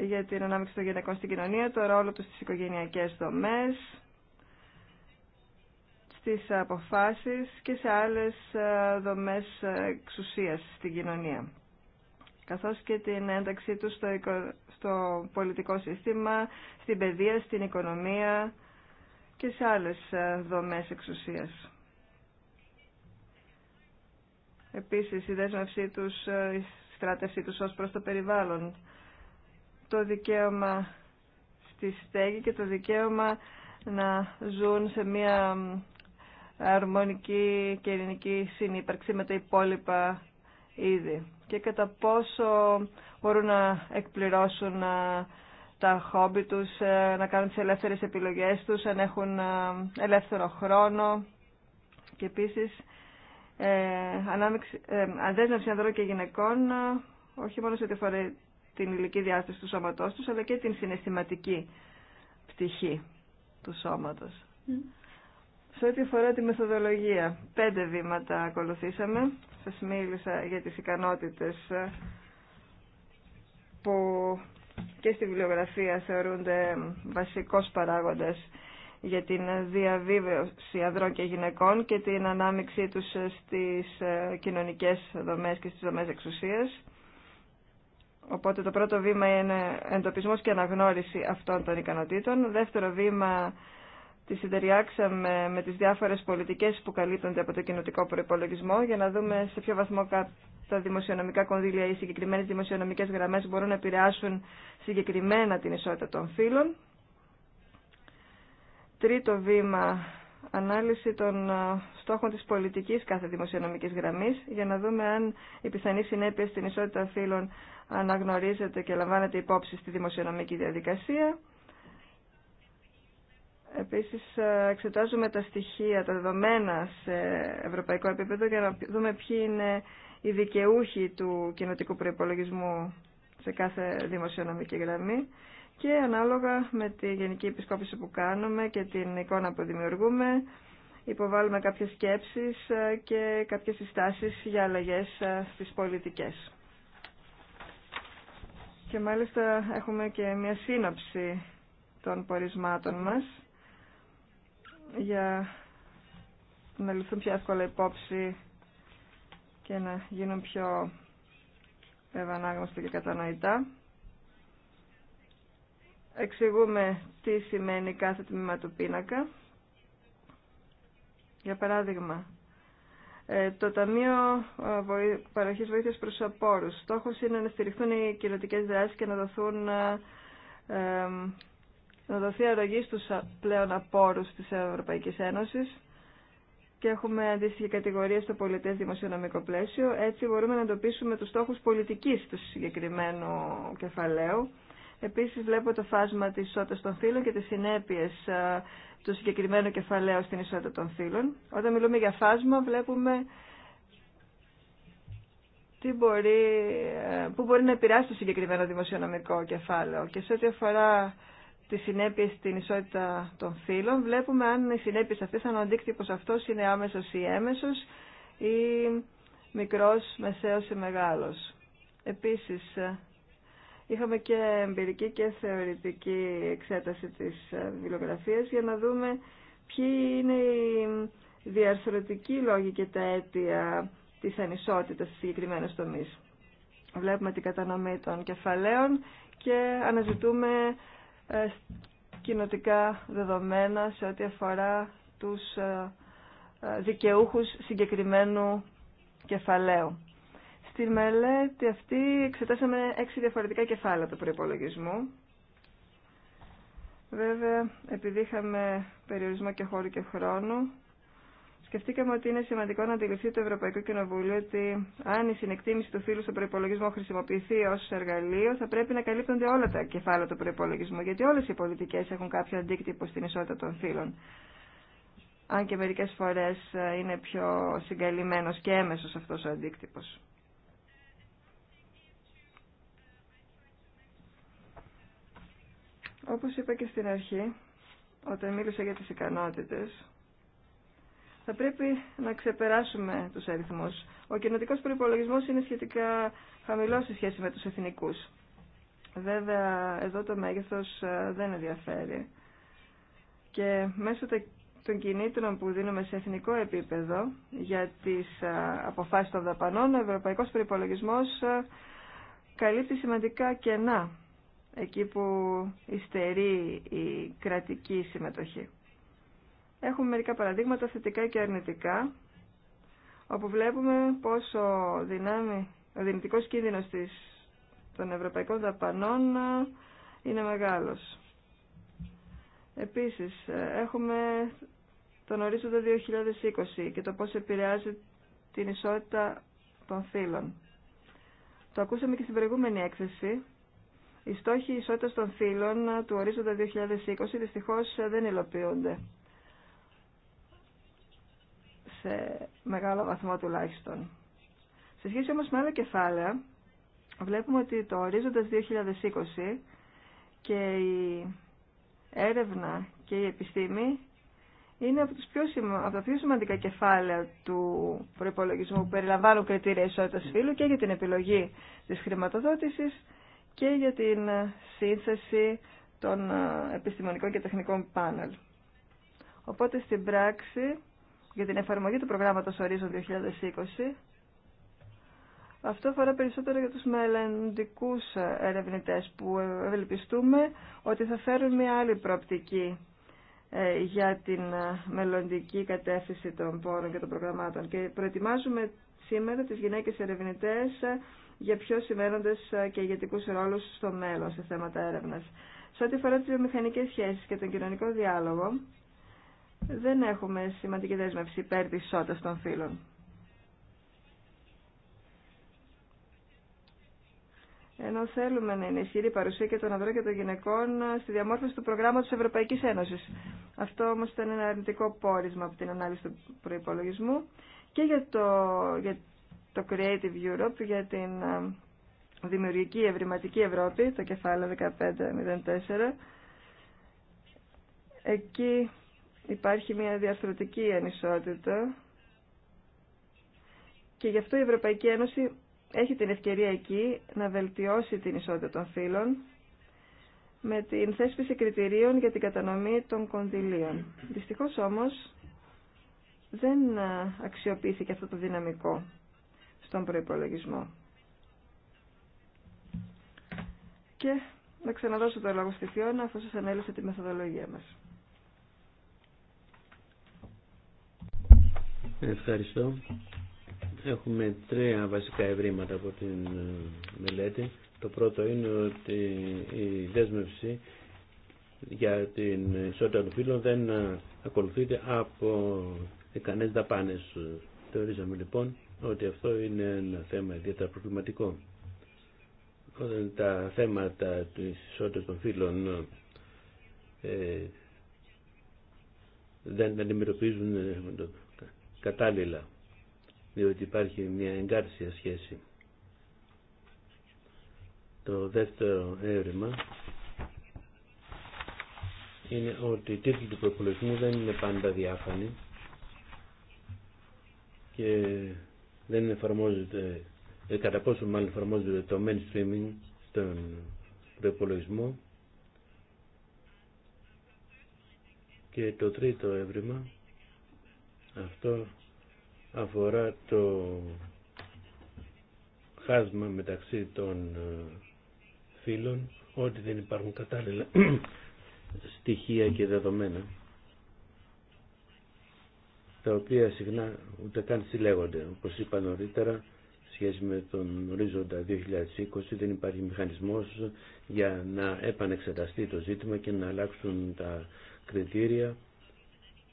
για την ανάμειξη των γυναικών στην κοινωνία, το ρόλο τους στις οικογενειακές δομές, στις αποφάσεις και σε άλλες ε, δομές ε, εξουσίας στην κοινωνία καθώς και την ένταξή τους στο, στο πολιτικό σύστημα, στην παιδεία, στην οικονομία και σε άλλες δομές εξουσίας. Επίσης, η δέσμευσή τους στράτευσή τους ως προς το περιβάλλον, το δικαίωμα στη στέγη και το δικαίωμα να ζουν σε μια αρμονική και ειρηνική συνύπαρξη με τα υπόλοιπα είδη και κατά πόσο μπορούν να εκπληρώσουν τα χόμπι τους, ε, να κάνουν τις ελεύθερες επιλογές τους, αν έχουν ελεύθερο χρόνο και επίσης ε, ανάμεξη, ε, αντέσμευση ανδρών και γυναικών, ε, όχι μόνο σε ό,τι αφορά την ηλική διάσταση του σώματός τους, αλλά και την συναισθηματική πτυχή του σώματος. Σε ό,τι αφορά τη μεθοδολογία, πέντε βήματα ακολουθήσαμε. Σας μίλησα για τις ικανότητες που και στη βιβλιογραφία θεωρούνται βασικός παράγοντας για την διαβίωση ανδρών και γυναικών και την ανάμειξή τους στις ε, κοινωνικές δομές και στις δομές εξουσίας. Οπότε το πρώτο βήμα είναι εντοπισμός και αναγνώριση αυτών των ικανοτήτων. Δεύτερο βήμα τη συντεριάξαμε με τις διάφορες πολιτικές που καλύπτονται από το κοινοτικό προπολογισμό για να δούμε σε ποιο βαθμό τα δημοσιονομικά κονδύλια ή συγκεκριμένες δημοσιονομικές γραμμές μπορούν να επηρεάσουν συγκεκριμένα την ισότητα των φύλων. Τρίτο βήμα, ανάλυση των ε, στόχων της πολιτικής κάθε δημοσιονομικής γραμμής για να δούμε αν η πιθανή συνέπεια στην ισότητα φύλων αναγνωρίζεται και λαμβάνεται υπόψη στη δημοσιονομική διαδικασία. Επίσης ε, εξετάζουμε τα στοιχεία, τα δεδομένα σε ευρωπαϊκό επίπεδο για να δούμε ποιοι είναι οι δικαιούχοι του κοινοτικού προϋπολογισμού σε κάθε δημοσιονομική γραμμή και ανάλογα με τη γενική επισκόπηση που κάνουμε και την εικόνα που δημιουργούμε υποβάλλουμε κάποιες σκέψεις ε, και κάποιες συστάσεις για αλλαγές ε, στις πολιτικές. Και μάλιστα έχουμε και μια σύνοψη των πορισμάτων μας για να λυθούν πιο εύκολα υπόψη και να γίνουν πιο ευανάγνωστοι και κατανοητά εξηγούμε τι σημαίνει κάθε τμήμα του πίνακα. Για παράδειγμα, ε, το Ταμείο ε, παροχή Βοήθειας προς Απόρους. Στόχος είναι να στηριχθούν οι κοινωτικές δράσεις και να δοθούν ε, να δοθεί αρρωγή στους πλέον απόρους της Ευρωπαϊκής Ένωσης και έχουμε αντίστοιχη κατηγορία στο πολιτέ δημοσιονομικό πλαίσιο. Έτσι μπορούμε να εντοπίσουμε τους στόχους πολιτικής του συγκεκριμένου κεφαλαίου Επίσης βλέπω το φάσμα της ισότητας των φύλων και τις συνέπειες ε, του συγκεκριμένου κεφαλαίου στην ισότητα των φύλων. Όταν μιλούμε για φάσμα βλέπουμε τι μπορεί, ε, που μπορεί να επηρεάσει το συγκεκριμένο δημοσιονομικό κεφάλαιο. Και σε ό,τι αφορά τις συνέπειες στην ισότητα των φύλων, βλέπουμε αν οι συνέπειες αυτές, αν ο αντίκτυπος αυτός είναι άμεσος ή έμεσος ή μικρός, μεσαίος ή μεγάλος. Επίσης, ε, Είχαμε και εμπειρική και θεωρητική εξέταση της ε, βιβλιογραφίας για να δούμε ποιοι είναι οι διαρθρωτικοί λόγοι και τα αίτια της ανισότητας στις συγκεκριμένες τομείς. Βλέπουμε την κατανομή των κεφαλαίων και αναζητούμε ε, κοινοτικά δεδομένα σε ό,τι αφορά τους ε, δικαιούχους συγκεκριμένου κεφαλαίου. Στη μελέτη αυτή εξετάσαμε έξι διαφορετικά κεφάλαια του προϋπολογισμού. Βέβαια, επειδή είχαμε περιορισμό και χώρου και χρόνου, σκεφτήκαμε ότι είναι σημαντικό να αντιληφθεί το Ευρωπαϊκό Κοινοβούλιο ότι αν η συνεκτίμηση του φύλου στον προπολογισμό χρησιμοποιηθεί ω εργαλείο, θα πρέπει να καλύπτονται όλα τα κεφάλαια του προπολογισμού, γιατί όλε οι πολιτικέ έχουν κάποιο αντίκτυπο στην ισότητα των φύλων. Αν και μερικέ φορέ ε, είναι πιο συγκαλυμμένο και έμεσο αυτό ο αντίκτυπο. Όπως είπα και στην αρχή, όταν μίλησα για τις ικανότητες, θα πρέπει να ξεπεράσουμε τους αριθμούς. Ο κοινοτικός προϋπολογισμός είναι σχετικά χαμηλός σε σχέση με τους εθνικούς. Βέβαια, εδώ το μέγεθος ε, δεν ενδιαφέρει. Και μέσω των κινήτρων που δίνουμε σε εθνικό επίπεδο για τις ε, αποφάσεις των δαπανών, ο ευρωπαϊκός προϋπολογισμός ε, καλύπτει σημαντικά κενά εκεί που ιστερεί η κρατική συμμετοχή. Έχουμε μερικά παραδείγματα θετικά και αρνητικά, όπου βλέπουμε πόσο δυνάμει, ο δυνητικός κίνδυνος της, των ευρωπαϊκών δαπανών ε, είναι μεγάλος. Επίσης, ε, έχουμε τον ορίζοντα 2020 και το πώς επηρεάζει την ισότητα των φύλων. Το ακούσαμε και στην προηγούμενη έκθεση οι στόχοι ισότητας των φύλων του ορίζοντα 2020 δυστυχώς δεν υλοποιούνται. Σε μεγάλο βαθμό τουλάχιστον. Σε σχέση όμως με άλλα κεφάλαια, βλέπουμε ότι το ορίζοντας 2020 και η έρευνα και η επιστήμη είναι από, τους πιο, από τα πιο σημαντικά κεφάλαια του προπολογισμού που περιλαμβάνουν κριτήρια ισότητας φύλου και για την επιλογή της χρηματοδότησης και για την ε, σύνθεση των ε, επιστημονικών και τεχνικών πάνελ. Οπότε στην πράξη, για την εφαρμογή του προγράμματος Horizon 2020, αυτό αφορά περισσότερο για τους μελλοντικούς ε, ερευνητές που ευελπιστούμε ότι θα φέρουν μια άλλη προοπτική για την μελλοντική κατεύθυνση των πόρων και των προγραμμάτων. Και προετοιμάζουμε σήμερα τις γυναίκες ερευνητές για πιο σημαίνοντε ε, και ηγετικού ρόλου στο μέλλον σε θέματα έρευνα. Σε ό,τι αφορά τι βιομηχανικέ σχέσει και τον κοινωνικό διάλογο, δεν έχουμε σημαντική δέσμευση υπέρ τη ισότητα των φύλων. Ενώ θέλουμε να είναι ισχυρή η παρουσία και των ανδρών και των γυναικών στη διαμόρφωση του προγράμματο Ευρωπαϊκή Ένωση. Αυτό όμω ήταν ένα αρνητικό πόρισμα από την ανάλυση του προπολογισμού και για, το, για το Creative Europe για την ε, Δημιουργική Ευρηματική Ευρώπη, το κεφάλαιο 1504. Εκεί υπάρχει μια διαρθρωτική ανισότητα και γι' αυτό η Ευρωπαϊκή Ένωση έχει την ευκαιρία εκεί να βελτιώσει την ισότητα των φύλων με την θέσπιση κριτηρίων για την κατανομή των κονδυλίων. Δυστυχώς όμως δεν ε, αξιοποιήθηκε αυτό το δυναμικό στον προϋπολογισμό. Και να ξαναδώσω το λόγο στη Φιώνα αφού σας ανέλησε τη μεθοδολογία μας. Ευχαριστώ. Έχουμε τρία βασικά ευρήματα από την ε, μελέτη. Το πρώτο είναι ότι η δέσμευση για την ισότητα των φύλων δεν ε, ακολουθείται από ικανές δαπάνες. Θεωρήσαμε λοιπόν ότι αυτό είναι ένα θέμα ιδιαίτερα προβληματικό. Όταν τα θέματα της ισότητας των φύλων ε, δεν αντιμετωπίζουν ε, κατάλληλα, διότι υπάρχει μια εγκάρσια σχέση. Το δεύτερο έρημα είναι ότι οι τίτλοι του προπολογισμού δεν είναι πάντα διάφανοι και δεν εφαρμόζεται, ε, κατά πόσο μάλλον εφαρμόζεται το mainstreaming στον προπολογισμό. Και το τρίτο έβριμα, αυτό αφορά το χάσμα μεταξύ των ε, φύλων, ότι δεν υπάρχουν κατάλληλα στοιχεία και δεδομένα τα οποία συχνά ούτε καν συλλέγονται. Όπως είπα νωρίτερα, σχέση με τον ορίζοντα 2020 δεν υπάρχει μηχανισμός για να επανεξεταστεί το ζήτημα και να αλλάξουν τα κριτήρια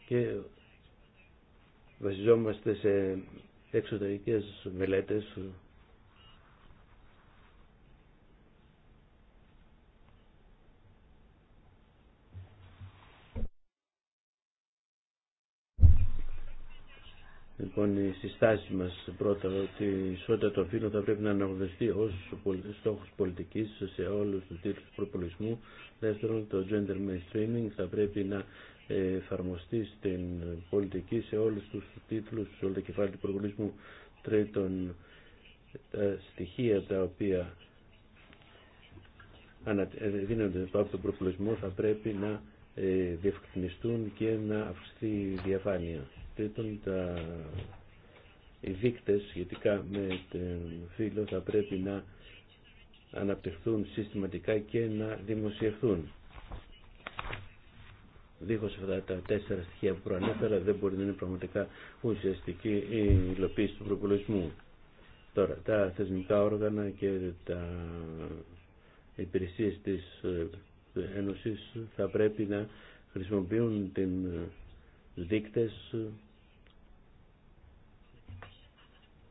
και βασιζόμαστε σε εξωτερικές μελέτες Λοιπόν, οι συστάσει μα πρώτα ότι η ισότητα των φύλων θα πρέπει να αναγνωριστεί ω στόχος πολιτική σε όλου του τίτλου προπολισμού, Δεύτερον, το gender mainstreaming θα πρέπει να ε, εφαρμοστεί στην πολιτική σε όλους τους τίτλους σε όλα τα κεφάλαια του προπολισμού. Τρίτον, τα ε, στοιχεία τα οποία ε, δίνονται από τον προπολογισμό θα πρέπει να διευκρινιστούν και να αυξηθεί η διαφάνεια τρίτον, τα... οι δείκτες σχετικά με τον φύλλο θα πρέπει να αναπτυχθούν συστηματικά και να δημοσιευθούν. Δίχως αυτά τα τέσσερα στοιχεία που προανέφερα δεν μπορεί να είναι πραγματικά ουσιαστική η υλοποίηση του προπολογισμού. Τώρα, τα θεσμικά όργανα και τα υπηρεσίες της ε, Ένωσης θα πρέπει να χρησιμοποιούν την ε, δείκτες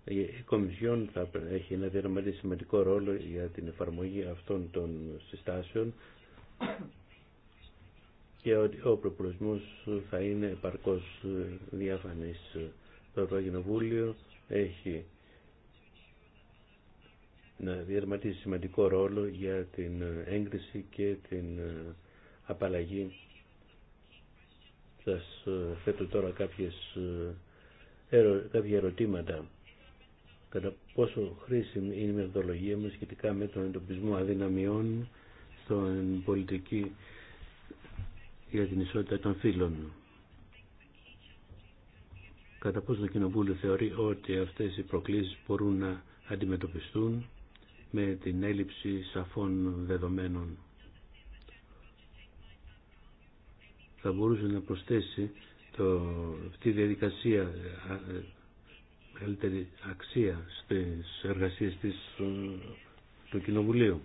η Κομισιόν θα έχει ένα διαρματίσει σημαντικό ρόλο για την εφαρμογή αυτών των συστάσεων και ότι ο προπολογισμό θα είναι επαρκώς διαφανής. Το Ευρωγενοβούλιο έχει να διαρματίσει σημαντικό ρόλο για την έγκριση και την απαλλαγή. Σας θέτω τώρα κάποιες ε, κάποια ερωτήματα κατά πόσο χρήσιμη είναι η μεθοδολογία μας σχετικά με τον εντοπισμό αδυναμιών στον πολιτική για την ισότητα των φύλων. Κατά πόσο το Κοινοβούλιο θεωρεί ότι αυτές οι προκλήσεις μπορούν να αντιμετωπιστούν με την έλλειψη σαφών δεδομένων. Θα μπορούσε να προσθέσει το, αυτή η διαδικασία μεγαλύτερη αξία στις εργασίες της, του Κοινοβουλίου.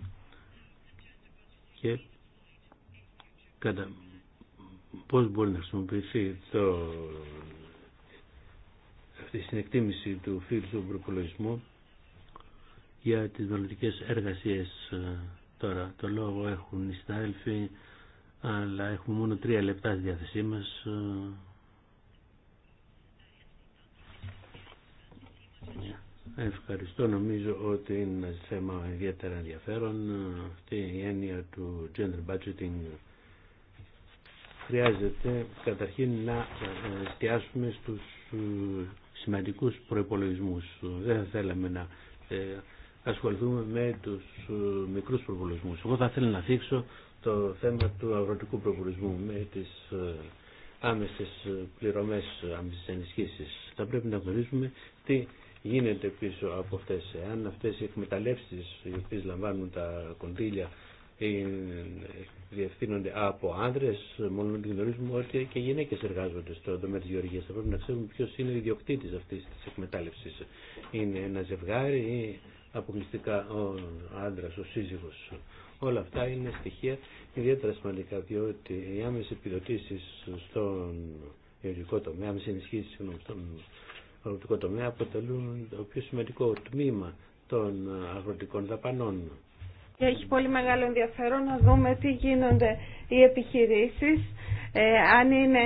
Και κατά πώς μπορεί να χρησιμοποιηθεί το, αυτή η συνεκτίμηση του φίλου του προπολογισμού για τις δολοτικές εργασίες τώρα. Το λόγο έχουν οι συνάδελφοι, αλλά έχουμε μόνο τρία λεπτά στη διάθεσή μας Ευχαριστώ. Νομίζω ότι είναι ένα θέμα ιδιαίτερα ενδιαφέρον αυτή η έννοια του gender budgeting. Χρειάζεται καταρχήν να ε, εστιάσουμε στους ε, σημαντικούς προϋπολογισμούς. Δεν θα θέλαμε να ε, ασχοληθούμε με τους μικρούς προϋπολογισμούς. Εγώ θα ήθελα να θίξω το θέμα του αγροτικού προϋπολογισμού με τις άμεσες πληρωμές, άμεσες ενισχύσεις. Θα πρέπει να γνωρίζουμε τι γίνεται πίσω από αυτές. Εάν αυτές οι εκμεταλλεύσεις οι οποίες λαμβάνουν τα κονδύλια διευθύνονται από άνδρες, μόνο να γνωρίζουμε ότι και γυναίκες εργάζονται στο τομέα της γεωργίας. Θα πρέπει να ξέρουμε ποιος είναι ο ιδιοκτήτης αυτής της εκμετάλλευσης. Είναι ένα ζευγάρι ή αποκλειστικά ο άντρας, ο σύζυγος. Όλα αυτά είναι στοιχεία ιδιαίτερα σημαντικά, διότι οι άμεσες επιδοτήσεις στον γεωργικό τομέα, άμεσες ενισχύσεις στον αγροτικό τομέα αποτελούν το πιο σημαντικό τμήμα των αγροτικών δαπανών. Έχει πολύ μεγάλο ενδιαφέρον να δούμε τι γίνονται οι επιχειρήσεις, ε, αν είναι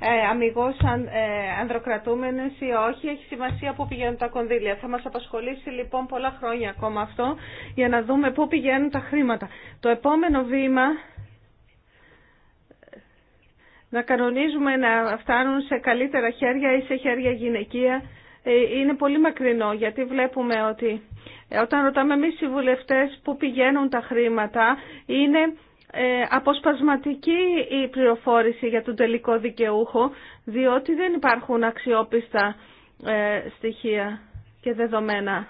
ε, αμυγός ε, ανδροκρατούμενες ή όχι. Έχει σημασία πού πηγαίνουν τα κονδύλια. Θα μας απασχολήσει λοιπόν πολλά χρόνια ακόμα αυτό για να δούμε πού πηγαίνουν τα χρήματα. Το επόμενο βήμα να κανονίζουμε να φτάνουν σε καλύτερα χέρια ή σε χέρια γυναικεία ε, είναι πολύ μακρινό γιατί βλέπουμε ότι ε, όταν ρωτάμε εμεί οι βουλευτές που πηγαίνουν τα χρήματα είναι ε, αποσπασματική η πληροφόρηση για τον τελικό δικαιούχο διότι δεν υπάρχουν αξιόπιστα στοιχεία και δεδομένα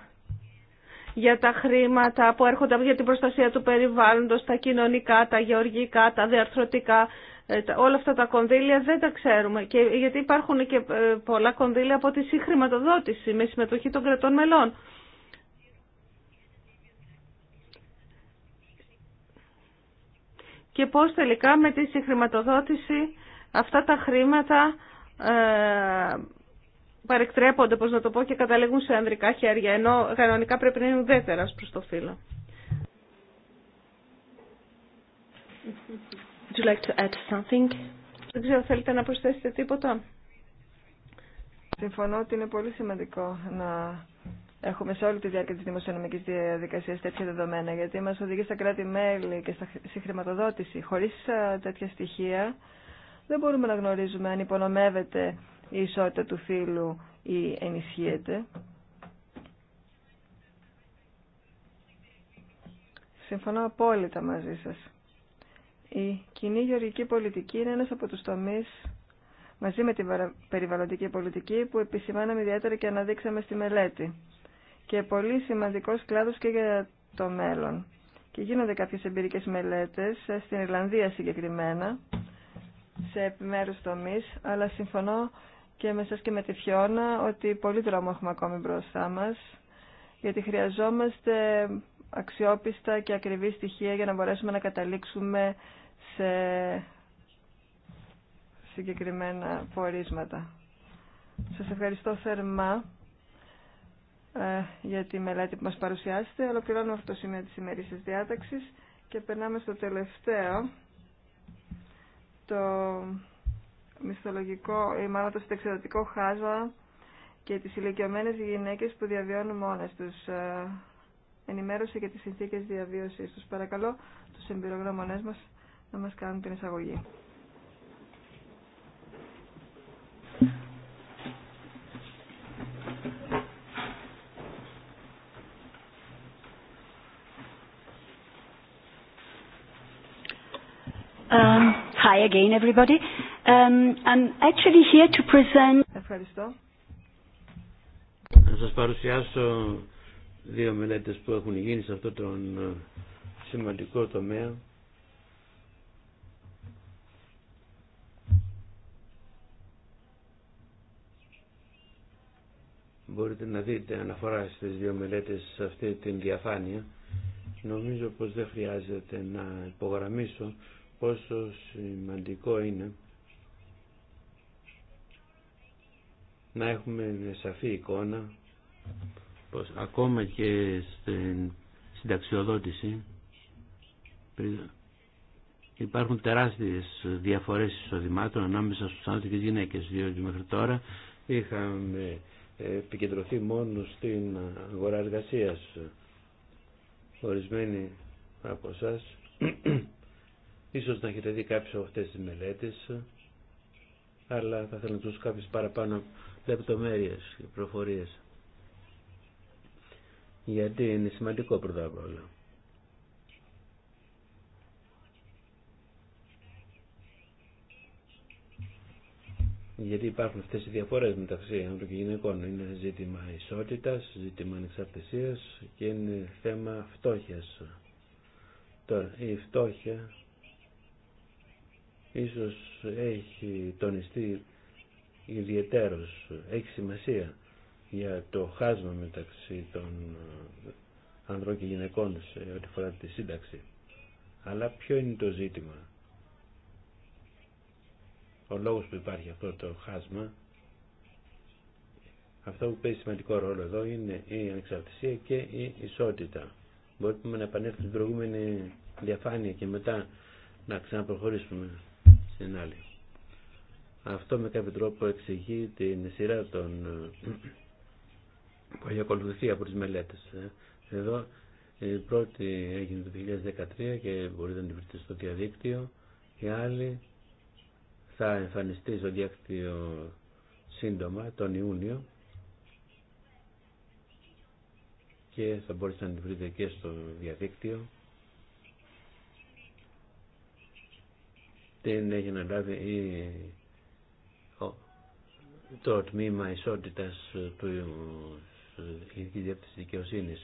για τα χρήματα που έρχονται για την προστασία του περιβάλλοντος, τα κοινωνικά, τα γεωργικά, τα διαρθρωτικά ε, όλα αυτά τα κονδύλια δεν τα ξέρουμε και, γιατί υπάρχουν και ε, πολλά κονδύλια από τη συγχρηματοδότηση με συμμετοχή των κρατών μελών. Και πώς τελικά με τη συγχρηματοδότηση αυτά τα χρήματα ε, παρεκτρέπονται, πώς να το πω, και καταλήγουν σε ανδρικά χέρια, ενώ κανονικά πρέπει να είναι ουδέτερας προς το φύλλο. Δεν ξέρω, θέλετε να προσθέσετε τίποτα. Συμφωνώ ότι είναι πολύ σημαντικό να έχουμε σε όλη τη διάρκεια της δημοσιονομικής διαδικασίας τέτοια δεδομένα, γιατί μας οδηγεί στα κράτη-μέλη και στη χρηματοδότηση. Χωρίς τέτοια στοιχεία δεν μπορούμε να γνωρίζουμε αν υπονομεύεται η ισότητα του φύλου ή ενισχύεται. Συμφωνώ απόλυτα μαζί σας. Η κοινή γεωργική πολιτική είναι ένας από τους τομείς μαζί με την περιβαλλοντική πολιτική που επισημάναμε ιδιαίτερα και αναδείξαμε στη μελέτη και πολύ σημαντικός κλάδος και για το μέλλον. Και γίνονται κάποιες εμπειρικές μελέτες, ε, στην Ιρλανδία συγκεκριμένα, σε επιμέρους τομείς, αλλά συμφωνώ και με σας και με τη Φιώνα ότι πολύ δρόμο έχουμε ακόμη μπροστά μας, γιατί χρειαζόμαστε αξιόπιστα και ακριβή στοιχεία για να μπορέσουμε να καταλήξουμε σε συγκεκριμένα πορίσματα. Σας ευχαριστώ θερμά ε, για τη μελέτη που μας παρουσιάσετε. Ολοκληρώνουμε αυτό το σημείο της ημερήσης διάταξης και περνάμε στο τελευταίο, το μισθολογικό, ή μάλλον το συνταξιδοτικό χάσμα και τις ηλικιωμένες γυναίκες που διαβιώνουν μόνες τους. Ε, ενημέρωση για τις συνθήκες διαβίωσης τους. Παρακαλώ τους εμπειρογνώμονές μας να μας κάνουν την εισαγωγή. Um, hi again, everybody. Um, I'm actually here to present. Ευχαριστώ. Να σας παρουσιάσω δύο μελέτες που έχουν γίνει σε αυτό τον ε, σημαντικό τομέα Μπορείτε να δείτε αναφορά στις δύο μελέτες σε αυτή την διαφάνεια. Νομίζω πως δεν χρειάζεται να υπογραμμίσω πόσο σημαντικό είναι να έχουμε μια σαφή εικόνα πως ακόμα και στην συνταξιοδότηση υπάρχουν τεράστιες διαφορές εισοδημάτων ανάμεσα στους άντρες και γυναίκες διότι μέχρι τώρα είχαμε επικεντρωθεί μόνο στην αγορά εργασία Ορισμένοι από εσά ίσως να έχετε δει κάποιε από αυτές τις μελέτες, αλλά θα θέλω να δώσω κάποιε παραπάνω λεπτομέρειες και προφορίες. Γιατί είναι σημαντικό πρώτα απ' όλα. γιατί υπάρχουν αυτές οι διαφορές μεταξύ άνδρων και γυναικών. Είναι ζήτημα ισότητας, ζήτημα ανεξαρτησίας και είναι θέμα φτώχειας. Τώρα, η φτώχεια ίσως έχει τονιστεί ιδιαιτέρως, έχει σημασία για το χάσμα μεταξύ των ανδρών και γυναικών σε ό,τι φορά τη σύνταξη. Αλλά ποιο είναι το ζήτημα. Ο λόγος που υπάρχει αυτό το χάσμα, αυτό που παίζει σημαντικό ρόλο εδώ είναι η ανεξαρτησία και η ισότητα. Μπορούμε να επανέλθουμε στην προηγούμενη διαφάνεια και μετά να ξαναπροχωρήσουμε στην άλλη. Αυτό με κάποιο τρόπο εξηγεί την σειρά των που έχει ακολουθηθεί από τις μελέτες. Ε. Εδώ η πρώτη έγινε το 2013 και μπορείτε να την βρείτε στο διαδίκτυο. Η άλλη θα εμφανιστεί στο διάκτυο σύντομα τον Ιούνιο και θα μπορείτε να την βρείτε και στο διαδίκτυο. Την έχει αναλάβει η... το τμήμα ισότητας του Ειδική Διεύθυνση δικαιοσύνη.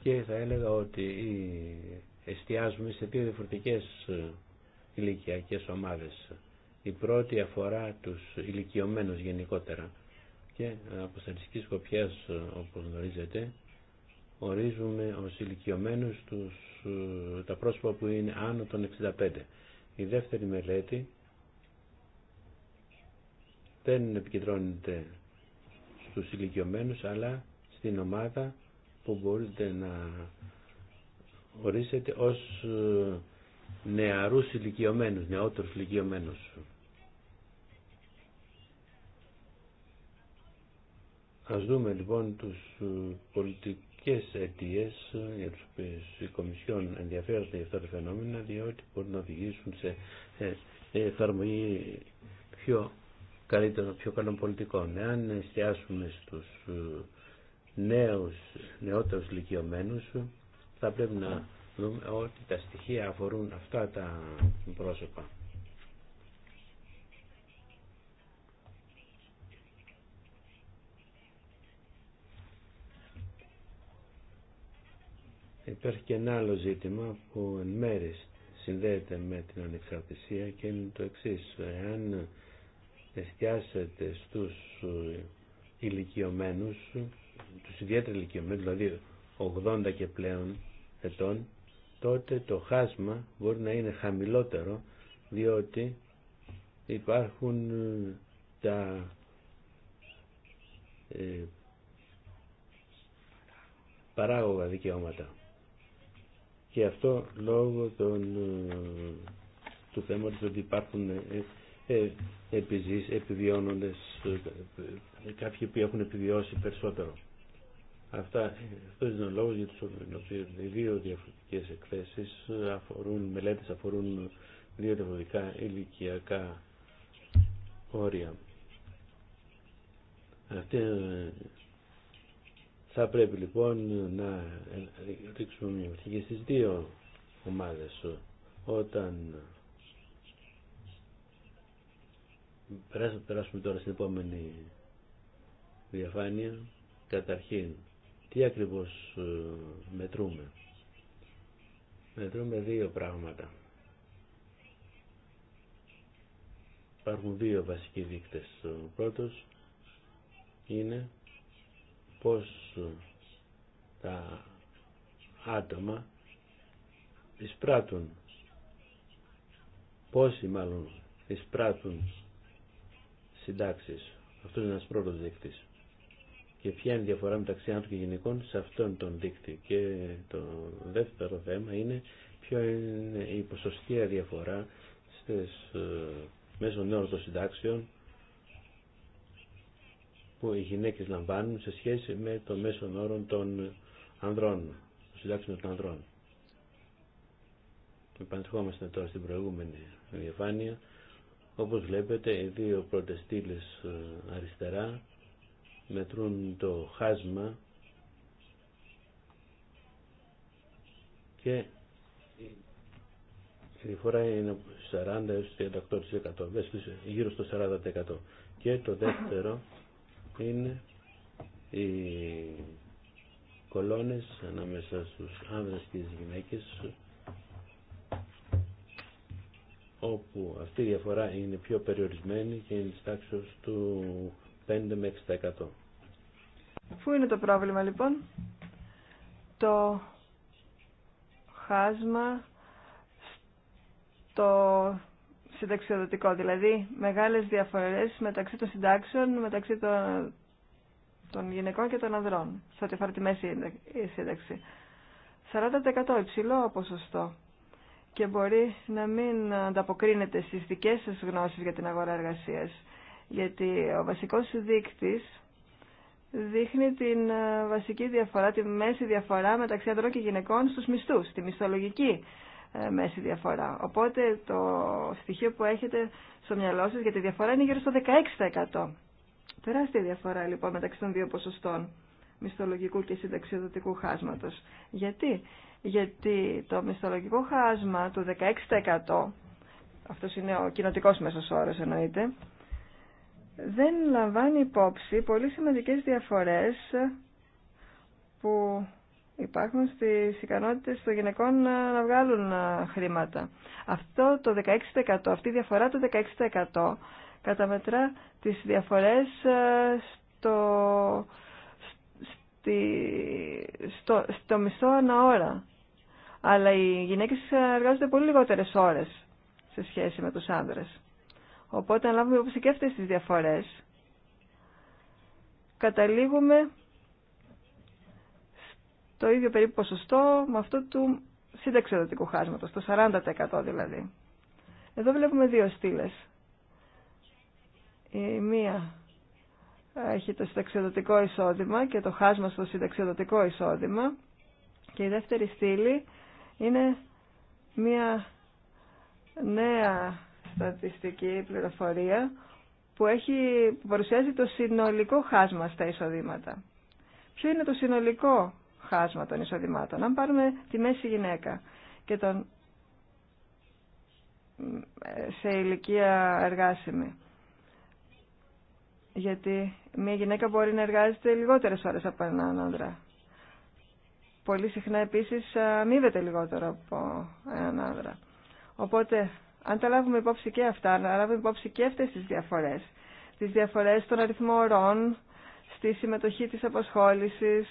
και θα έλεγα ότι εστιάζουμε σε δύο διαφορετικές ε, ηλικιακές ομάδες η πρώτη αφορά τους ηλικιωμένους γενικότερα και από στατιστική σκοπιά, όπως γνωρίζετε, ορίζουμε ως ηλικιωμένους τους, τα πρόσωπα που είναι άνω των 65. Η δεύτερη μελέτη δεν επικεντρώνεται στους ηλικιωμένους αλλά στην ομάδα που μπορείτε να ορίσετε ως ε, νεαρούς ηλικιωμένους, νεότερους ηλικιωμένους. Ας δούμε λοιπόν τους ε, πολιτικές αιτίες ε, για τους οποίους η Κομισιόν ενδιαφέρονται για αυτά τα φαινόμενα διότι μπορούν να οδηγήσουν σε ε, εφαρμογή πιο καλύτερων, πιο καλών πολιτικών. Εάν εστιάσουμε στους νέους, νεότερους ηλικιωμένους θα πρέπει να δούμε ότι τα στοιχεία αφορούν αυτά τα πρόσωπα. Υπάρχει και ένα άλλο ζήτημα που εν μέρης συνδέεται με την ανεξαρτησία και είναι το εξή. Εάν εστιάσετε στους ηλικιωμένους, τους ιδιαίτερα ηλικιωμένους, δηλαδή 80 και πλέον ετών, τότε το χάσμα μπορεί να είναι χαμηλότερο διότι υπάρχουν ε, τα ε, παράγωγα δικαιώματα και αυτό λόγω των, ε, του θέματος ότι υπάρχουν ε, ε επιζήσεις, επιβιώνοντες, ε, κάποιοι που έχουν επιβιώσει περισσότερο. Αυτά, αυτό είναι ο λόγος για τους οποίους οι δύο διαφορετικές εκθέσεις αφορούν, μελέτες αφορούν δύο διαφορετικά ηλικιακά όρια. Αυτή θα πρέπει λοιπόν να ρίξουμε μια ματιά και στις δύο ομάδες όταν περάσουμε τώρα στην επόμενη διαφάνεια καταρχήν τι ακριβώς ε, μετρούμε μετρούμε δύο πράγματα υπάρχουν δύο βασικοί δείκτες ο πρώτος είναι πως τα άτομα εισπράττουν πόσοι μάλλον εισπράττουν συντάξεις Αυτό είναι ένας πρώτος δείκτης και ποια είναι η διαφορά μεταξύ άνθρωπων και γυναικών σε αυτόν τον δείκτη και το δεύτερο θέμα είναι ποια είναι η ποσοστία διαφορά στις ε, μέσων νέων των συντάξεων που οι γυναίκες λαμβάνουν σε σχέση με το μέσο όρο των ανδρών, των συντάξεων των ανδρών. Επανερχόμαστε τώρα στην προηγούμενη διαφάνεια. Όπως βλέπετε, οι δύο πρώτες ε, αριστερά μετρούν το χάσμα και η διαφορά είναι 40 έως 38% γύρω στο 40% και το δεύτερο είναι οι κολόνες ανάμεσα στους άνδρες και τις γυναίκες όπου αυτή η διαφορά είναι πιο περιορισμένη και είναι της του 5 με 6%. Πού είναι το πρόβλημα λοιπόν? Το χάσμα στο συνταξιοδοτικό, δηλαδή μεγάλες διαφορές μεταξύ των συντάξεων, μεταξύ των, των γυναικών και των ανδρών, σε ό,τι αφορά τη μέση σύνταξη. 40% υψηλό ποσοστό και μπορεί να μην ανταποκρίνεται στις δικές σας γνώσεις για την αγορά εργασίας, γιατί ο βασικός δείκτης δείχνει την ε, βασική διαφορά, τη μέση διαφορά μεταξύ ανδρών και γυναικών στους μισθούς, τη μισθολογική ε, μέση διαφορά. Οπότε το στοιχείο που έχετε στο μυαλό σας για τη διαφορά είναι γύρω στο 16%. Τεράστια διαφορά λοιπόν μεταξύ των δύο ποσοστών μισθολογικού και συνταξιοδοτικού χάσματος. Γιατί? Γιατί το μισθολογικό χάσμα του 16%, αυτό είναι ο κοινοτικός μέσος όρος εννοείται, δεν λαμβάνει υπόψη πολύ σημαντικές διαφορές που υπάρχουν στις ικανότητες των γυναικών ε, να βγάλουν ε, χρήματα. Αυτό το 16%, αυτή η διαφορά το 16% καταμετρά τις διαφορές ε, στο, στο, στο μισθό ανά ώρα. Αλλά οι γυναίκες εργάζονται πολύ λιγότερες ώρες σε σχέση με τους άνδρες. Οπότε αν λάβουμε υπόψη και αυτές τις διαφορές, καταλήγουμε το ίδιο περίπου ποσοστό με αυτό του συνταξιοδοτικού χάσματος, το 40% δηλαδή. Εδώ βλέπουμε δύο στήλε. Η μία έχει το συνταξιοδοτικό εισόδημα και το χάσμα στο συνταξιοδοτικό εισόδημα και η δεύτερη στήλη είναι μία νέα στατιστική πληροφορία που, έχει, που παρουσιάζει το συνολικό χάσμα στα εισοδήματα. Ποιο είναι το συνολικό χάσμα των εισοδημάτων. Αν πάρουμε τη μέση γυναίκα και τον ε, σε ηλικία εργάσιμη. Γιατί μια γυναίκα μπορεί να εργάζεται λιγότερες ώρες από έναν άντρα. Πολύ συχνά επίσης αμείβεται λιγότερο από έναν άντρα. Οπότε, αν τα λάβουμε υπόψη και αυτά, να λάβουμε υπόψη και αυτές τις διαφορές. Τις διαφορές των αριθμό ωρών, στη συμμετοχή της απασχόλησης,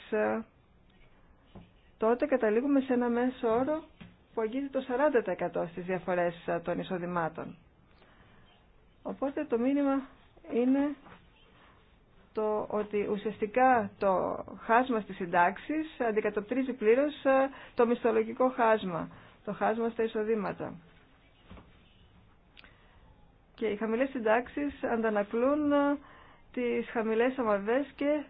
τότε καταλήγουμε σε ένα μέσο όρο που αγγίζει το 40% στις διαφορές ε, των εισοδημάτων. Οπότε το μήνυμα είναι το ότι ουσιαστικά το χάσμα στις συντάξεις αντικατοπτρίζει πλήρως ε, το μισθολογικό χάσμα, το χάσμα στα εισοδήματα. Και οι χαμηλές συντάξεις αντανακλούν ε, τις χαμηλές αμαρδές και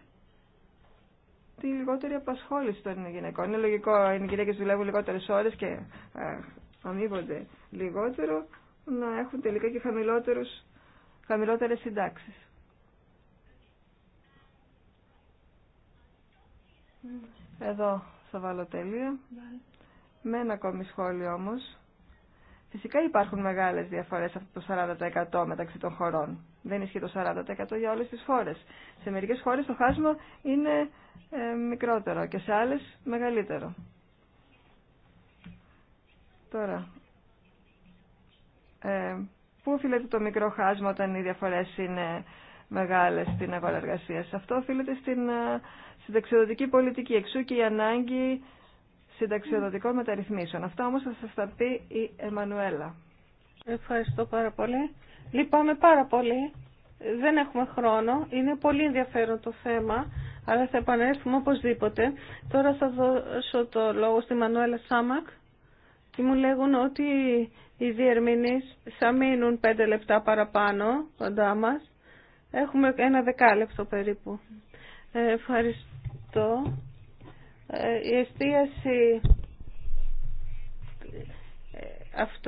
τη λιγότερη απασχόληση των γυναικών. Είναι λογικό, οι γυναίκε δουλεύουν λιγότερε ώρε και ε, αμείβονται λιγότερο, να έχουν τελικά και χαμηλότερε χαμηλότερες Εδώ θα βάλω τέλεια. Με ένα ακόμη σχόλιο όμως. Φυσικά υπάρχουν μεγάλες διαφορές αυτό το 40% μεταξύ των χωρών. Δεν ισχύει το 40% για όλες τις χώρες. Σε μερικές χώρες το χάσμα είναι ε, μικρότερο και σε άλλες μεγαλύτερο. Τώρα, ε, πού οφείλεται το μικρό χάσμα όταν οι διαφορές είναι μεγάλες στην αγορά εργασίας. Αυτό οφείλεται στην, ε, στην πολιτική. Εξού και η ανάγκη συνταξιοδοτικών μεταρρυθμίσεων. Αυτά όμως θα σας τα πει η Εμμανουέλα. Ευχαριστώ πάρα πολύ. Λυπάμαι πάρα πολύ. Δεν έχουμε χρόνο. Είναι πολύ ενδιαφέρον το θέμα, αλλά θα επανέλθουμε οπωσδήποτε. Τώρα θα δώσω το λόγο στη Μανουέλα Σάμακ και μου λέγουν ότι οι διερμηνείς θα μείνουν πέντε λεπτά παραπάνω κοντά μας. Έχουμε ένα δεκάλεπτο περίπου. Ε, ευχαριστώ. Ε, η εστίαση ε,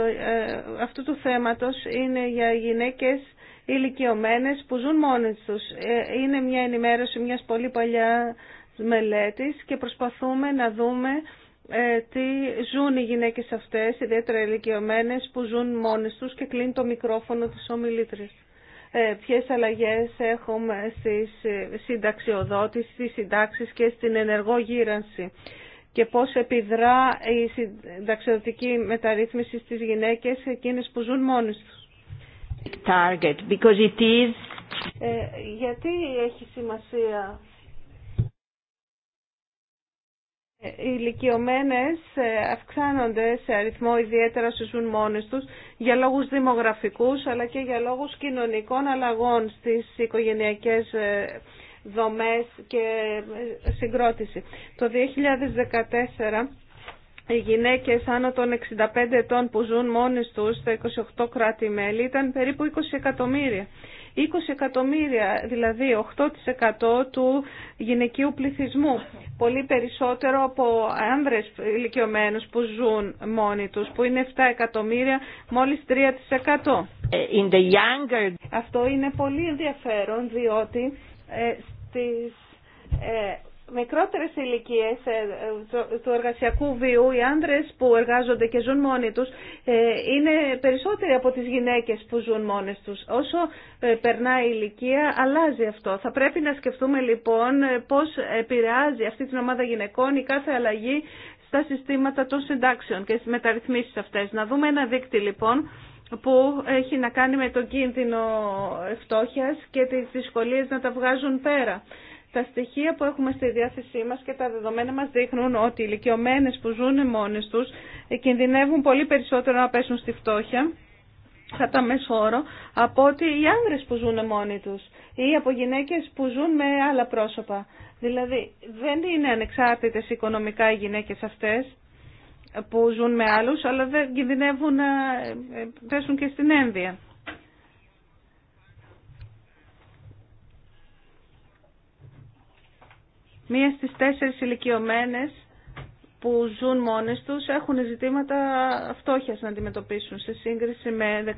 ε, αυτού, του θέματος είναι για γυναίκες ηλικιωμένες που ζουν μόνες τους. Είναι μια ενημέρωση μιας πολύ παλιά μελέτης και προσπαθούμε να δούμε τι ζουν οι γυναίκες αυτές, ιδιαίτερα ηλικιωμένες που ζουν μόνες τους και κλείνει το μικρόφωνο της ομιλήτρης. Ε, ποιες αλλαγές έχουμε στις ε, συνταξιοδότηση, στις συντάξεις και στην ενεργό και πώς επιδρά η συνταξιοδοτική μεταρρύθμιση στις γυναίκες εκείνες που ζουν μόνες τους. Target, it is... Ε, γιατί έχει σημασία Οι ηλικιωμένε ε, αυξάνονται σε αριθμό ιδιαίτερα στους ζουν μόνες τους για λόγους δημογραφικούς αλλά και για λόγους κοινωνικών αλλαγών στις οικογενειακές ε, δομές και ε, συγκρότηση. Το 2014 οι γυναίκες άνω των 65 ετών που ζουν μόνες τους στα 28 κράτη-μέλη ήταν περίπου 20 εκατομμύρια. 20 εκατομμύρια, δηλαδή 8% του γυναικείου πληθυσμού. Πολύ περισσότερο από άνδρες ηλικιωμένου που ζουν μόνοι τους, που είναι 7 εκατομμύρια, μόλις 3%. Ε, in the younger... Αυτό είναι πολύ ενδιαφέρον, διότι ε, στις... Ε, Μικρότερε ηλικίε ε, ε, του εργασιακού βίου, οι άντρε που εργάζονται και ζουν μόνοι τους, ε, είναι περισσότεροι από τις γυναίκες που ζουν μόνες τους. Όσο περνάει η ηλικία, αλλάζει αυτό. Θα πρέπει να σκεφτούμε λοιπόν πώς επηρεάζει αυτή την ομάδα γυναικών η κάθε αλλαγή στα συστήματα των συντάξεων και στι μεταρρυθμίσει αυτέ. Να δούμε ένα δείκτη λοιπόν που έχει να κάνει με τον κίνδυνο φτώχειας και τις δυσκολίες να τα βγάζουν πέρα. Τα στοιχεία που έχουμε στη διάθεσή μας και τα δεδομένα μας δείχνουν ότι οι ηλικιωμένε που ζουν μόνες τους ε, κινδυνεύουν πολύ περισσότερο να πέσουν στη φτώχεια κατά μέσο όρο από ότι οι άνδρες που ζουν μόνοι τους ή από γυναίκες που ζουν με άλλα πρόσωπα. Δηλαδή δεν είναι ανεξάρτητες οικονομικά οι γυναίκες αυτές που ζουν με άλλους αλλά δεν κινδυνεύουν να ε, ε, πέσουν και στην ένδυα. Μία στις τέσσερις ηλικιωμένε που ζουν μόνες τους έχουν ζητήματα φτώχειας να αντιμετωπίσουν σε σύγκριση με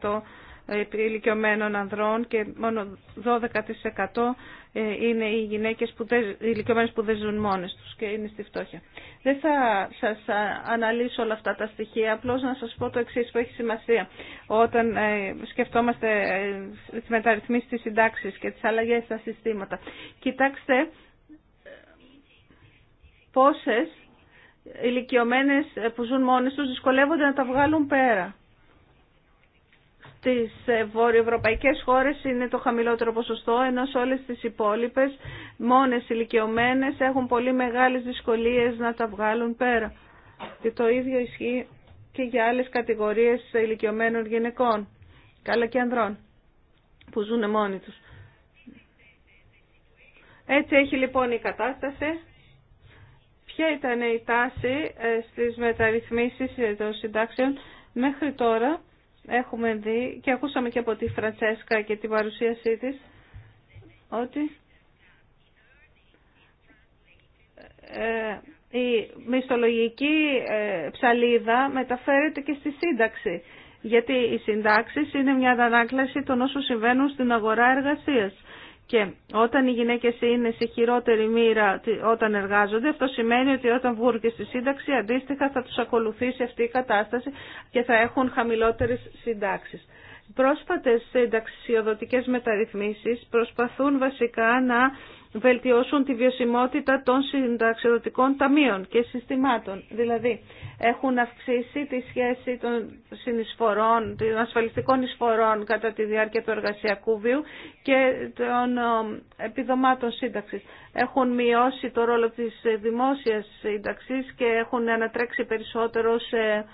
19% ε, ηλικιωμένων ανδρών και μόνο 12% ε, είναι οι γυναίκες που δεν, οι ηλικιωμένες που δεν ζουν μόνες τους και είναι στη φτώχεια. Δεν θα σας ε, αναλύσω όλα αυτά τα στοιχεία, απλώς να σας πω το εξής που έχει σημασία. Όταν σκεφτόμαστε τις μεταρρυθμίσεις της συντάξης και τις αλλαγές στα συστήματα. Κοιτάξτε πόσες ηλικιωμένε που ζουν μόνες τους δυσκολεύονται να τα βγάλουν πέρα. Στις ε, βορειοευρωπαϊκές χώρες είναι το χαμηλότερο ποσοστό, ενώ σε όλες τις υπόλοιπες μόνες ηλικιωμένες έχουν πολύ μεγάλες δυσκολίες να τα βγάλουν πέρα. Και το ίδιο ισχύει και για άλλες κατηγορίες ηλικιωμένων γυναικών, καλά και ανδρών, που ζουν μόνοι τους. Έτσι έχει λοιπόν η κατάσταση ποια ήταν η τάση ε, στις μεταρρυθμίσεις ε, των συντάξεων μέχρι τώρα. Έχουμε δει και ακούσαμε και από τη Φραντσέσκα και την παρουσίασή της ότι ε, η μισθολογική ψαλίδα μεταφέρεται και στη σύνταξη. Γιατί οι συντάξει είναι μια ανάκλαση των όσων συμβαίνουν στην αγορά εργασίας. Και όταν οι γυναίκε είναι σε χειρότερη μοίρα όταν εργάζονται, αυτό σημαίνει ότι όταν βγουν και στη σύνταξη, αντίστοιχα θα τους ακολουθήσει αυτή η κατάσταση και θα έχουν χαμηλότερε συντάξει. Πρόσφατες συνταξιοδοτικές μεταρρυθμίσεις προσπαθούν βασικά να βελτιώσουν τη βιωσιμότητα των συνταξιοδοτικών ταμείων και συστημάτων. Δηλαδή, έχουν αυξήσει τη σχέση των συνεισφορών, των ασφαλιστικών εισφορών κατά τη διάρκεια του εργασιακού βίου και των επιδομάτων σύνταξης. Έχουν μειώσει το ρόλο της δημόσιας σύνταξης και έχουν ανατρέξει περισσότερο σε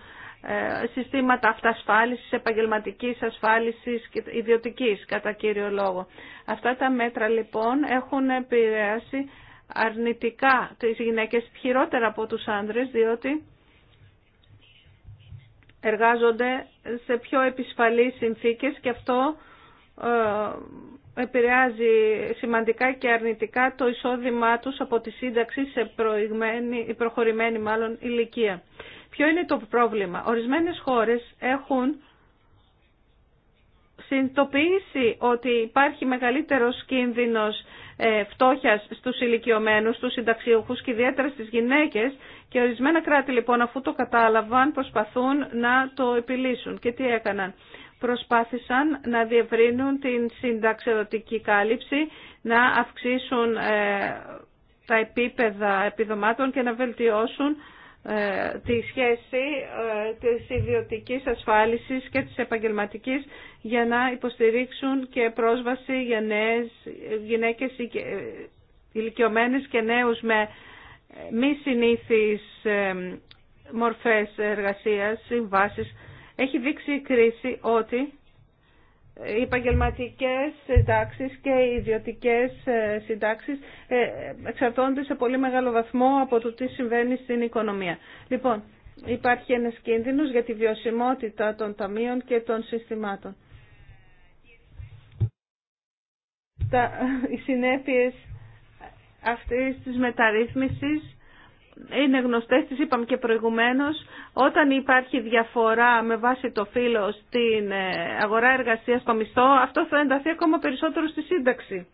ε, συστήματα αυτασφάλισης, επαγγελματικής ασφάλισης και ιδιωτικής κατά κύριο λόγο. Αυτά τα μέτρα λοιπόν έχουν επηρεάσει αρνητικά τις γυναίκες χειρότερα από τους άντρες διότι εργάζονται σε πιο επισφαλείς συνθήκες και αυτό ε, επηρεάζει σημαντικά και αρνητικά το εισόδημά τους από τη σύνταξη σε προηγμένη, προχωρημένη μάλλον ηλικία. Ποιο είναι το πρόβλημα. Ορισμένες χώρες έχουν συνειδητοποιήσει ότι υπάρχει μεγαλύτερος κίνδυνος ε, φτώχειας στους ηλικιωμένους, στους συνταξιούχους και ιδιαίτερα στις γυναίκες και ορισμένα κράτη λοιπόν αφού το κατάλαβαν προσπαθούν να το επιλύσουν. Και τι έκαναν. Προσπάθησαν να διευρύνουν την συνταξιδοτική κάλυψη, να αυξήσουν ε, τα επίπεδα επιδομάτων και να βελτιώσουν ε, τη σχέση ε, της ιδιωτικής ασφάλισης και της επαγγελματικής για να υποστηρίξουν και πρόσβαση για νέες γυναίκες ε, ηλικιωμένες και νέους με μη συνήθεις μορφές εργασίας, συμβάσεις. Έχει δείξει η κρίση ότι οι ε, επαγγελματικές συντάξεις και οι ιδιωτικές ε, συντάξεις ε, εξαρτώνται σε πολύ μεγάλο βαθμό από το τι συμβαίνει στην οικονομία. Λοιπόν, υπάρχει ένας κίνδυνος για τη βιωσιμότητα των ταμείων και των συστημάτων. οι συνέπειες αυτής της μεταρρύθμισης είναι γνωστές, τις είπαμε και προηγουμένως, όταν υπάρχει διαφορά με βάση το φύλλο στην ε, αγορά εργασίας στο μισθό, αυτό θα ενταθεί ακόμα περισσότερο στη σύνταξη.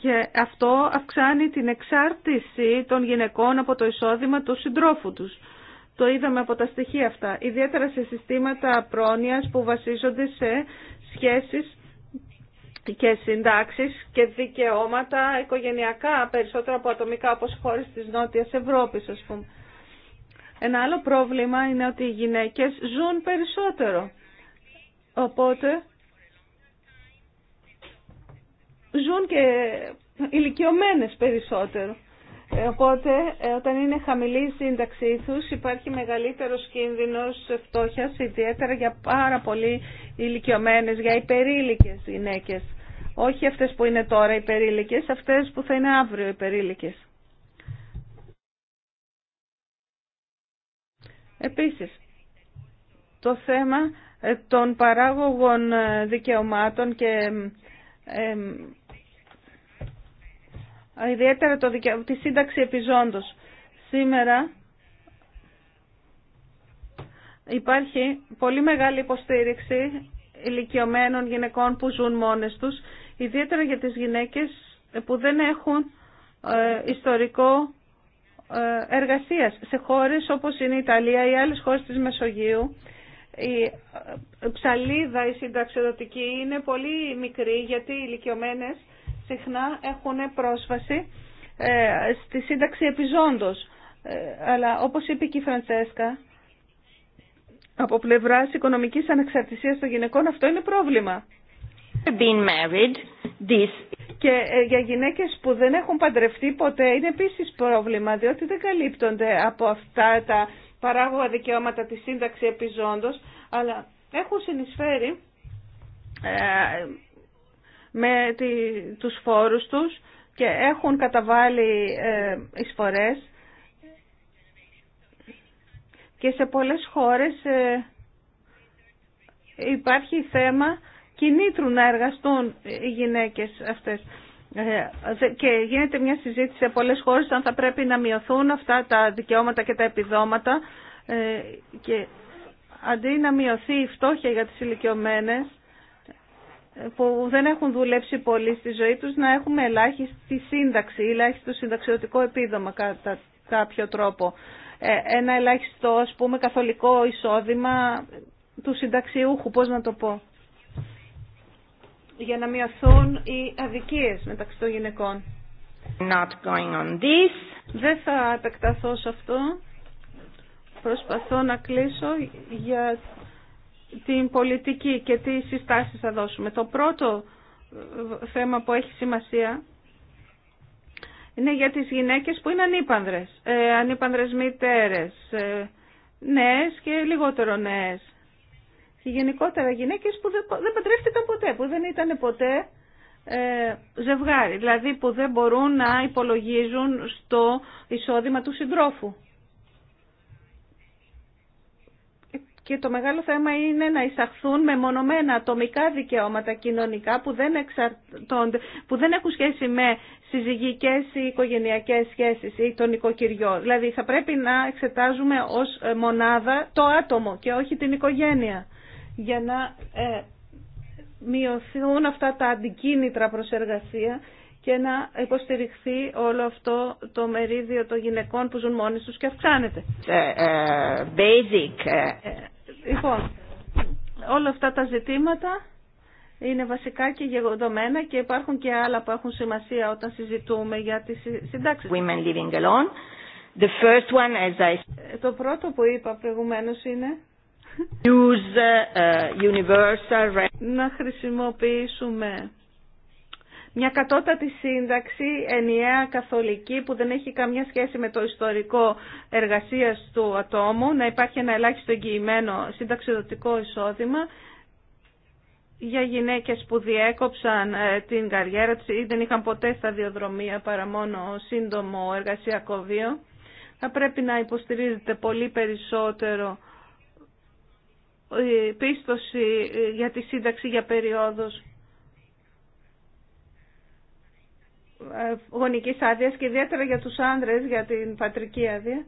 Και αυτό αυξάνει την εξάρτηση των γυναικών από το εισόδημα του συντρόφου τους. Το είδαμε από τα στοιχεία αυτά, ιδιαίτερα σε συστήματα πρόνοιας που βασίζονται σε σχέσεις και συντάξεις και δικαιώματα οικογενειακά περισσότερο από ατομικά όπως χώρες της Νότιας Ευρώπης ας πούμε. Ένα άλλο πρόβλημα είναι ότι οι γυναίκες ζουν περισσότερο. Οπότε ζουν και ηλικιωμένες περισσότερο. Ε, οπότε, ε, όταν είναι χαμηλή η σύνταξή του υπάρχει μεγαλύτερος κίνδυνος φτώχεια ιδιαίτερα για πάρα πολύ ηλικιωμένε, για υπερήλικες γυναίκε. Όχι αυτές που είναι τώρα υπερήλικες, αυτές που θα είναι αύριο υπερήλικες. Επίσης, το θέμα ε, των παράγωγων δικαιωμάτων και ιδιαίτερα το τη σύνταξη επιζώντος. Σήμερα υπάρχει πολύ μεγάλη υποστήριξη ηλικιωμένων γυναικών που ζουν μόνες τους, ιδιαίτερα για τις γυναίκες που δεν έχουν ε, ιστορικό ε, εργασίας. Σε χώρες όπως είναι η Ιταλία ή άλλες χώρες της Μεσογείου, η ε, ψαλίδα η συνταξιοδοτική είναι πολύ μικρή γιατί οι ηλικιωμένες συχνά έχουν πρόσβαση ε, στη σύνταξη επιζώντος. Ε, αλλά όπως είπε και η Φραντσέσκα, από πλευράς οικονομικής ανεξαρτησίας των γυναικών αυτό είναι πρόβλημα. Και ε, για γυναίκες που δεν έχουν παντρευτεί ποτέ είναι επίσης πρόβλημα, διότι δεν καλύπτονται από αυτά τα παράγωγα δικαιώματα της σύνταξη επιζώντος, αλλά έχουν συνεισφέρει με τη, τους φόρους τους και έχουν καταβάλει ε, εισφορές και σε πολλές χώρες ε, υπάρχει θέμα κινήτρου να εργαστούν οι γυναίκες αυτές. Ε, και γίνεται μια συζήτηση σε πολλές χώρες αν θα πρέπει να μειωθούν αυτά τα δικαιώματα και τα επιδόματα ε, και αντί να μειωθεί η φτώχεια για τις ηλικιωμένες που δεν έχουν δουλέψει πολύ στη ζωή τους να έχουμε ελάχιστη σύνταξη, ελάχιστο συνταξιωτικό επίδομα κατά κάποιο τρόπο. Ε, ένα ελάχιστο, ας πούμε, καθολικό εισόδημα του συνταξιούχου, πώς να το πω, για να μειωθούν οι αδικίες μεταξύ των γυναικών. Not going on this. Δεν θα επεκταθώ σε αυτό. Προσπαθώ να κλείσω για την πολιτική και τι συστάσεις θα δώσουμε. Το πρώτο ε, θέμα που έχει σημασία είναι για τις γυναίκες που είναι ανήπανδρες, ε, ανήπανδρες μητέρες, ε, νέες και λιγότερο νέες. Και γενικότερα γυναίκες που δεν, δεν παντρεύτηκαν ποτέ, που δεν ήταν ποτέ ε, ζευγάρι, δηλαδή που δεν μπορούν να υπολογίζουν στο εισόδημα του συντρόφου. Και το μεγάλο θέμα είναι να εισαχθούν με μονομένα ατομικά δικαιώματα κοινωνικά που δεν, εξαρτώνται, που δεν έχουν σχέση με συζυγικές ή οικογενειακές σχέσεις ή τον οικοκυριό. Δηλαδή θα πρέπει να εξετάζουμε ως μονάδα το άτομο και όχι την οικογένεια για να ε, μειωθούν αυτά τα αντικίνητρα προς εργασία και να υποστηριχθεί όλο αυτό το μερίδιο των γυναικών που ζουν μόνοι τους και αυξάνεται. Ε, ε, Λοιπόν, όλα αυτά τα ζητήματα είναι βασικά και γεγονωμένα και υπάρχουν και άλλα που έχουν σημασία όταν συζητούμε για τις συντάξεις. Women living alone. Ε, το πρώτο που είπα προηγουμένως είναι Use, uh, uh, universal... να χρησιμοποιήσουμε μια κατώτατη σύνταξη ενιαία καθολική που δεν έχει καμιά σχέση με το ιστορικό εργασίας του ατόμου, να υπάρχει ένα ελάχιστο εγγυημένο συνταξιδοτικό εισόδημα για γυναίκες που διέκοψαν ε, την καριέρα τους ή δεν είχαν ποτέ σταδιοδρομία παρά μόνο σύντομο εργασιακό βίο. Θα πρέπει να υποστηρίζεται πολύ περισσότερο η δεν ειχαν ποτε σταδιοδρομια παρα μονο συντομο εργασιακο βιο θα πρεπει να υποστηριζεται πολυ περισσοτερο πιστοση ε, για τη σύνταξη για περίοδους Ε, γονικής άδεια και ιδιαίτερα για τους άνδρες για την πατρική άδεια.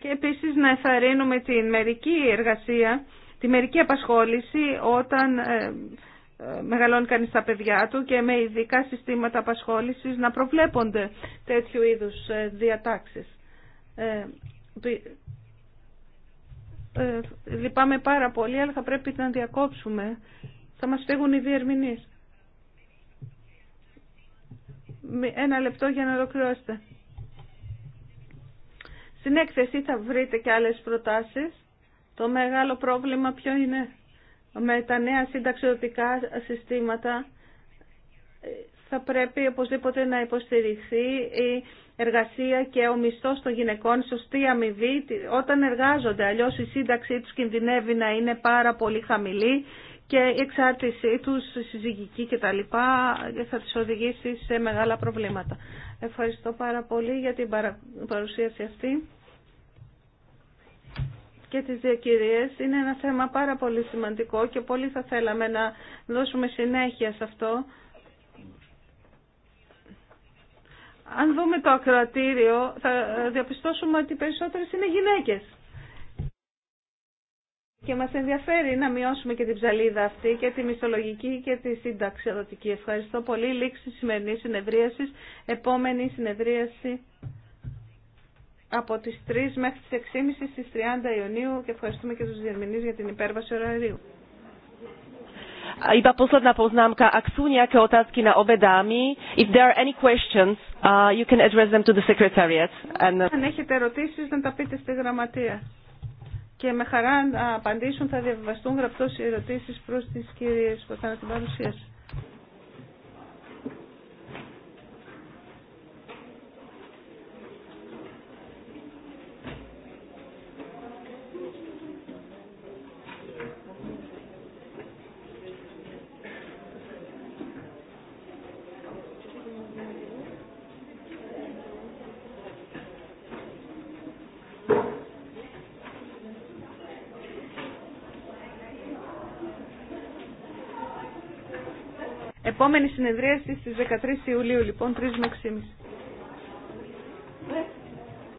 Και επίσης να εθαρρύνουμε την μερική εργασία, τη μερική απασχόληση όταν ε, ε, μεγαλώνει κανείς τα παιδιά του και με ειδικά συστήματα απασχόλησης να προβλέπονται τέτοιου είδους διατάξεις. Λυπάμαι πάρα πολύ, αλλά θα πρέπει να διακόψουμε θα μας φύγουν οι διερμηνείς. Ένα λεπτό για να ολοκληρώσετε. Στην έκθεση θα βρείτε και άλλες προτάσεις. Το μεγάλο πρόβλημα ποιο είναι με τα νέα συνταξιδοτικά συστήματα ε, θα πρέπει οπωσδήποτε να υποστηριχθεί η εργασία και ο μισθός των γυναικών, σωστή αμοιβή όταν εργάζονται. Αλλιώς η σύνταξή τους κινδυνεύει να είναι πάρα πολύ χαμηλή και η εξάρτησή τους, συζυγική κτλ. θα τις οδηγήσει σε μεγάλα προβλήματα. Ευχαριστώ πάρα πολύ για την παρουσίαση αυτή και τις δύο Είναι ένα θέμα πάρα πολύ σημαντικό και πολύ θα θέλαμε να δώσουμε συνέχεια σε αυτό. Αν δούμε το ακροατήριο θα διαπιστώσουμε ότι οι περισσότερες είναι γυναίκες. Και μας ενδιαφέρει να μειώσουμε και την ψαλίδα αυτή και τη μισθολογική και τη συνταξιοδοτική. Ευχαριστώ πολύ. Λήξη της σημερινής συνεδρίασης. Επόμενη συνεδρίαση από τις 3 μέχρι τις 6.30 στις 30 Ιουνίου και ευχαριστούμε και τους διερμηνείς για την υπέρβαση ωραρίου. Iba posledná poznámka, ak sú nejaké otázky na obe if there are any questions, uh, you can address them to the secretariat. And, uh, Αν έχετε ερωτήσεις, να τα πείτε στη γραμματεία και με χαρά να απαντήσουν θα διαβαστούν γραπτό οι ερωτήσεις προς τις κυρίες που θα την παρουσίαση. επόμενη συνεδρίαση στις 13 Ιουλίου, λοιπόν, 3 με 6.30.